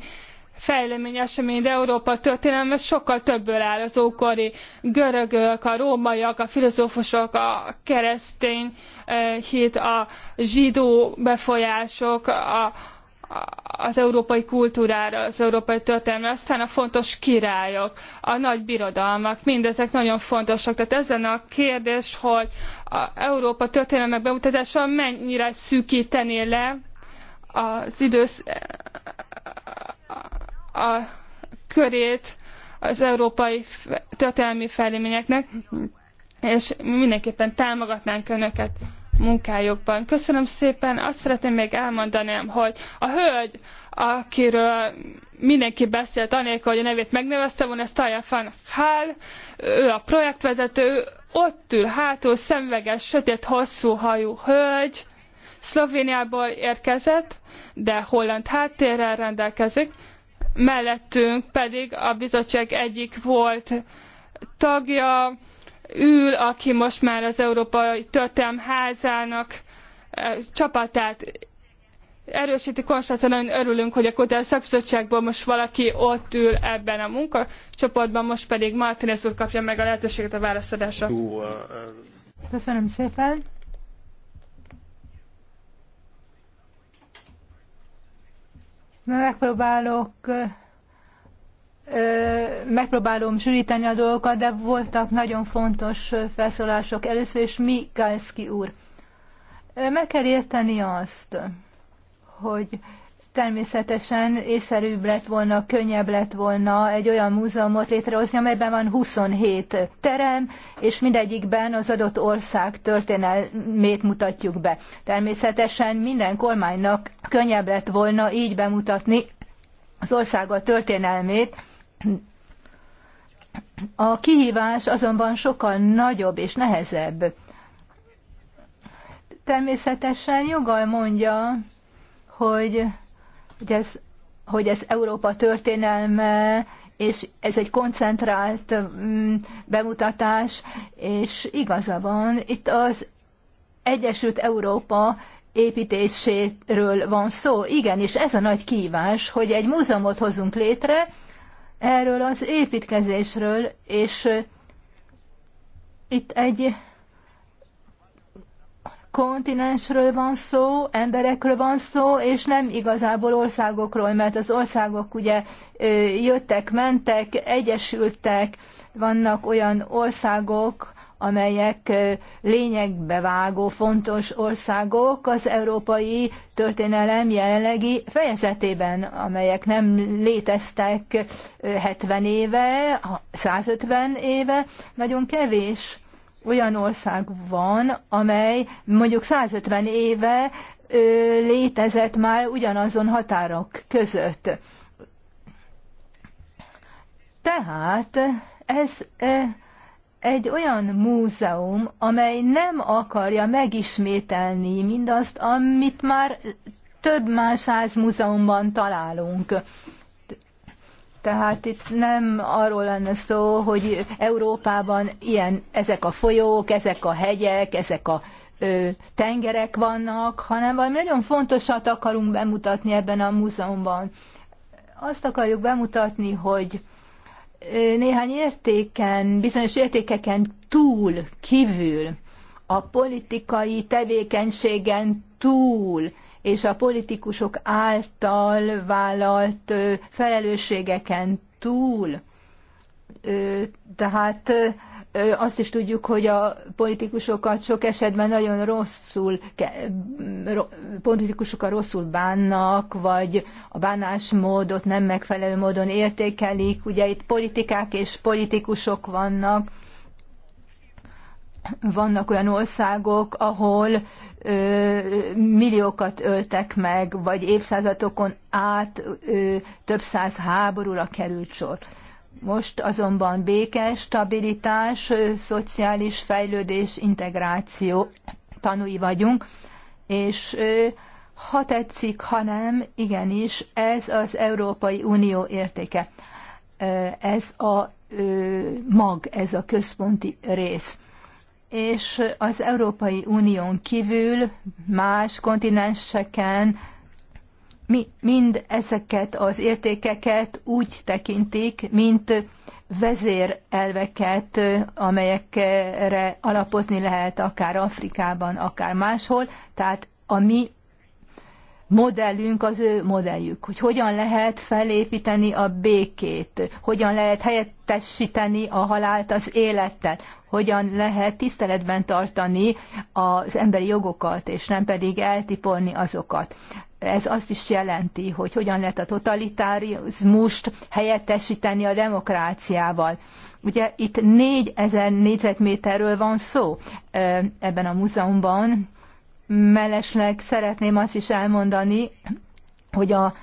fejlemény esemény, de Európa történelme sokkal többből áll az ókori görögök, a rómaiak, a filozófusok, a keresztény eh, hit, a zsidó befolyások, a, az európai kultúrára, az európai történelme, aztán a fontos királyok, a nagy birodalmak, mindezek nagyon fontosak. Tehát ez lenne a kérdés, hogy a Európa történelmek bemutatása mennyire szűkítené le az idősz a, a körét az európai történelmi fejleményeknek, és mindenképpen támogatnánk Önöket munkájukban. Köszönöm szépen, azt szeretném még elmondani, hogy a hölgy, akiről mindenki beszélt, anélkül, hogy a nevét megnevezte volna, ez Tajan van Hál, ő a projektvezető, ott ül hátul, szemveges, sötét, hosszú hajú hölgy, Szlovéniából érkezett, de holland háttérrel rendelkezik, mellettünk pedig a bizottság egyik volt tagja, ül, aki most már az Európai Történelm Házának csapatát erősíti Konstantin, nagyon örülünk, hogy a Kutás Szakbizottságból most valaki ott ül ebben a munkacsoportban, most pedig Martinez úr kapja meg a lehetőséget a válaszadásra. Köszönöm szépen! Na, megpróbálok megpróbálom sűríteni a dolgokat, de voltak nagyon fontos felszólások. Először is Gajszki úr. Meg kell érteni azt, hogy természetesen észszerűbb lett volna, könnyebb lett volna egy olyan múzeumot létrehozni, amelyben van 27 terem, és mindegyikben az adott ország történelmét mutatjuk be. Természetesen minden kormánynak könnyebb lett volna így bemutatni az országa történelmét, a kihívás azonban sokkal nagyobb és nehezebb. Természetesen joggal mondja, hogy, hogy, ez, hogy ez Európa történelme, és ez egy koncentrált mm, bemutatás, és igaza van, itt az Egyesült Európa építéséről van szó. Igen, és ez a nagy kívás, hogy egy múzeumot hozunk létre, erről az építkezésről, és itt egy kontinensről van szó, emberekről van szó, és nem igazából országokról, mert az országok ugye jöttek, mentek, egyesültek, vannak olyan országok, amelyek lényegbe vágó fontos országok az európai történelem jelenlegi fejezetében, amelyek nem léteztek 70 éve, 150 éve. Nagyon kevés olyan ország van, amely mondjuk 150 éve létezett már ugyanazon határok között. Tehát ez egy olyan múzeum, amely nem akarja megismételni mindazt, amit már több más száz múzeumban találunk. Tehát itt nem arról lenne szó, hogy Európában ilyen ezek a folyók, ezek a hegyek, ezek a ö, tengerek vannak, hanem valami nagyon fontosat akarunk bemutatni ebben a múzeumban. Azt akarjuk bemutatni, hogy néhány értéken, bizonyos értékeken túl, kívül, a politikai tevékenységen túl, és a politikusok által vállalt felelősségeken túl. Tehát azt is tudjuk, hogy a politikusokat sok esetben nagyon rosszul, politikusokat rosszul bánnak, vagy a bánásmódot nem megfelelő módon értékelik. Ugye itt politikák és politikusok vannak. Vannak olyan országok, ahol ö, milliókat öltek meg, vagy évszázadokon át ö, több száz háborúra került sor. Ö, most azonban béke, stabilitás, szociális fejlődés, integráció tanúi vagyunk, és ha tetszik, ha nem, igenis, ez az Európai Unió értéke. Ez a mag, ez a központi rész. És az Európai Unión kívül más kontinenseken mi, mind ezeket az értékeket úgy tekintik, mint vezérelveket, amelyekre alapozni lehet akár Afrikában, akár máshol. Tehát a mi modellünk az ő modelljük, hogy hogyan lehet felépíteni a békét, hogyan lehet helyettesíteni a halált az élettel, hogyan lehet tiszteletben tartani az emberi jogokat, és nem pedig eltiporni azokat ez azt is jelenti, hogy hogyan lehet a totalitárizmust helyettesíteni a demokráciával. Ugye itt 4000 négyzetméterről van szó ebben a múzeumban. Mellesleg szeretném azt is elmondani, hogy a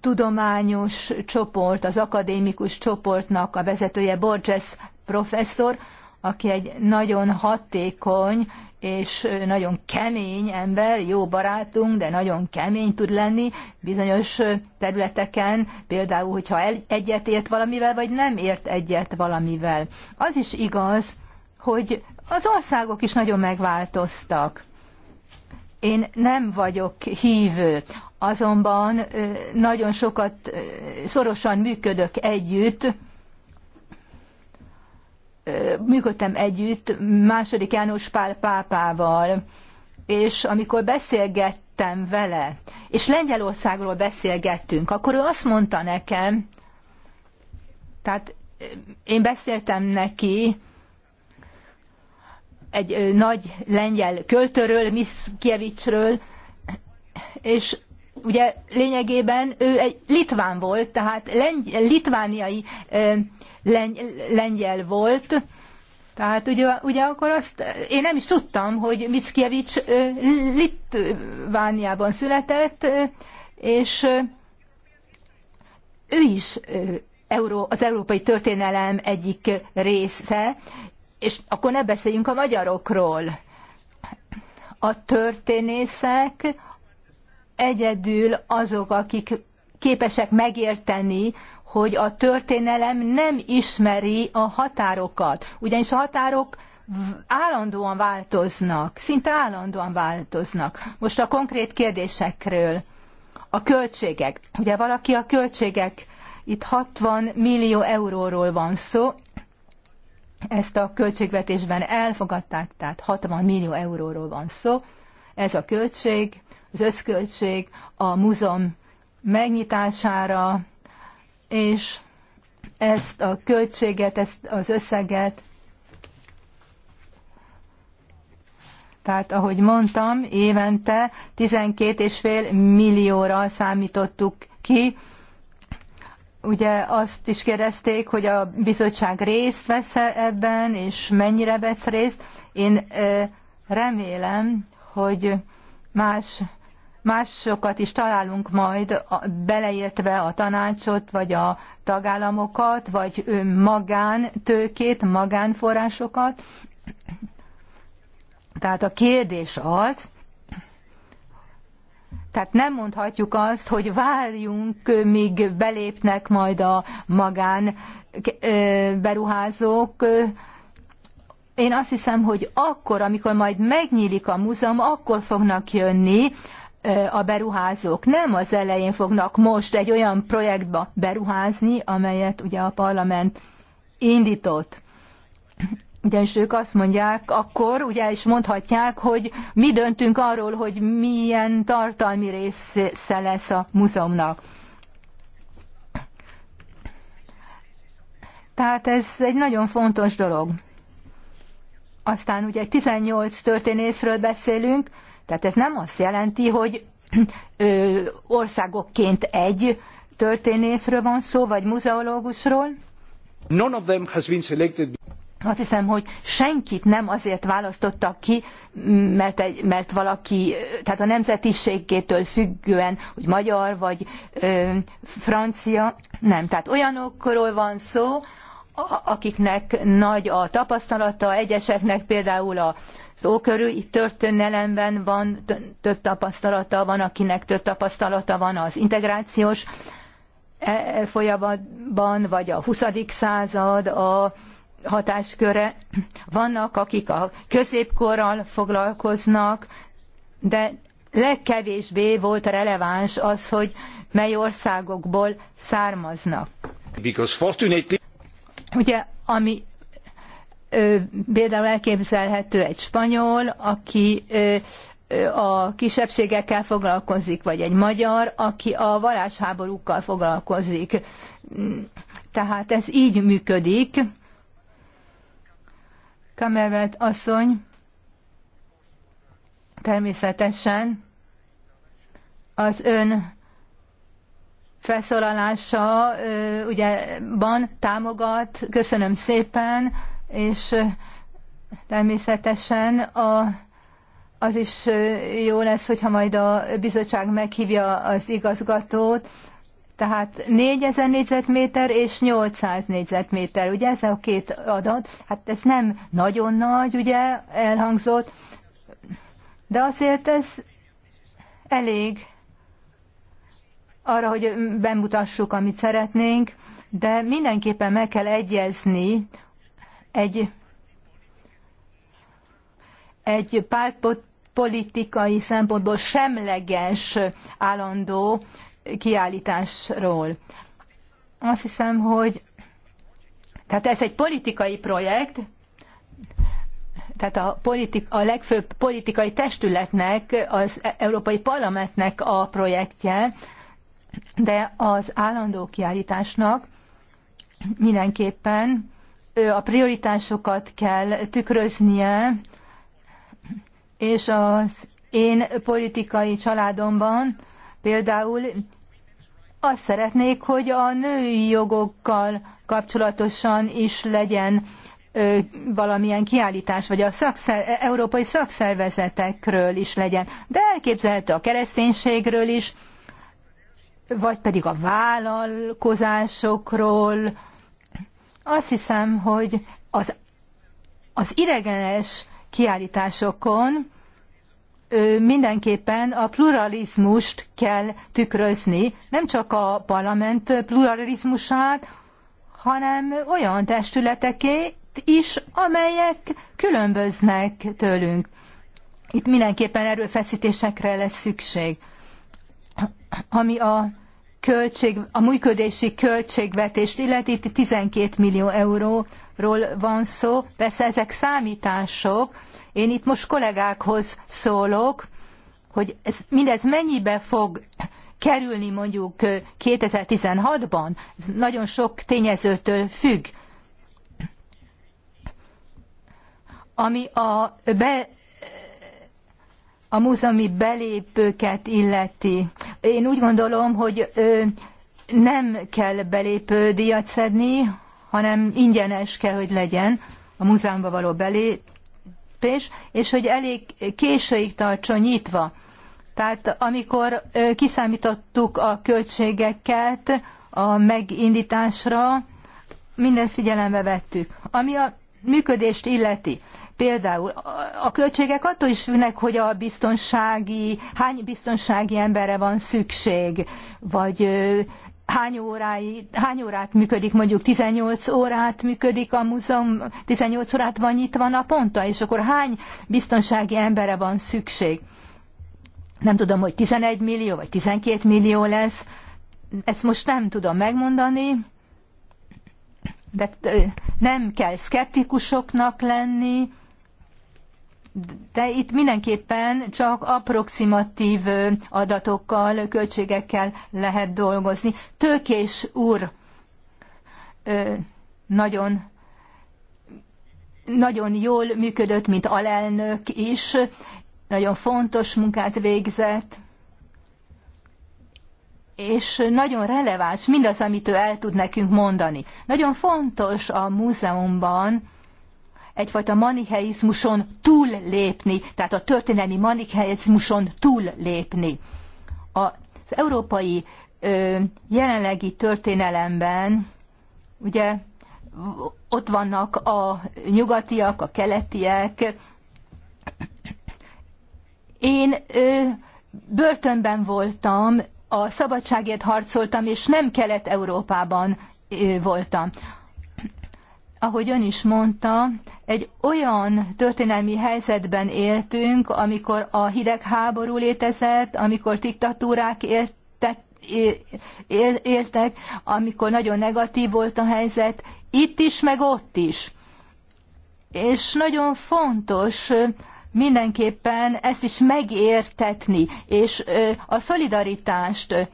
tudományos csoport, az akadémikus csoportnak a vezetője Borges professzor, aki egy nagyon hatékony és nagyon kemény ember, jó barátunk, de nagyon kemény tud lenni bizonyos területeken, például, hogyha egyet ért valamivel, vagy nem ért egyet valamivel. Az is igaz, hogy az országok is nagyon megváltoztak. Én nem vagyok hívő, azonban nagyon sokat szorosan működök együtt működtem együtt második János Pál pápával, és amikor beszélgettem vele, és Lengyelországról beszélgettünk, akkor ő azt mondta nekem, tehát eh, én beszéltem neki egy nagy lengyel költőről, Kievicsről, és ugye lényegében ő egy litván volt, tehát lengy, litvániai leng- lengyel volt, tehát ugye, ugye akkor azt, én nem is tudtam, hogy Mickiewicz Litvániában született, és ő is Euró, az európai történelem egyik része, és akkor ne beszéljünk a magyarokról. A történészek egyedül azok, akik képesek megérteni, hogy a történelem nem ismeri a határokat, ugyanis a határok állandóan változnak, szinte állandóan változnak. Most a konkrét kérdésekről. A költségek. Ugye valaki a költségek, itt 60 millió euróról van szó, ezt a költségvetésben elfogadták, tehát 60 millió euróról van szó, ez a költség az összköltség a múzeum megnyitására, és ezt a költséget, ezt az összeget, tehát ahogy mondtam, évente 12,5 millióra számítottuk ki. Ugye azt is kérdezték, hogy a bizottság részt vesz -e ebben, és mennyire vesz részt. Én remélem, hogy más másokat is találunk majd, beleértve a tanácsot, vagy a tagállamokat, vagy magántőkét, magánforrásokat. Tehát a kérdés az, tehát nem mondhatjuk azt, hogy várjunk, míg belépnek majd a magán beruházók. Én azt hiszem, hogy akkor, amikor majd megnyílik a múzeum, akkor fognak jönni a beruházók nem az elején fognak most egy olyan projektbe beruházni, amelyet ugye a parlament indított. Ugyanis ők azt mondják, akkor ugye is mondhatják, hogy mi döntünk arról, hogy milyen tartalmi része lesz a múzeumnak. Tehát ez egy nagyon fontos dolog. Aztán ugye 18 történészről beszélünk, tehát ez nem azt jelenti, hogy ö, országokként egy történészről van szó, vagy muzeológusról. None of them has been selected. Azt hiszem, hogy senkit nem azért választottak ki, mert, egy, mert valaki, tehát a nemzetiségétől függően, hogy magyar vagy ö, francia, nem. Tehát olyanokról van szó, akiknek nagy a tapasztalata, egyeseknek például a szó körül. Itt történelemben van több tapasztalata, van akinek több tapasztalata van az integrációs e, e, folyamatban, vagy a 20. század, a hatásköre. Vannak, akik a középkorral foglalkoznak, de legkevésbé volt releváns az, hogy mely országokból származnak. Because fortunately... Ugye, ami Például elképzelhető egy spanyol, aki a kisebbségekkel foglalkozik, vagy egy magyar, aki a vallásháborúkkal foglalkozik. Tehát ez így működik. Kamervet asszony, természetesen az ön felszólalása ugye van, támogat, köszönöm szépen és természetesen a, az is jó lesz, hogyha majd a bizottság meghívja az igazgatót, tehát 4000 négyzetméter és 800 négyzetméter, ugye ez a két adat, hát ez nem nagyon nagy, ugye elhangzott, de azért ez elég arra, hogy bemutassuk, amit szeretnénk, de mindenképpen meg kell egyezni egy, egy pártpolitikai szempontból semleges állandó kiállításról. Azt hiszem, hogy tehát ez egy politikai projekt, tehát a, politik, a legfőbb politikai testületnek, az Európai Parlamentnek a projektje, de az állandó kiállításnak mindenképpen a prioritásokat kell tükröznie, és az én politikai családomban például azt szeretnék, hogy a női jogokkal kapcsolatosan is legyen ö, valamilyen kiállítás, vagy a szakszer, európai szakszervezetekről is legyen. De elképzelhető a kereszténységről is, vagy pedig a vállalkozásokról, azt hiszem, hogy az, az idegenes kiállításokon mindenképpen a pluralizmust kell tükrözni, nem csak a parlament pluralizmusát, hanem olyan testületekét is, amelyek különböznek tőlünk. Itt mindenképpen erőfeszítésekre lesz szükség. Ami a költség, a működési költségvetést illeti, itt 12 millió euróról van szó. Persze ezek számítások, én itt most kollégákhoz szólok, hogy ez, mindez mennyibe fog kerülni mondjuk 2016-ban, ez nagyon sok tényezőtől függ. Ami a be, a múzeumi belépőket illeti. Én úgy gondolom, hogy nem kell belépő díjat szedni, hanem ingyenes kell, hogy legyen a múzeumba való belépés, és hogy elég későig tartson nyitva. Tehát amikor kiszámítottuk a költségeket a megindításra, mindezt figyelembe vettük. Ami a működést illeti, Például a költségek attól is függnek, hogy a biztonsági, hány biztonsági emberre van szükség, vagy hány, órái, hány órát működik, mondjuk 18 órát működik a múzeum, 18 órát van nyitva ponta és akkor hány biztonsági emberre van szükség? Nem tudom, hogy 11 millió vagy 12 millió lesz, ezt most nem tudom megmondani, de nem kell szkeptikusoknak lenni, de itt mindenképpen csak approximatív adatokkal, költségekkel lehet dolgozni. Tőkés úr nagyon nagyon jól működött, mint alelnök is, nagyon fontos munkát végzett, és nagyon releváns mindaz, amit ő el tud nekünk mondani. Nagyon fontos a múzeumban, egyfajta manicheizmuson túl lépni, tehát a történelmi manicheizmuson túl lépni. Az európai ö, jelenlegi történelemben ugye ott vannak a nyugatiak, a keletiek. Én ö, börtönben voltam, a szabadságért harcoltam, és nem Kelet-Európában voltam ahogy ön is mondta, egy olyan történelmi helyzetben éltünk, amikor a hidegháború létezett, amikor diktatúrák éltek, éltek, amikor nagyon negatív volt a helyzet, itt is, meg ott is. És nagyon fontos mindenképpen ezt is megértetni, és a szolidaritást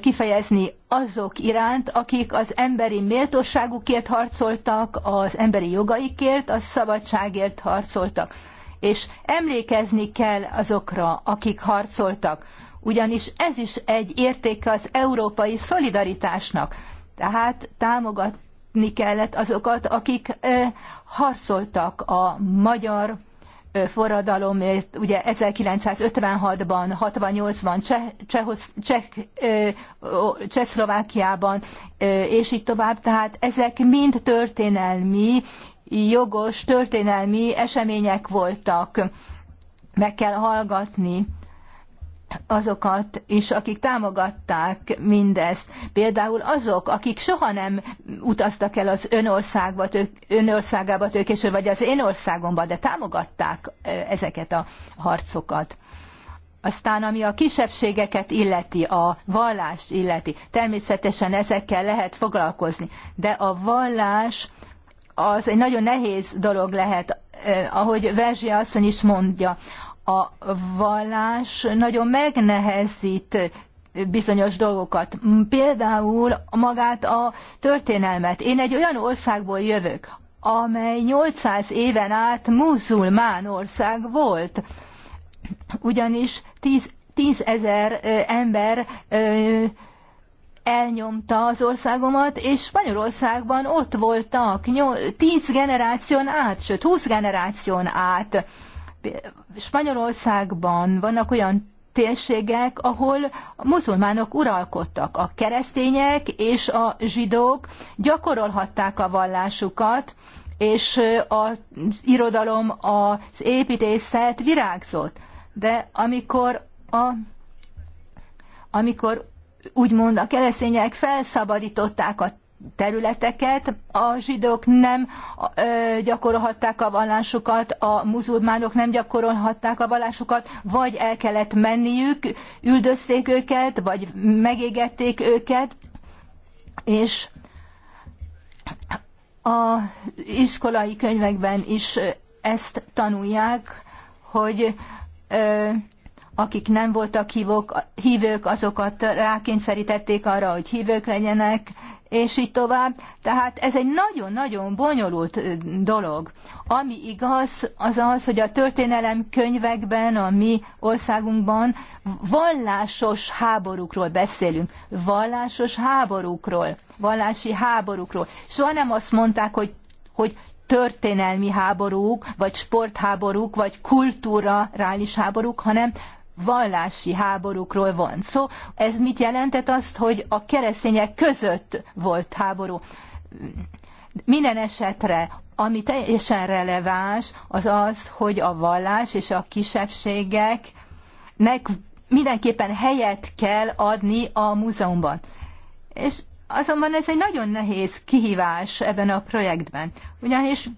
kifejezni azok iránt, akik az emberi méltóságukért harcoltak, az emberi jogaikért, a szabadságért harcoltak. És emlékezni kell azokra, akik harcoltak, ugyanis ez is egy értéke az európai szolidaritásnak. Tehát támogatni kellett azokat, akik harcoltak a magyar Forradalom, eh, ugye 1956-ban, 68-ban eh, Csehszlovákiában, eh, és így tovább. Tehát ezek mind történelmi, jogos történelmi események voltak. Meg kell hallgatni azokat is, akik támogatták mindezt. Például azok, akik soha nem utaztak el az önországba, tök, önországába tőkésről, vagy az én országomba, de támogatták ezeket a harcokat. Aztán, ami a kisebbségeket illeti, a vallást illeti, természetesen ezekkel lehet foglalkozni, de a vallás az egy nagyon nehéz dolog lehet, eh, ahogy Verzsi asszony is mondja a vallás nagyon megnehezít bizonyos dolgokat. Például magát a történelmet. Én egy olyan országból jövök, amely 800 éven át muzulmán ország volt. Ugyanis 10, 10 ezer ember elnyomta az országomat, és Spanyolországban ott voltak 10 generáción át, sőt 20 generáción át Spanyolországban vannak olyan térségek, ahol a muzulmánok uralkodtak. A keresztények és a zsidók gyakorolhatták a vallásukat, és az irodalom, az építészet virágzott. De amikor a, amikor úgymond a keresztények felszabadították a területeket, a zsidók nem gyakorolhatták a vallásukat, a muzulmánok nem gyakorolhatták a vallásukat, vagy el kellett menniük, üldözték őket, vagy megégették őket, és a iskolai könyvekben is ezt tanulják, hogy ö, akik nem voltak hívók, hívők, azokat rákényszerítették arra, hogy hívők legyenek, és így tovább. Tehát ez egy nagyon-nagyon bonyolult dolog. Ami igaz, az az, hogy a történelem könyvekben, a mi országunkban vallásos háborúkról beszélünk. Vallásos háborúkról, vallási háborúkról. Soha nem azt mondták, hogy, hogy történelmi háborúk, vagy sportháborúk, vagy kulturális háborúk, hanem vallási háborúkról van szó. Szóval ez mit jelentett azt, hogy a keresztények között volt háború? Minden esetre, ami teljesen releváns, az az, hogy a vallás és a kisebbségeknek mindenképpen helyet kell adni a múzeumban. És azonban ez egy nagyon nehéz kihívás ebben a projektben. Ugyanis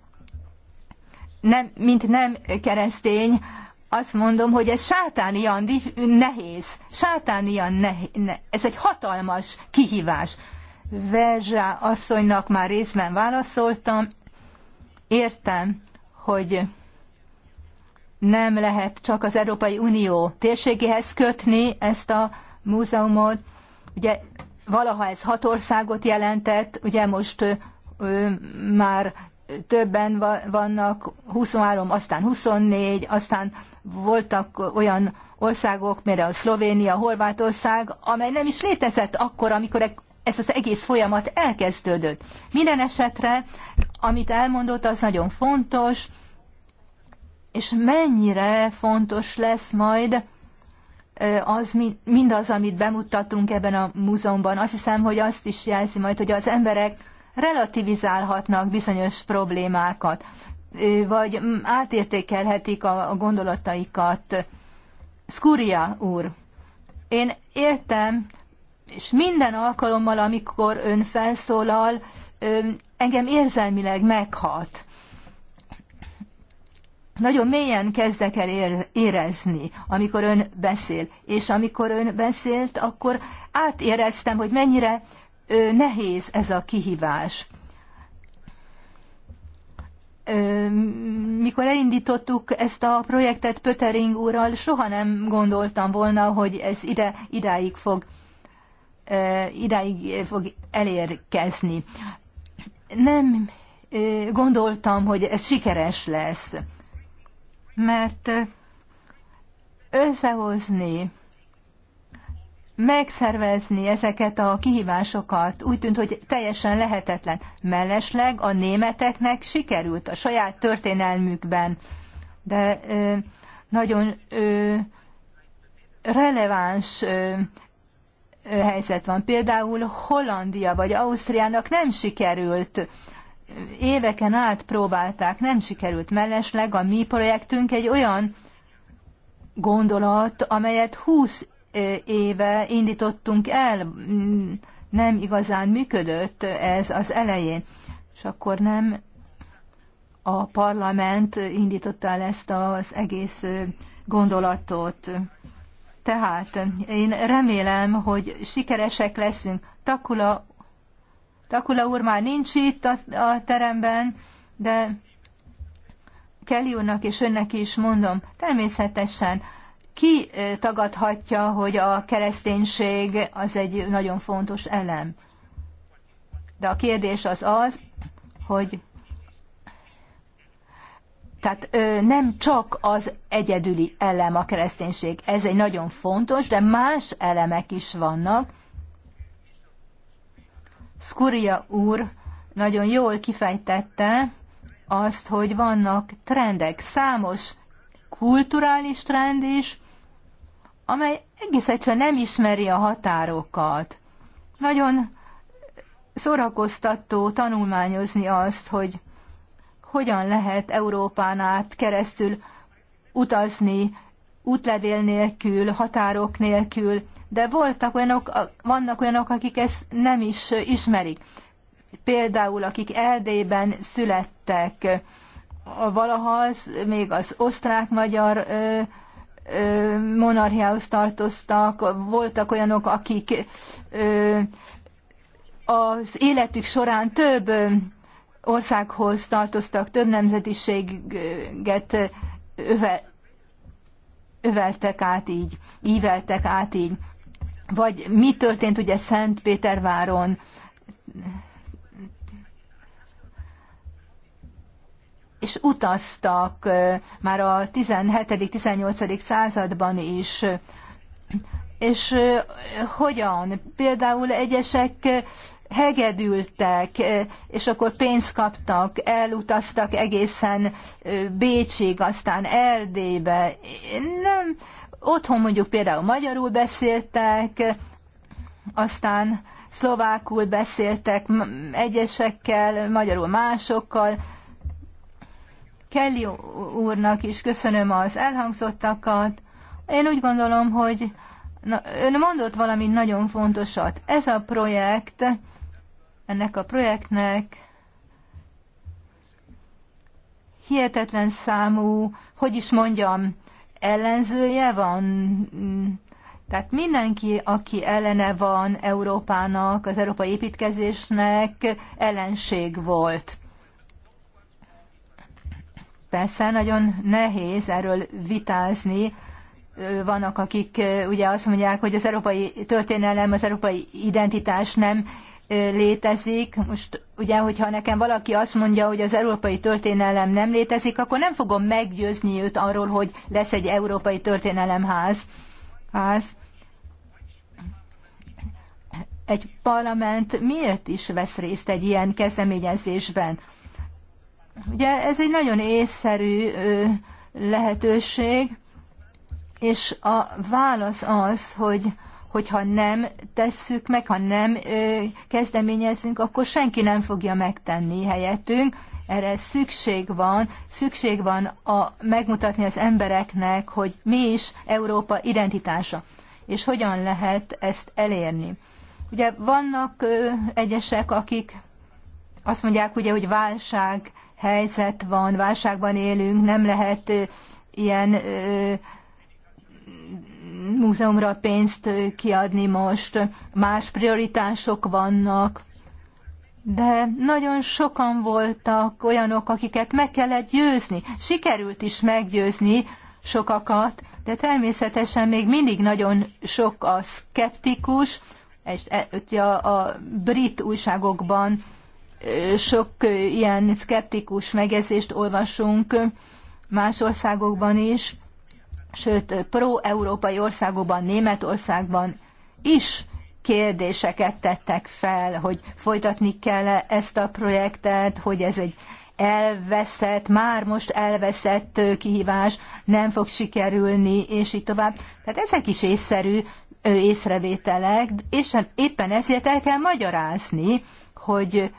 nem, mint nem keresztény, azt mondom, hogy ez sátánian nehéz. Sátánian nehéz. Ez egy hatalmas kihívás. Verzsá asszonynak már részben válaszoltam. Értem, hogy nem lehet csak az Európai Unió térségéhez kötni ezt a múzeumot. Ugye valaha ez hat országot jelentett, ugye most ő, már többen vannak, 23, aztán 24, aztán voltak olyan országok, a Szlovénia, Horvátország, amely nem is létezett akkor, amikor e-, ez az egész folyamat elkezdődött. Minden esetre, amit elmondott, az nagyon fontos, és mennyire fontos lesz majd az, mindaz, amit bemutatunk ebben a múzeumban. Azt hiszem, hogy azt is jelzi majd, hogy az emberek relativizálhatnak bizonyos problémákat, vagy átértékelhetik a gondolataikat. Skuria úr, én értem, és minden alkalommal, amikor ön felszólal, engem érzelmileg meghat. Nagyon mélyen kezdek el érezni, amikor ön beszél. És amikor ön beszélt, akkor átéreztem, hogy mennyire nehéz ez a kihívás. Mikor elindítottuk ezt a projektet Pötering úrral, soha nem gondoltam volna, hogy ez ide, idáig fog idáig fog elérkezni. Nem gondoltam, hogy ez sikeres lesz, mert összehozni megszervezni ezeket a kihívásokat. Úgy tűnt, hogy teljesen lehetetlen. Mellesleg a németeknek sikerült a saját történelmükben, de ö, nagyon ö, releváns ö, helyzet van. Például Hollandia vagy Ausztriának nem sikerült éveken át próbálták, nem sikerült mellesleg a mi projektünk egy olyan gondolat, amelyet 20 éve indítottunk el, nem igazán működött ez az elején. És akkor nem a parlament indította el ezt az egész gondolatot. Tehát én remélem, hogy sikeresek leszünk. Takula, Takula úr már nincs itt a, a teremben, de Kelly úrnak és önnek is mondom, természetesen ki tagadhatja, hogy a kereszténység az egy nagyon fontos elem? De a kérdés az az, hogy tehát ö, nem csak az egyedüli elem a kereszténység, ez egy nagyon fontos, de más elemek is vannak. Skuria úr nagyon jól kifejtette azt, hogy vannak trendek, számos kulturális trend is, amely egész egyszerűen nem ismeri a határokat. Nagyon szórakoztató tanulmányozni azt, hogy hogyan lehet Európán át keresztül utazni útlevél nélkül, határok nélkül, de voltak olyanok, vannak olyanok, akik ezt nem is ismerik. Például, akik Erdélyben születtek, valaha az, még az osztrák-magyar monarchiához tartoztak, voltak olyanok, akik az életük során több országhoz tartoztak, több nemzetiséget öve, öveltek át így, íveltek át így. Vagy mi történt ugye Péterváron, és utaztak már a 17.-18. században is. És hogyan? Például egyesek hegedültek, és akkor pénzt kaptak, elutaztak egészen Bécsig, aztán Erdélybe. Nem, otthon mondjuk például magyarul beszéltek, aztán szlovákul beszéltek egyesekkel, magyarul másokkal, Kelly úrnak is köszönöm az elhangzottakat. Én úgy gondolom, hogy na, ön mondott valami nagyon fontosat. Ez a projekt, ennek a projektnek hihetetlen számú, hogy is mondjam, ellenzője van. Tehát mindenki, aki ellene van Európának, az európai építkezésnek, ellenség volt. Persze nagyon nehéz erről vitázni. Vannak, akik ugye azt mondják, hogy az európai történelem, az európai identitás nem létezik. Most ugye, hogyha nekem valaki azt mondja, hogy az európai történelem nem létezik, akkor nem fogom meggyőzni őt arról, hogy lesz egy európai történelemház. Ház. Egy parlament miért is vesz részt egy ilyen kezdeményezésben? Ugye ez egy nagyon észszerű lehetőség, és a válasz az, hogy hogyha nem tesszük meg, ha nem ö, kezdeményezünk, akkor senki nem fogja megtenni helyettünk. Erre szükség van, szükség van a, megmutatni az embereknek, hogy mi is Európa identitása, és hogyan lehet ezt elérni. Ugye vannak ö, egyesek, akik azt mondják, ugye, hogy válság helyzet van, válságban élünk, nem lehet ilyen ö, múzeumra pénzt kiadni most, más prioritások vannak, de nagyon sokan voltak olyanok, akiket meg kellett győzni. Sikerült is meggyőzni sokakat, de természetesen még mindig nagyon sok a szkeptikus, és e, a, a brit újságokban sok ilyen szkeptikus megjegyzést olvasunk más országokban is, sőt, pro-európai országokban, Németországban is kérdéseket tettek fel, hogy folytatni kell -e ezt a projektet, hogy ez egy elveszett, már most elveszett kihívás, nem fog sikerülni, és így tovább. Tehát ezek is észszerű észrevételek, és éppen ezért el kell magyarázni, hogy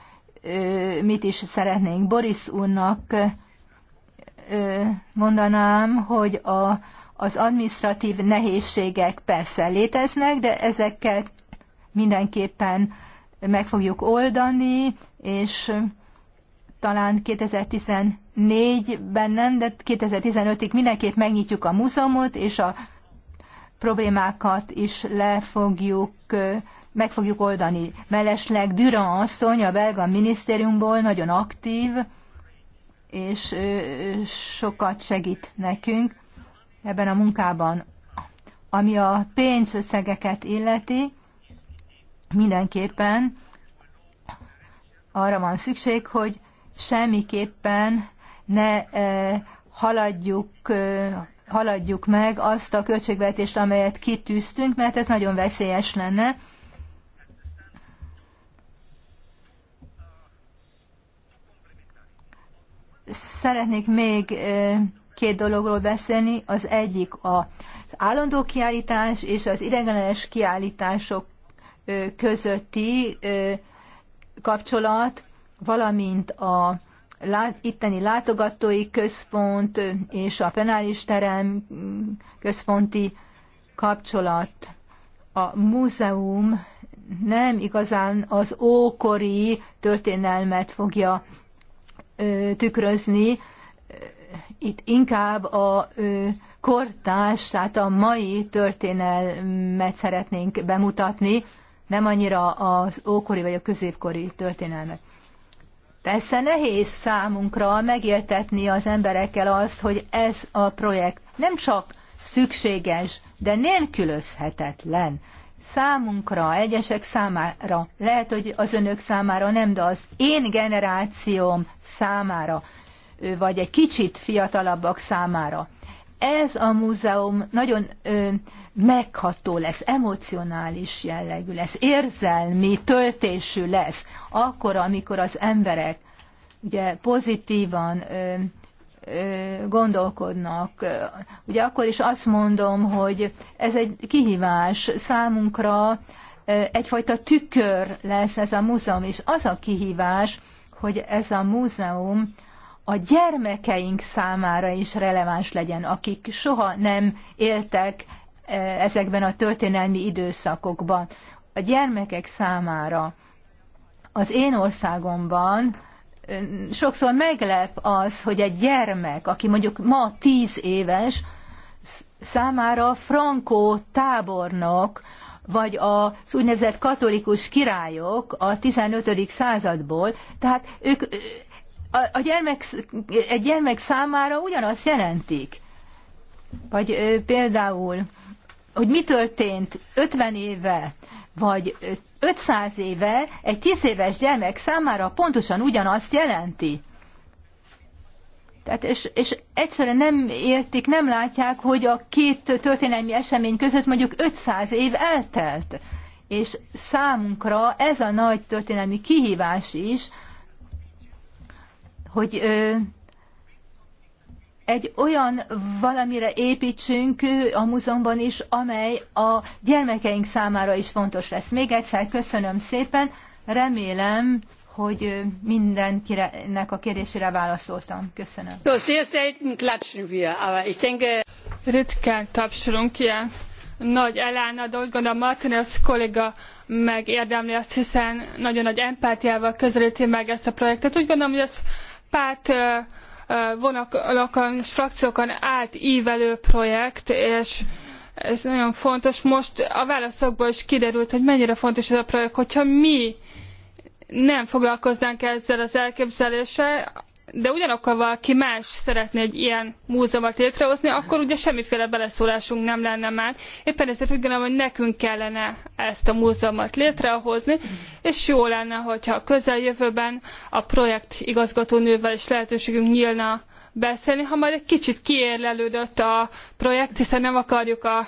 mit is szeretnénk. Boris úrnak mondanám, hogy a, az administratív nehézségek persze léteznek, de ezeket mindenképpen meg fogjuk oldani, és talán 2014-ben nem, de 2015-ig mindenképp megnyitjuk a múzeumot, és a problémákat is le fogjuk meg fogjuk oldani. Mellesleg Durand asszony a belga minisztériumból nagyon aktív, és sokat segít nekünk ebben a munkában. Ami a pénzösszegeket illeti, mindenképpen arra van szükség, hogy semmiképpen ne haladjuk, haladjuk meg azt a költségvetést, amelyet kitűztünk, mert ez nagyon veszélyes lenne. Szeretnék még két dologról beszélni. Az egyik az állandó kiállítás és az idegenes kiállítások közötti kapcsolat, valamint a itteni látogatói központ és a penális terem mm, központi kapcsolat. A múzeum nem igazán az ókori történelmet fogja tükrözni, itt inkább a kortárs, tehát a mai történelmet szeretnénk bemutatni, nem annyira az ókori vagy a középkori történelmet. Persze nehéz számunkra megértetni az emberekkel azt, hogy ez a projekt nem csak szükséges, de nélkülözhetetlen számunkra, egyesek számára, lehet, hogy az önök számára nem, de az én generációm számára, vagy egy kicsit fiatalabbak számára. Ez a múzeum nagyon ö, megható lesz, emocionális jellegű lesz, érzelmi töltésű lesz, akkor, amikor az emberek ugye pozitívan ö, gondolkodnak. Ugye akkor is azt mondom, hogy ez egy kihívás számunkra, egyfajta tükör lesz ez a múzeum, és az a kihívás, hogy ez a múzeum a gyermekeink számára is releváns legyen, akik soha nem éltek ezekben a történelmi időszakokban. A gyermekek számára az én országomban sokszor meglep az, hogy egy gyermek, aki mondjuk ma tíz éves, számára Franco tábornok, vagy az úgynevezett katolikus királyok a 15. századból, tehát ők a, a gyermek, egy gyermek számára ugyanazt jelentik. Vagy például, hogy mi történt 50 éve vagy 500 éve egy 10 éves gyermek számára pontosan ugyanazt jelenti. Tehát és, és egyszerűen nem értik, nem látják, hogy a két történelmi esemény között mondjuk 500 év eltelt. És számunkra ez a nagy történelmi kihívás is, hogy egy olyan valamire építsünk a múzeumban is, amely a gyermekeink számára is fontos lesz. Még egyszer köszönöm szépen, remélem, hogy mindenkinek a kérdésére válaszoltam. Köszönöm. Ritkán tapsolunk ilyen nagy elánnal, de úgy gondolom Martinez kolléga megérdemli azt, hiszen nagyon nagy empátiával közelíti meg ezt a projektet. Úgy gondolom, hogy ez párt vonalakon és frakciókon átívelő projekt, és ez nagyon fontos. Most a válaszokból is kiderült, hogy mennyire fontos ez a projekt, hogyha mi nem foglalkoznánk ezzel az elképzeléssel, de ugyanakkor valaki más szeretne egy ilyen múzeumot létrehozni, akkor ugye semmiféle beleszólásunk nem lenne már. Éppen ezért úgy gondolom, hogy nekünk kellene ezt a múzeumot létrehozni, és jó lenne, hogyha a közeljövőben a projekt igazgatónővel is lehetőségünk nyílna beszélni, ha majd egy kicsit kiérlelődött a projekt, hiszen nem akarjuk a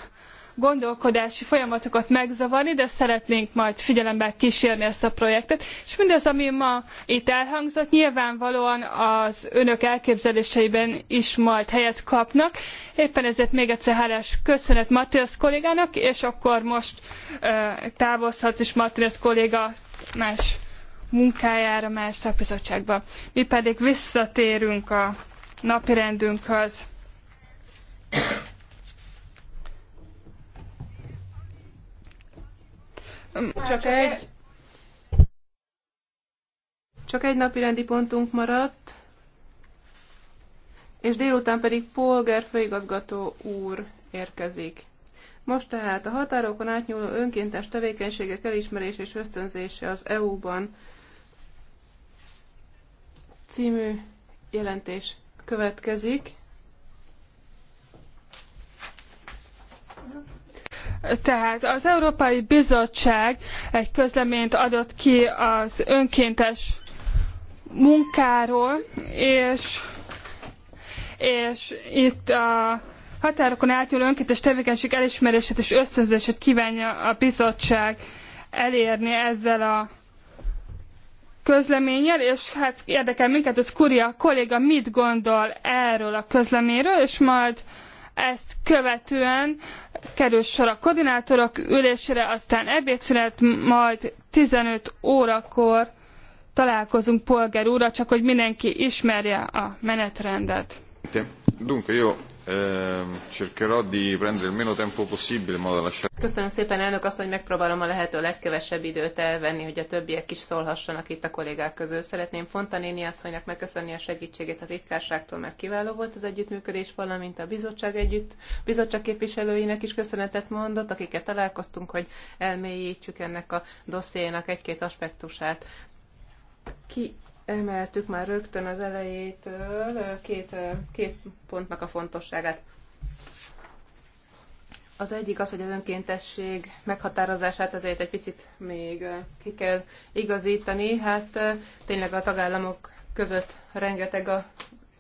gondolkodási folyamatokat megzavarni, de szeretnénk majd figyelembe kísérni ezt a projektet. És mindez, ami ma itt elhangzott, nyilvánvalóan az önök elképzeléseiben is majd helyet kapnak. Éppen ezért még egyszer hálás köszönet Matthias kollégának, és akkor most távozhat is Matthias kolléga más munkájára, más szakbizottságba. Mi pedig visszatérünk a napirendünkhöz. Csak egy... Csak egy napi rendi pontunk maradt, és délután pedig Polgár főigazgató úr érkezik. Most tehát a határokon átnyúló önkéntes tevékenységek elismerése és ösztönzése az EU-ban című jelentés következik. Tehát az Európai Bizottság egy közleményt adott ki az önkéntes munkáról, és, és itt a határokon átnyúló önkéntes tevékenység elismerését és ösztönzését kívánja a bizottság elérni ezzel a közleménnyel, és hát érdekel minket, hogy Kuria kolléga mit gondol erről a közleményről, és majd ezt követően kerül sor a koordinátorok ülésére, aztán ebédszünet, majd 15 órakor találkozunk polgár úrra, csak hogy mindenki ismerje a menetrendet. Dunque io Ehm, Köszönöm szépen, elnök asszony, megpróbálom a lehető legkevesebb időt elvenni, hogy a többiek is szólhassanak itt a kollégák közül. Szeretném Fonta néni asszonynak megköszönni a segítségét a titkárságtól, mert kiváló volt az együttműködés, valamint a bizottság együtt, bizottság képviselőinek is köszönetet mondott, akiket találkoztunk, hogy elmélyítsük ennek a dossziénak egy-két aspektusát. Ki emeltük már rögtön az elejétől két, két pontnak a fontosságát. Az egyik az, hogy az önkéntesség meghatározását azért egy picit még ki kell igazítani. Hát tényleg a tagállamok között rengeteg a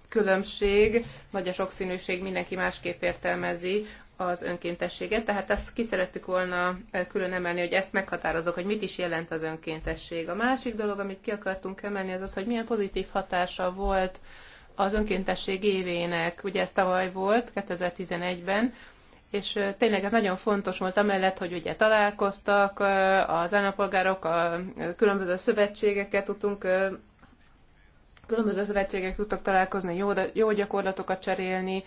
különbség, nagy a sokszínűség, mindenki másképp értelmezi az önkéntességet. tehát ezt ki szerettük volna külön emelni, hogy ezt meghatározok, hogy mit is jelent az önkéntesség. A másik dolog, amit ki akartunk emelni, az az, hogy milyen pozitív hatása volt az önkéntesség évének, ugye ez tavaly volt, 2011-ben, és tényleg ez nagyon fontos volt, amellett, hogy ugye találkoztak az állampolgárok, a különböző szövetségeket tudtunk különböző szövetségek tudtak találkozni, jó, jó gyakorlatokat cserélni,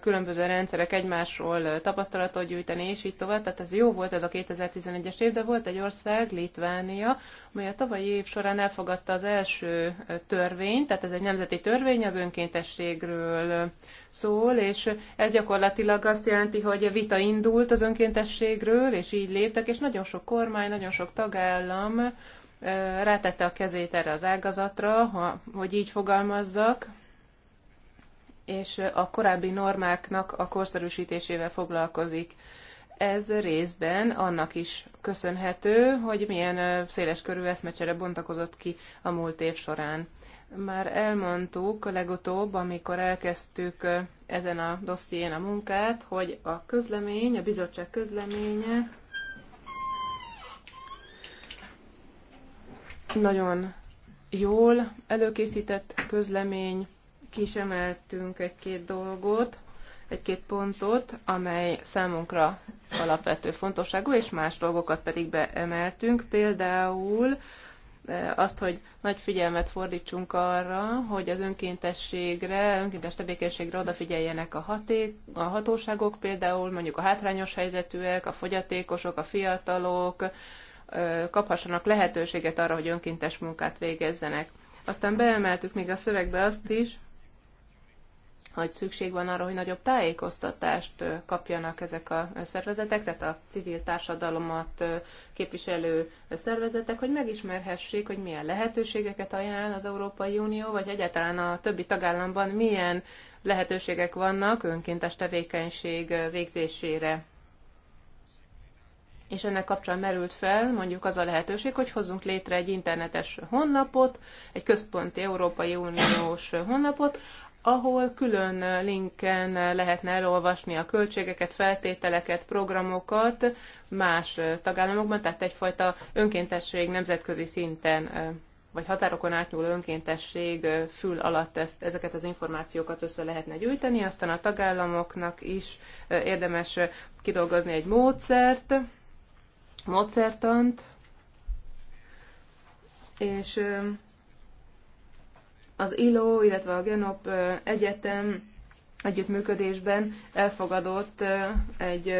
különböző rendszerek egymásról tapasztalatot gyűjteni, és így tovább. Tehát ez jó volt ez a 2011-es év, de volt egy ország, Litvánia, amely a tavalyi év során elfogadta az első törvényt, tehát ez egy nemzeti törvény, az önkéntességről szól, és ez gyakorlatilag azt jelenti, hogy a vita indult az önkéntességről, és így léptek, és nagyon sok kormány, nagyon sok tagállam rátette a kezét erre az ágazatra, ha, hogy így fogalmazzak, és a korábbi normáknak a korszerűsítésével foglalkozik. Ez részben annak is köszönhető, hogy milyen széleskörű eszmecsere bontakozott ki a múlt év során. Már elmondtuk legutóbb, amikor elkezdtük ezen a dosszién a munkát, hogy a közlemény, a bizottság közleménye Nagyon jól előkészített közlemény, kisemeltünk egy-két dolgot, egy-két pontot, amely számunkra alapvető fontosságú, és más dolgokat pedig beemeltünk, például e, azt, hogy nagy figyelmet fordítsunk arra, hogy az önkéntességre, önkéntes tevékenységre odafigyeljenek a, haték, a hatóságok, például mondjuk a hátrányos helyzetűek, a fogyatékosok, a fiatalok, kaphassanak lehetőséget arra, hogy önkéntes munkát végezzenek. Aztán beemeltük még a szövegbe azt is, hogy szükség van arra, hogy nagyobb tájékoztatást kapjanak ezek a szervezetek, tehát a civil társadalomat képviselő szervezetek, hogy megismerhessék, hogy milyen lehetőségeket ajánl az Európai Unió, vagy egyáltalán a többi tagállamban milyen lehetőségek vannak önkéntes tevékenység végzésére és ennek kapcsán merült fel mondjuk az a lehetőség, hogy hozzunk létre egy internetes honlapot, egy központi Európai Uniós honlapot, ahol külön linken lehetne elolvasni a költségeket, feltételeket, programokat más tagállamokban, tehát egyfajta önkéntesség nemzetközi szinten vagy határokon átnyúló önkéntesség fül alatt ezt, ezeket az információkat össze lehetne gyűjteni, aztán a tagállamoknak is érdemes kidolgozni egy módszert, mozertant, és az ILO, illetve a Genop Egyetem együttműködésben elfogadott egy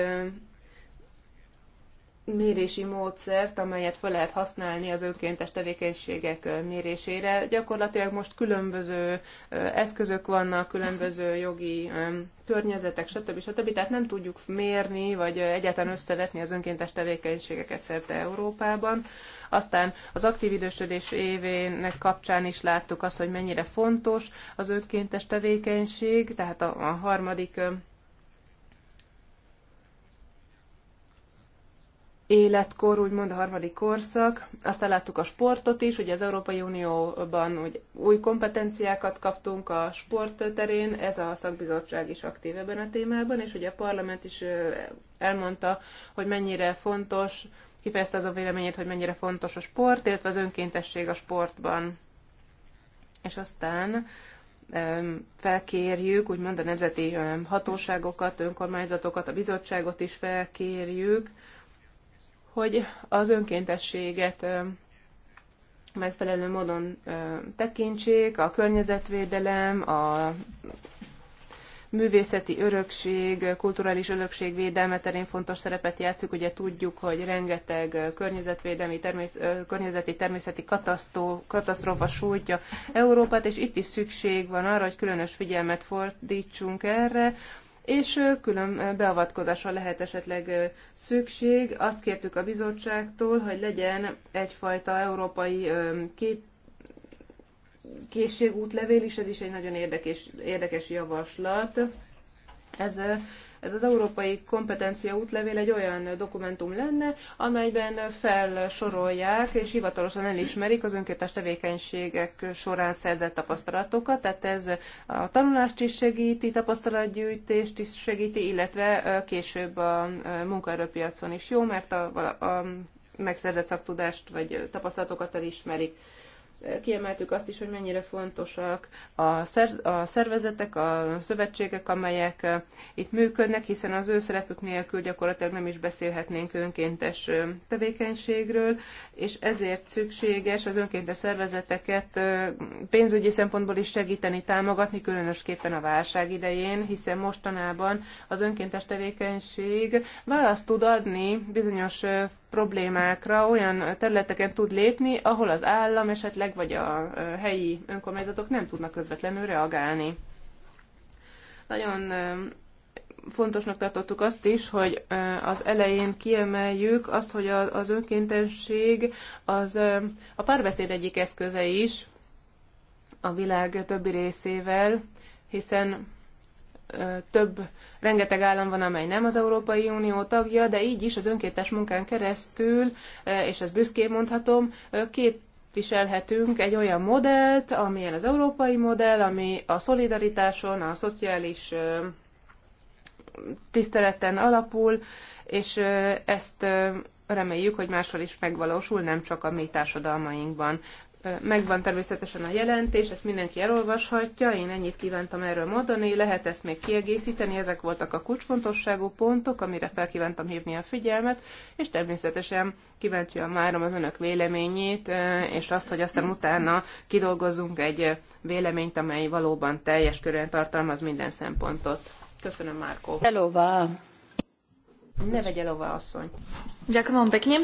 mérési módszert, amelyet fel lehet használni az önkéntes tevékenységek mérésére. Gyakorlatilag most különböző eszközök vannak, különböző jogi környezetek, stb. stb. Tehát nem tudjuk mérni, vagy egyáltalán összevetni az önkéntes tevékenységeket szerte Európában. Aztán az aktív idősödés évének kapcsán is láttuk azt, hogy mennyire fontos az önkéntes tevékenység, tehát a, a harmadik életkor, úgymond a harmadik korszak. Aztán láttuk a sportot is, ugye az Európai Unióban ugye, új kompetenciákat kaptunk a sport terén, ez a szakbizottság is aktív ebben a témában, és ugye a parlament is elmondta, hogy mennyire fontos, kifejezte az a véleményét, hogy mennyire fontos a sport, illetve az önkéntesség a sportban. És aztán felkérjük, úgymond a nemzeti hatóságokat, önkormányzatokat, a bizottságot is felkérjük, hogy az önkéntességet megfelelő módon tekintsék, a környezetvédelem, a művészeti örökség, kulturális örökség védelme terén fontos szerepet játszik. Ugye tudjuk, hogy rengeteg környezetvédelmi, termész, környezeti, természeti katasztrófa sújtja Európát, és itt is szükség van arra, hogy különös figyelmet fordítsunk erre, és külön beavatkozásra lehet esetleg szükség. Azt kértük a bizottságtól, hogy legyen egyfajta európai kép készségútlevél is, ez is egy nagyon érdekes, érdekes javaslat. Ez ez az Európai Kompetencia Útlevél egy olyan dokumentum lenne, amelyben felsorolják és hivatalosan elismerik az önkéntes tevékenységek során szerzett tapasztalatokat, tehát ez a tanulást is segíti, tapasztalatgyűjtést is segíti, illetve később a munkaerőpiacon is jó, mert a, a megszerzett szaktudást vagy tapasztalatokat elismerik kiemeltük azt is, hogy mennyire fontosak a, szerz, a szervezetek, a szövetségek, amelyek itt működnek, hiszen az ő szerepük nélkül gyakorlatilag nem is beszélhetnénk önkéntes tevékenységről, és ezért szükséges az önkéntes szervezeteket pénzügyi szempontból is segíteni, támogatni, különösképpen a válság idején, hiszen mostanában az önkéntes tevékenység választ tud adni bizonyos problémákra olyan területeken tud lépni, ahol az állam esetleg vagy a helyi önkormányzatok nem tudnak közvetlenül reagálni. Nagyon fontosnak tartottuk azt is, hogy az elején kiemeljük azt, hogy az önkéntesség az a párbeszéd egyik eszköze is a világ többi részével, hiszen több Rengeteg állam van, amely nem az Európai Unió tagja, de így is az önkéntes munkán keresztül, e, és ezt büszkén mondhatom, e, kép viselhetünk egy olyan modellt, amilyen az európai modell, ami a szolidaritáson, a szociális e, tiszteleten alapul, és ezt reméljük, hogy máshol is megvalósul, nem csak a mi társadalmainkban. Megvan természetesen a jelentés, ezt mindenki elolvashatja, én ennyit kívántam erről mondani, lehet ezt még kiegészíteni, ezek voltak a kulcsfontosságú pontok, amire felkívántam hívni a figyelmet, és természetesen a márom az önök véleményét, és azt, hogy aztán utána kidolgozzunk egy véleményt, amely valóban teljes körűen tartalmaz minden szempontot. Köszönöm, Márkó. Hello, ne vegye asszony. Ďakujem vám pekne.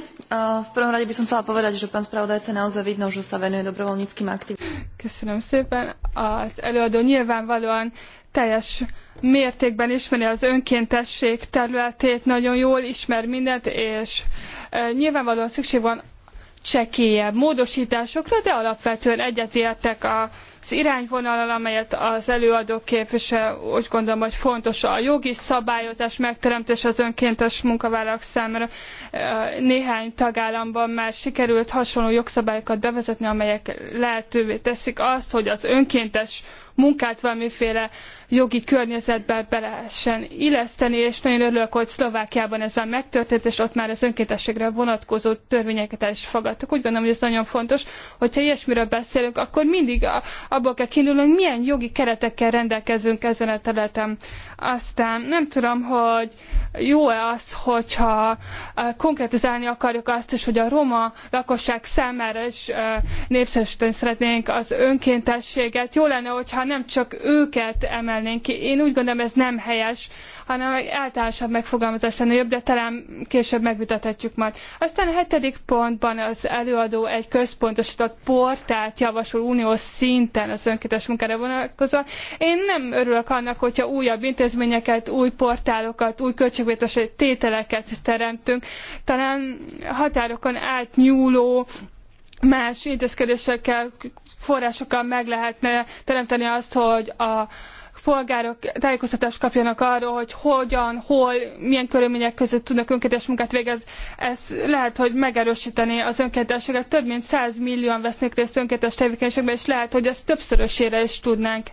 V prvom rade by som chcela povedať, že pán spravodajca naozaj vidno, že sa venuje dobrovoľníckým aktivitám. Köszönöm szépen. Az előadó nyilvánvalóan teljes mértékben ismeri az önkéntesség területét, nagyon jól ismer mindent, és e, nyilvánvalóan szükség van csekélyebb módosításokra, de alapvetően egyetértek a az irányvonal amelyet az előadó képvisel, úgy gondolom, hogy fontos a jogi szabályozás megteremtése az önkéntes munkavállalók számára. Néhány tagállamban már sikerült hasonló jogszabályokat bevezetni, amelyek lehetővé teszik azt, hogy az önkéntes munkát valamiféle jogi környezetbe be lehessen illeszteni, és nagyon örülök, hogy Szlovákiában ez már megtörtént, és ott már az önkéntességre vonatkozó törvényeket el is fogadtak. Úgy gondolom, hogy ez nagyon fontos, hogyha ilyesmiről beszélünk, akkor mindig abból kell kiindulni, hogy milyen jogi keretekkel rendelkezünk ezen a területen. Aztán nem tudom, hogy jó-e az, hogyha konkretizálni akarjuk azt is, hogy a roma lakosság számára is népszerűsíteni szeretnénk az önkéntességet. Jó lenne, hogyha nem csak őket emelnénk ki. Én úgy gondolom, ez nem helyes hanem egy általánosabb megfogalmazás lenne jobb, de talán később megvitathatjuk majd. Aztán a hetedik pontban az előadó egy központosított portált javasol uniós szinten az önkéntes munkára vonatkozóan. Én nem örülök annak, hogyha újabb intézményeket, új portálokat, új költségvetés tételeket teremtünk. Talán határokon átnyúló más intézkedésekkel, forrásokkal meg lehetne teremteni azt, hogy a polgárok tájékoztatást kapjanak arról, hogy hogyan, hol, milyen körülmények között tudnak önkéntes munkát végezni. Ez lehet, hogy megerősítené az önkéntességet. Több mint 100 millióan vesznek részt önkéntes tevékenységben, és lehet, hogy ezt többszörösére is tudnánk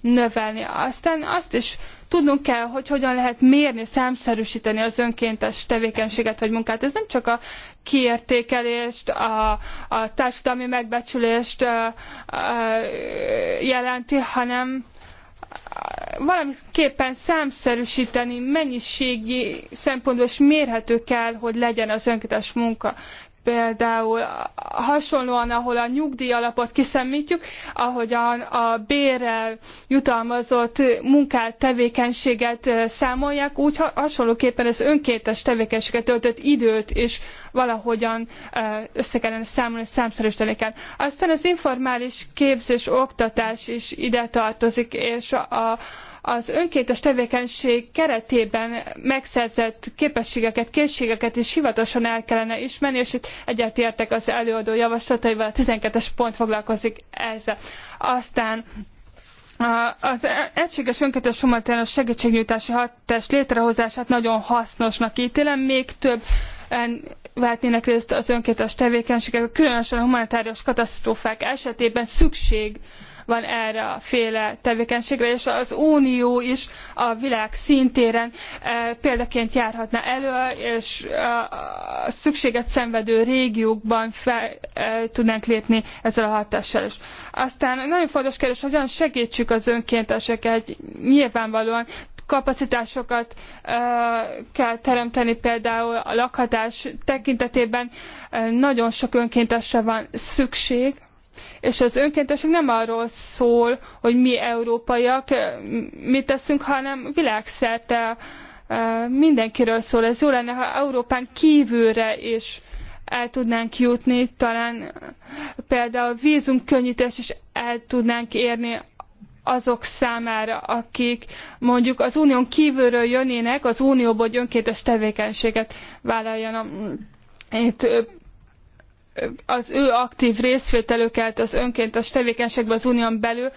növelni. Aztán azt is tudnunk kell, hogy hogyan lehet mérni, számszerűsíteni az önkéntes tevékenységet vagy munkát. Ez nem csak a kiértékelést, a, a társadalmi megbecsülést a, a, jelenti, hanem valamiképpen számszerűsíteni, mennyiségi szempontból is mérhető kell, hogy legyen az önkéntes munka például hasonlóan, ahol a nyugdíjalapot kiszemítjük, ahogyan a bérrel jutalmazott munkát, tevékenységet számolják, úgy hasonlóképpen az önkéntes tevékenységet töltött időt is valahogyan össze kellene számolni, számszerűsíteni Aztán az informális képzés, oktatás is ide tartozik, és a, a az önkéntes tevékenység keretében megszerzett képességeket, készségeket is hivatalosan el kellene ismerni, és itt egyetértek az előadó javaslataival, a 12-es pont foglalkozik ezzel. Aztán az egységes önkéntes humanitárius segítségnyújtási hatás, létrehozását nagyon hasznosnak ítélem, még több vehetnének részt az önkéntes tevékenységek, különösen a humanitárius katasztrófák esetében szükség van erre a féle tevékenységre, és az Unió is a világ szintéren eh, példaként járhatna elő, és eh, a szükséget szenvedő régiókban fel eh, tudnánk lépni ezzel a hatással is. Aztán nagyon fontos kérdés, hogyan segítsük az önkénteseket. Nyilvánvalóan kapacitásokat uh, kell teremteni például a lakhatás tekintetében uh, nagyon sok önkéntesre van szükség és az önkéntesség nem arról szól, hogy mi európaiak eh, mit teszünk, hanem világszerte eh, mindenkiről szól. Ez jó lenne, ha Európán kívülre is el tudnánk jutni, talán eh, például vízumkönnyítés is el tudnánk érni azok számára, akik mondjuk az unión kívülről jönnének, az unióból önkéntes tevékenységet vállaljanak. Itt az ő aktív részvételüket az önkéntes tevékenységben az unión belül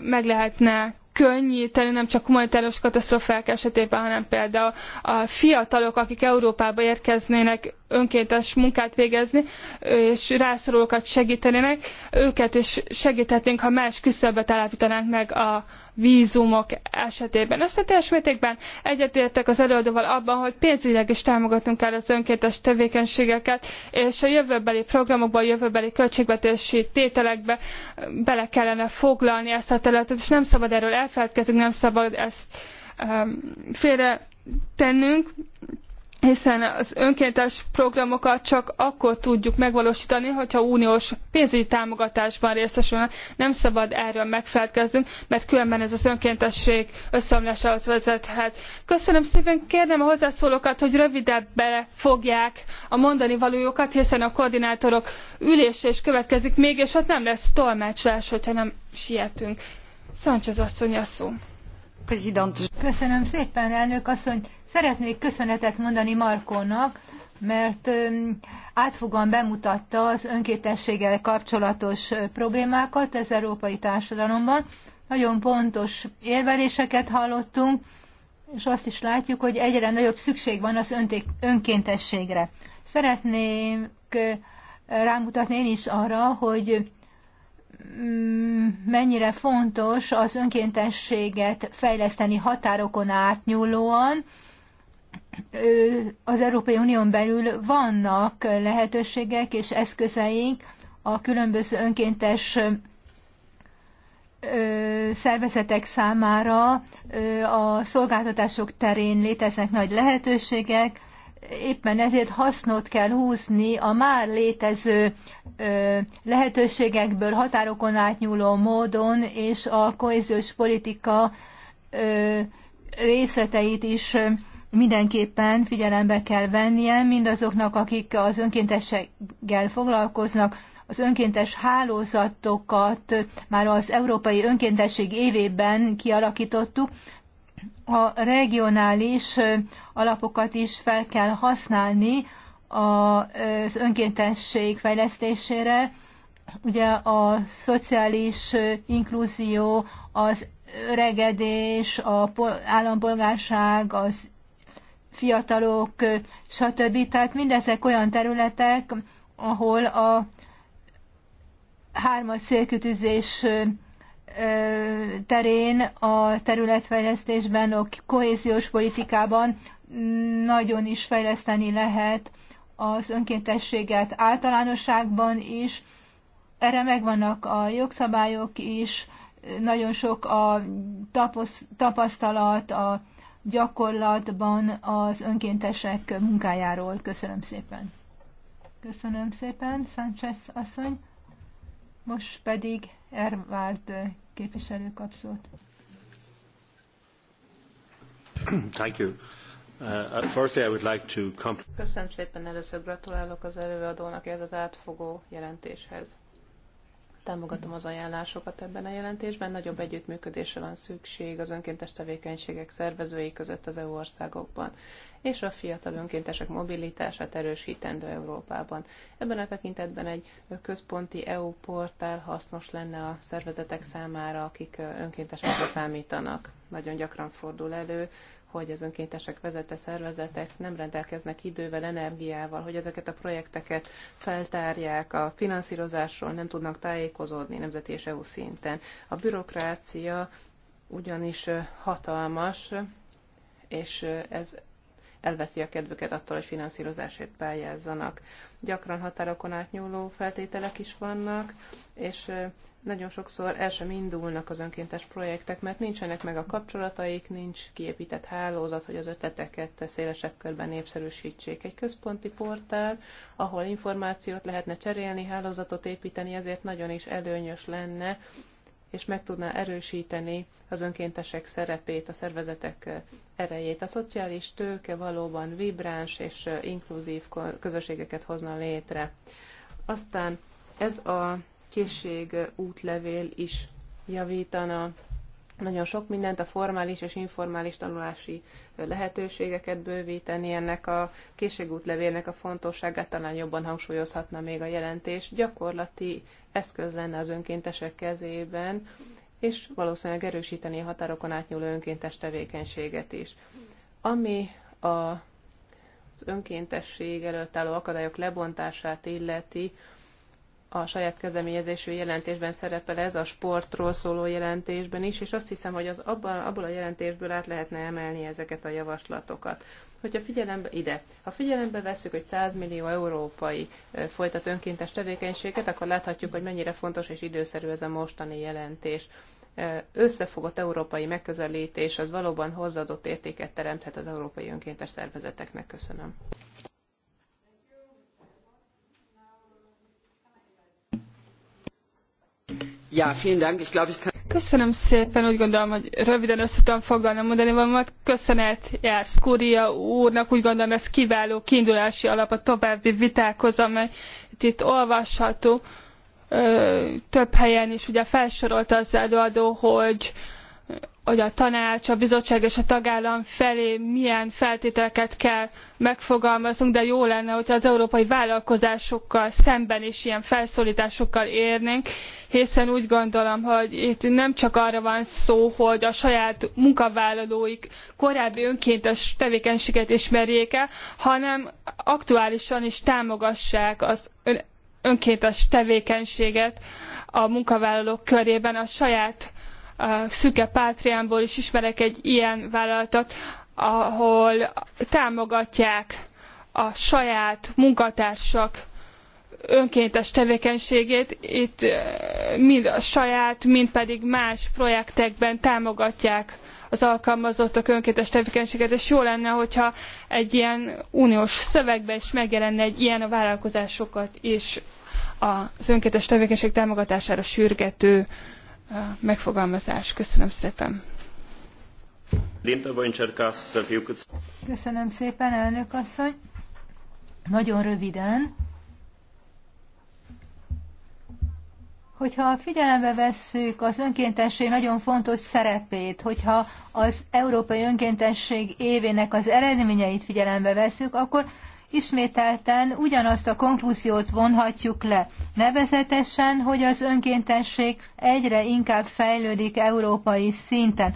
meg lehetne könnyíteni, nem csak humanitárius katasztrofák esetében, hanem például a fiatalok, akik Európába érkeznének önkéntes munkát végezni, és rászorulókat segítenének, őket is segíthetnénk, ha más küszöbet állapítanánk meg a, vízumok esetében. Ezt a teljes mértékben egyetértek az előadóval abban, hogy pénzügyileg is támogatnunk kell az önkéntes tevékenységeket, és a jövőbeli programokban, a jövőbeli költségvetési tételekbe bele kellene foglalni ezt a területet, és nem szabad erről elfeledkezni, nem szabad ezt um, félre tennünk hiszen az önkéntes programokat csak akkor tudjuk megvalósítani, hogyha uniós pénzügyi támogatásban részesülnek. Nem szabad erről megfelelkeznünk, mert különben ez az önkéntesség összeomlásához vezethet. Köszönöm szépen, kérném a hozzászólókat, hogy rövidebbre fogják a mondani valójukat, hiszen a koordinátorok ülése is következik még, és ott nem lesz tolmácsolás, hogyha nem sietünk. Sánchez asszony a szó. Köszönöm szépen, elnök asszony. Szeretnék köszönetet mondani Markónak, mert átfogóan bemutatta az önkétességgel kapcsolatos problémákat az európai társadalomban. Nagyon pontos érveléseket hallottunk, és azt is látjuk, hogy egyre nagyobb szükség van az önkéntességre. Szeretnék rámutatni én is arra, hogy mm, mennyire fontos az önkéntességet fejleszteni határokon átnyúlóan, az Európai Unión belül vannak lehetőségek és eszközeink a különböző önkéntes szervezetek számára a szolgáltatások terén léteznek nagy lehetőségek, éppen ezért hasznot kell húzni a már létező lehetőségekből határokon átnyúló módon, és a kohéziós politika részleteit is mindenképpen figyelembe kell vennie mindazoknak, akik az önkéntességgel foglalkoznak, az önkéntes hálózatokat már az Európai Önkéntesség évében kialakítottuk, a regionális alapokat is fel kell használni az önkéntesség fejlesztésére. Ugye a szociális inkluzió, az öregedés, a állampolgárság, az fiatalok, stb. Tehát mindezek olyan területek, ahol a hármas célkütűzés terén, a területfejlesztésben, a kohéziós politikában nagyon is fejleszteni lehet az önkéntességet általánosságban is. Erre megvannak a jogszabályok is, nagyon sok a tapasztalat, a gyakorlatban az önkéntesek munkájáról. Köszönöm szépen. Köszönöm szépen, Sánchez asszony. Most pedig Ervált képviselő kap szót. Thank you. Uh, uh firstly, I would like to Köszönöm szépen, először gratulálok az előadónak ez az átfogó jelentéshez. Támogatom az ajánlásokat ebben a jelentésben. Nagyobb együttműködésre van szükség az önkéntes tevékenységek szervezői között az EU országokban, és a fiatal önkéntesek mobilitását erősítendő Európában. Ebben a tekintetben egy központi EU portál hasznos lenne a szervezetek számára, akik önkéntesekre számítanak. Nagyon gyakran fordul elő, hogy az önkéntesek vezette szervezetek nem rendelkeznek idővel, energiával, hogy ezeket a projekteket feltárják, a finanszírozásról nem tudnak tájékozódni nemzeti és EU szinten. A bürokrácia ugyanis hatalmas, és ez elveszi a kedvüket attól, hogy finanszírozásért pályázzanak. Gyakran határokon átnyúló feltételek is vannak, és nagyon sokszor el sem indulnak az önkéntes projektek, mert nincsenek meg a kapcsolataik, nincs kiépített hálózat, hogy az ötleteket szélesebb körben népszerűsítsék. Egy központi portál, ahol információt lehetne cserélni, hálózatot építeni, ezért nagyon is előnyös lenne és meg tudná erősíteni az önkéntesek szerepét, a szervezetek erejét. A szociális tőke valóban vibráns és inkluzív közösségeket hozna létre. Aztán ez a készség útlevél is javítana nagyon sok mindent, a formális és informális tanulási lehetőségeket bővíteni, ennek a készségútlevélnek a fontosságát talán jobban hangsúlyozhatna még a jelentés. Gyakorlati eszköz lenne az önkéntesek kezében, és valószínűleg erősíteni a határokon átnyúló önkéntes tevékenységet is. Ami a az önkéntesség előtt álló akadályok lebontását illeti, a saját kezdeményezésű jelentésben szerepel ez, a sportról szóló jelentésben is, és azt hiszem, hogy az abban, abból a jelentésből át lehetne emelni ezeket a javaslatokat. Hogyha figyelembe, ide, ha figyelembe veszük, hogy 100 millió európai folytat önkéntes tevékenységet, akkor láthatjuk, hogy mennyire fontos és időszerű ez a mostani jelentés. Összefogott európai megközelítés az valóban hozzáadott értéket teremthet az európai önkéntes szervezeteknek. Köszönöm. Köszönöm szépen, úgy gondolom, hogy röviden össze tudom foglalni mondani valamit. Köszönet jár Kúria úrnak, úgy gondolom ez kiváló kiindulási alap a további vitákhoz, amely itt, olvasható. Ö, több helyen is ugye felsorolta az előadó, hogy hogy a tanács, a bizottság és a tagállam felé milyen feltételeket kell megfogalmaznunk, de jó lenne, hogyha az európai vállalkozásokkal szemben is ilyen felszólításokkal érnénk, hiszen úgy gondolom, hogy itt nem csak arra van szó, hogy a saját munkavállalóik korábbi önkéntes tevékenységet ismerjék el, hanem aktuálisan is támogassák az önkéntes tevékenységet a munkavállalók körében a saját szüke pátriámból is ismerek egy ilyen vállalatot, ahol támogatják a saját munkatársak önkéntes tevékenységét, itt mind a saját, mind pedig más projektekben támogatják az alkalmazottak önkéntes tevékenységet, és jó lenne, hogyha egy ilyen uniós szövegben is megjelenne egy ilyen a vállalkozásokat és az önkéntes tevékenység támogatására sürgető megfogalmazás. Köszönöm szépen. Köszönöm szépen, elnök asszony. Nagyon röviden. Hogyha figyelembe vesszük az önkéntesség nagyon fontos szerepét, hogyha az Európai Önkéntesség évének az eredményeit figyelembe vesszük, akkor ismételten ugyanazt a konklúziót vonhatjuk le. Nevezetesen, hogy az önkéntesség egyre inkább fejlődik európai szinten.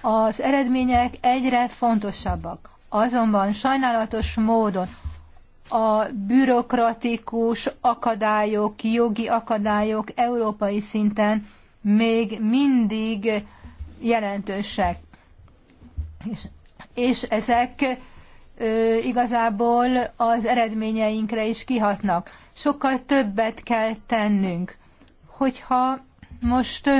Az eredmények egyre fontosabbak. Azonban sajnálatos módon a bürokratikus akadályok, jogi akadályok európai szinten még mindig jelentősek. És, és ezek igazából az eredményeinkre is kihatnak. Sokkal többet kell tennünk. Hogyha most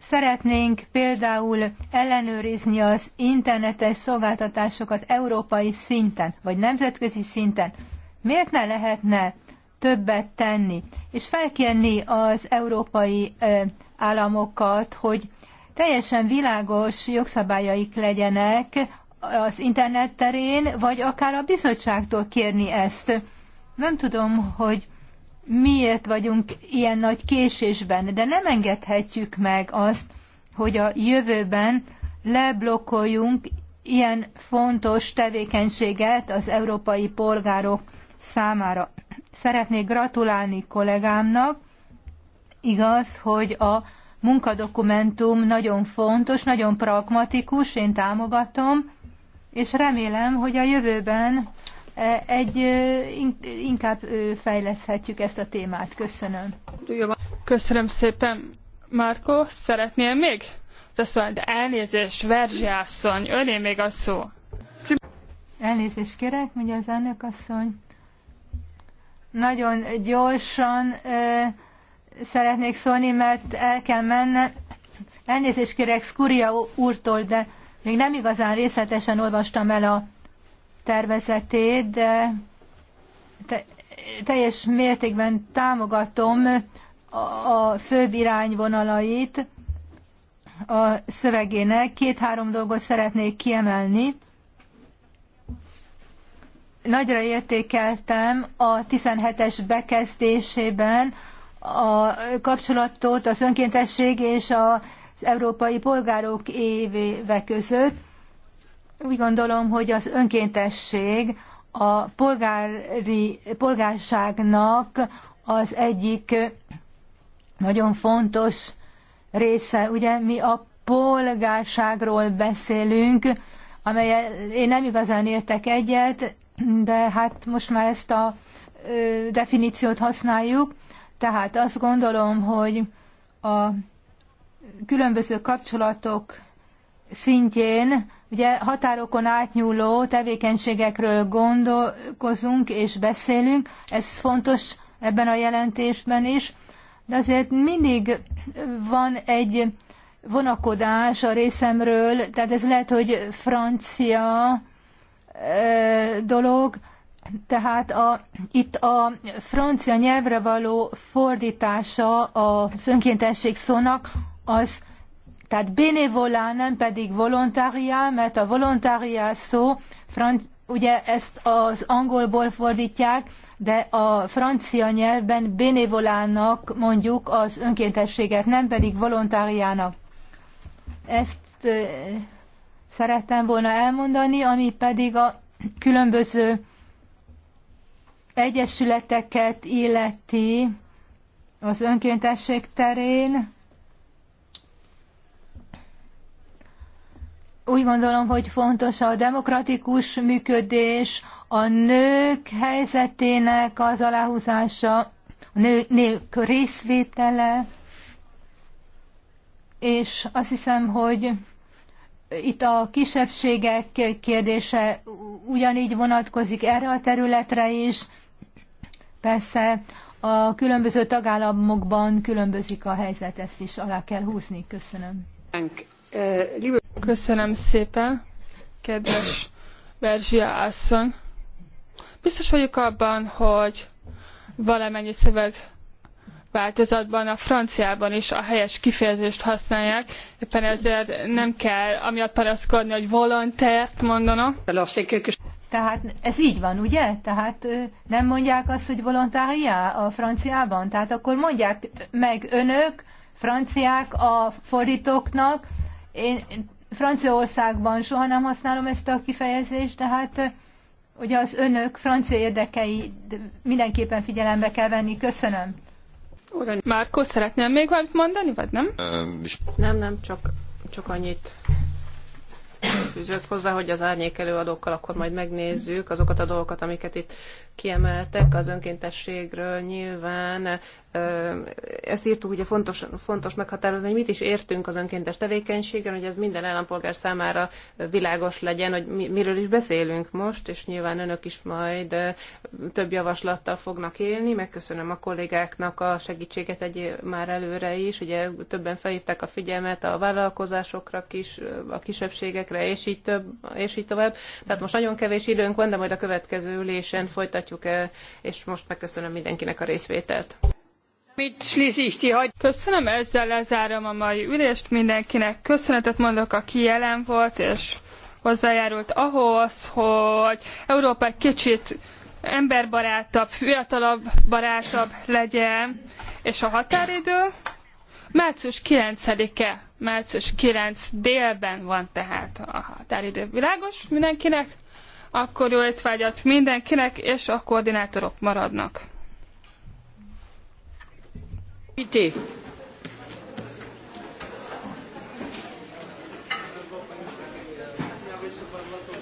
szeretnénk például ellenőrizni az internetes szolgáltatásokat európai szinten, vagy nemzetközi szinten, miért ne lehetne többet tenni, és felkérni az európai államokat, hogy teljesen világos jogszabályaik legyenek az internet terén, vagy akár a bizottságtól kérni ezt. Nem tudom, hogy miért vagyunk ilyen nagy késésben, de nem engedhetjük meg azt, hogy a jövőben leblokkoljunk ilyen fontos tevékenységet az európai polgárok számára. Szeretnék gratulálni kollégámnak. Igaz, hogy a munkadokumentum nagyon fontos, nagyon pragmatikus, én támogatom, és remélem, hogy a jövőben e, egy e, inkább e, fejleszthetjük ezt a témát. Köszönöm. Köszönöm szépen, Márko. Szeretnél még? Köszönöm, de elnézést, Verzsi asszony, öné még a szó. Elnézést kérek, mondja az elnök asszony. Nagyon gyorsan ö, szeretnék szólni, mert el kell mennem. Elnézést kérek Skuria úrtól, de még nem igazán részletesen olvastam el a tervezetét, de te, teljes mértékben támogatom a, a főbb irányvonalait a szövegének. Két-három dolgot szeretnék kiemelni. Nagyra értékeltem a 17-es bekezdésében a kapcsolatot az önkéntesség és a európai polgárok évéve között. Úgy gondolom, hogy az önkéntesség a polgári, polgárságnak az egyik nagyon fontos része. Ugye mi a polgárságról beszélünk, amelyet én nem igazán értek egyet, de hát most már ezt a definíciót használjuk. Tehát azt gondolom, hogy a különböző kapcsolatok szintjén, ugye határokon átnyúló tevékenységekről gondolkozunk és beszélünk, ez fontos ebben a jelentésben is, de azért mindig van egy vonakodás a részemről, tehát ez lehet, hogy francia dolog, tehát a, itt a francia nyelvre való fordítása a szönkéntesség szónak az tehát bénévolá, nem pedig volontáriá, mert a volontáriá szó, franc, ugye ezt az angolból fordítják, de a francia nyelvben bénévolának mondjuk az önkéntességet, nem pedig volontáriának. Ezt ö, szerettem volna elmondani, ami pedig a különböző egyesületeket illeti az önkéntesség terén Úgy gondolom, hogy fontos a demokratikus működés, a nők helyzetének az aláhúzása, a nő, nők részvétele, és azt hiszem, hogy itt a kisebbségek kérdése ugyanígy vonatkozik erre a területre is. Persze a különböző tagállamokban különbözik a helyzet, ezt is alá kell húzni. Köszönöm. Köszönöm szépen, kedves Verzsia asszony. Biztos vagyok abban, hogy valamennyi szöveg változatban a franciában is a helyes kifejezést használják, éppen ezért nem kell amiatt panaszkodni, hogy volontért mondanom. Tehát ez így van, ugye? Tehát nem mondják azt, hogy volontáriá a franciában? Tehát akkor mondják meg önök, franciák a fordítóknak, én Franciaországban soha nem használom ezt a kifejezést, de hát ugye az önök francia érdekei mindenképpen figyelembe kell venni. Köszönöm. Márkó, szeretnél még valamit mondani, vagy nem? Nem, nem, csak, csak annyit fűzött hozzá, hogy az árnyék előadókkal akkor majd megnézzük azokat a dolgokat, amiket itt kiemeltek az önkéntességről. Nyilván ezt írtuk, ugye fontos, fontos meghatározni, hogy mit is értünk az önkéntes tevékenységen, hogy ez minden állampolgár számára világos legyen, hogy mi, miről is beszélünk most, és nyilván önök is majd több javaslattal fognak élni. Megköszönöm a kollégáknak a segítséget egy már előre is, ugye többen felhívták a figyelmet a vállalkozásokra, kis, a kisebbségekre, és így, több, és így tovább. Tehát most nagyon kevés időnk van, de majd a következő ülésen folytatjuk e és most megköszönöm mindenkinek a részvételt. Köszönöm, ezzel lezárom a mai ülést mindenkinek. Köszönetet mondok, aki jelen volt, és hozzájárult ahhoz, hogy Európa egy kicsit emberbarátabb, fiatalabb barátabb legyen, és a határidő március 9-e, március 9 délben van tehát a határidő. Világos mindenkinek? Akkor jó étvágyat mindenkinek, és a koordinátorok maradnak. Itt.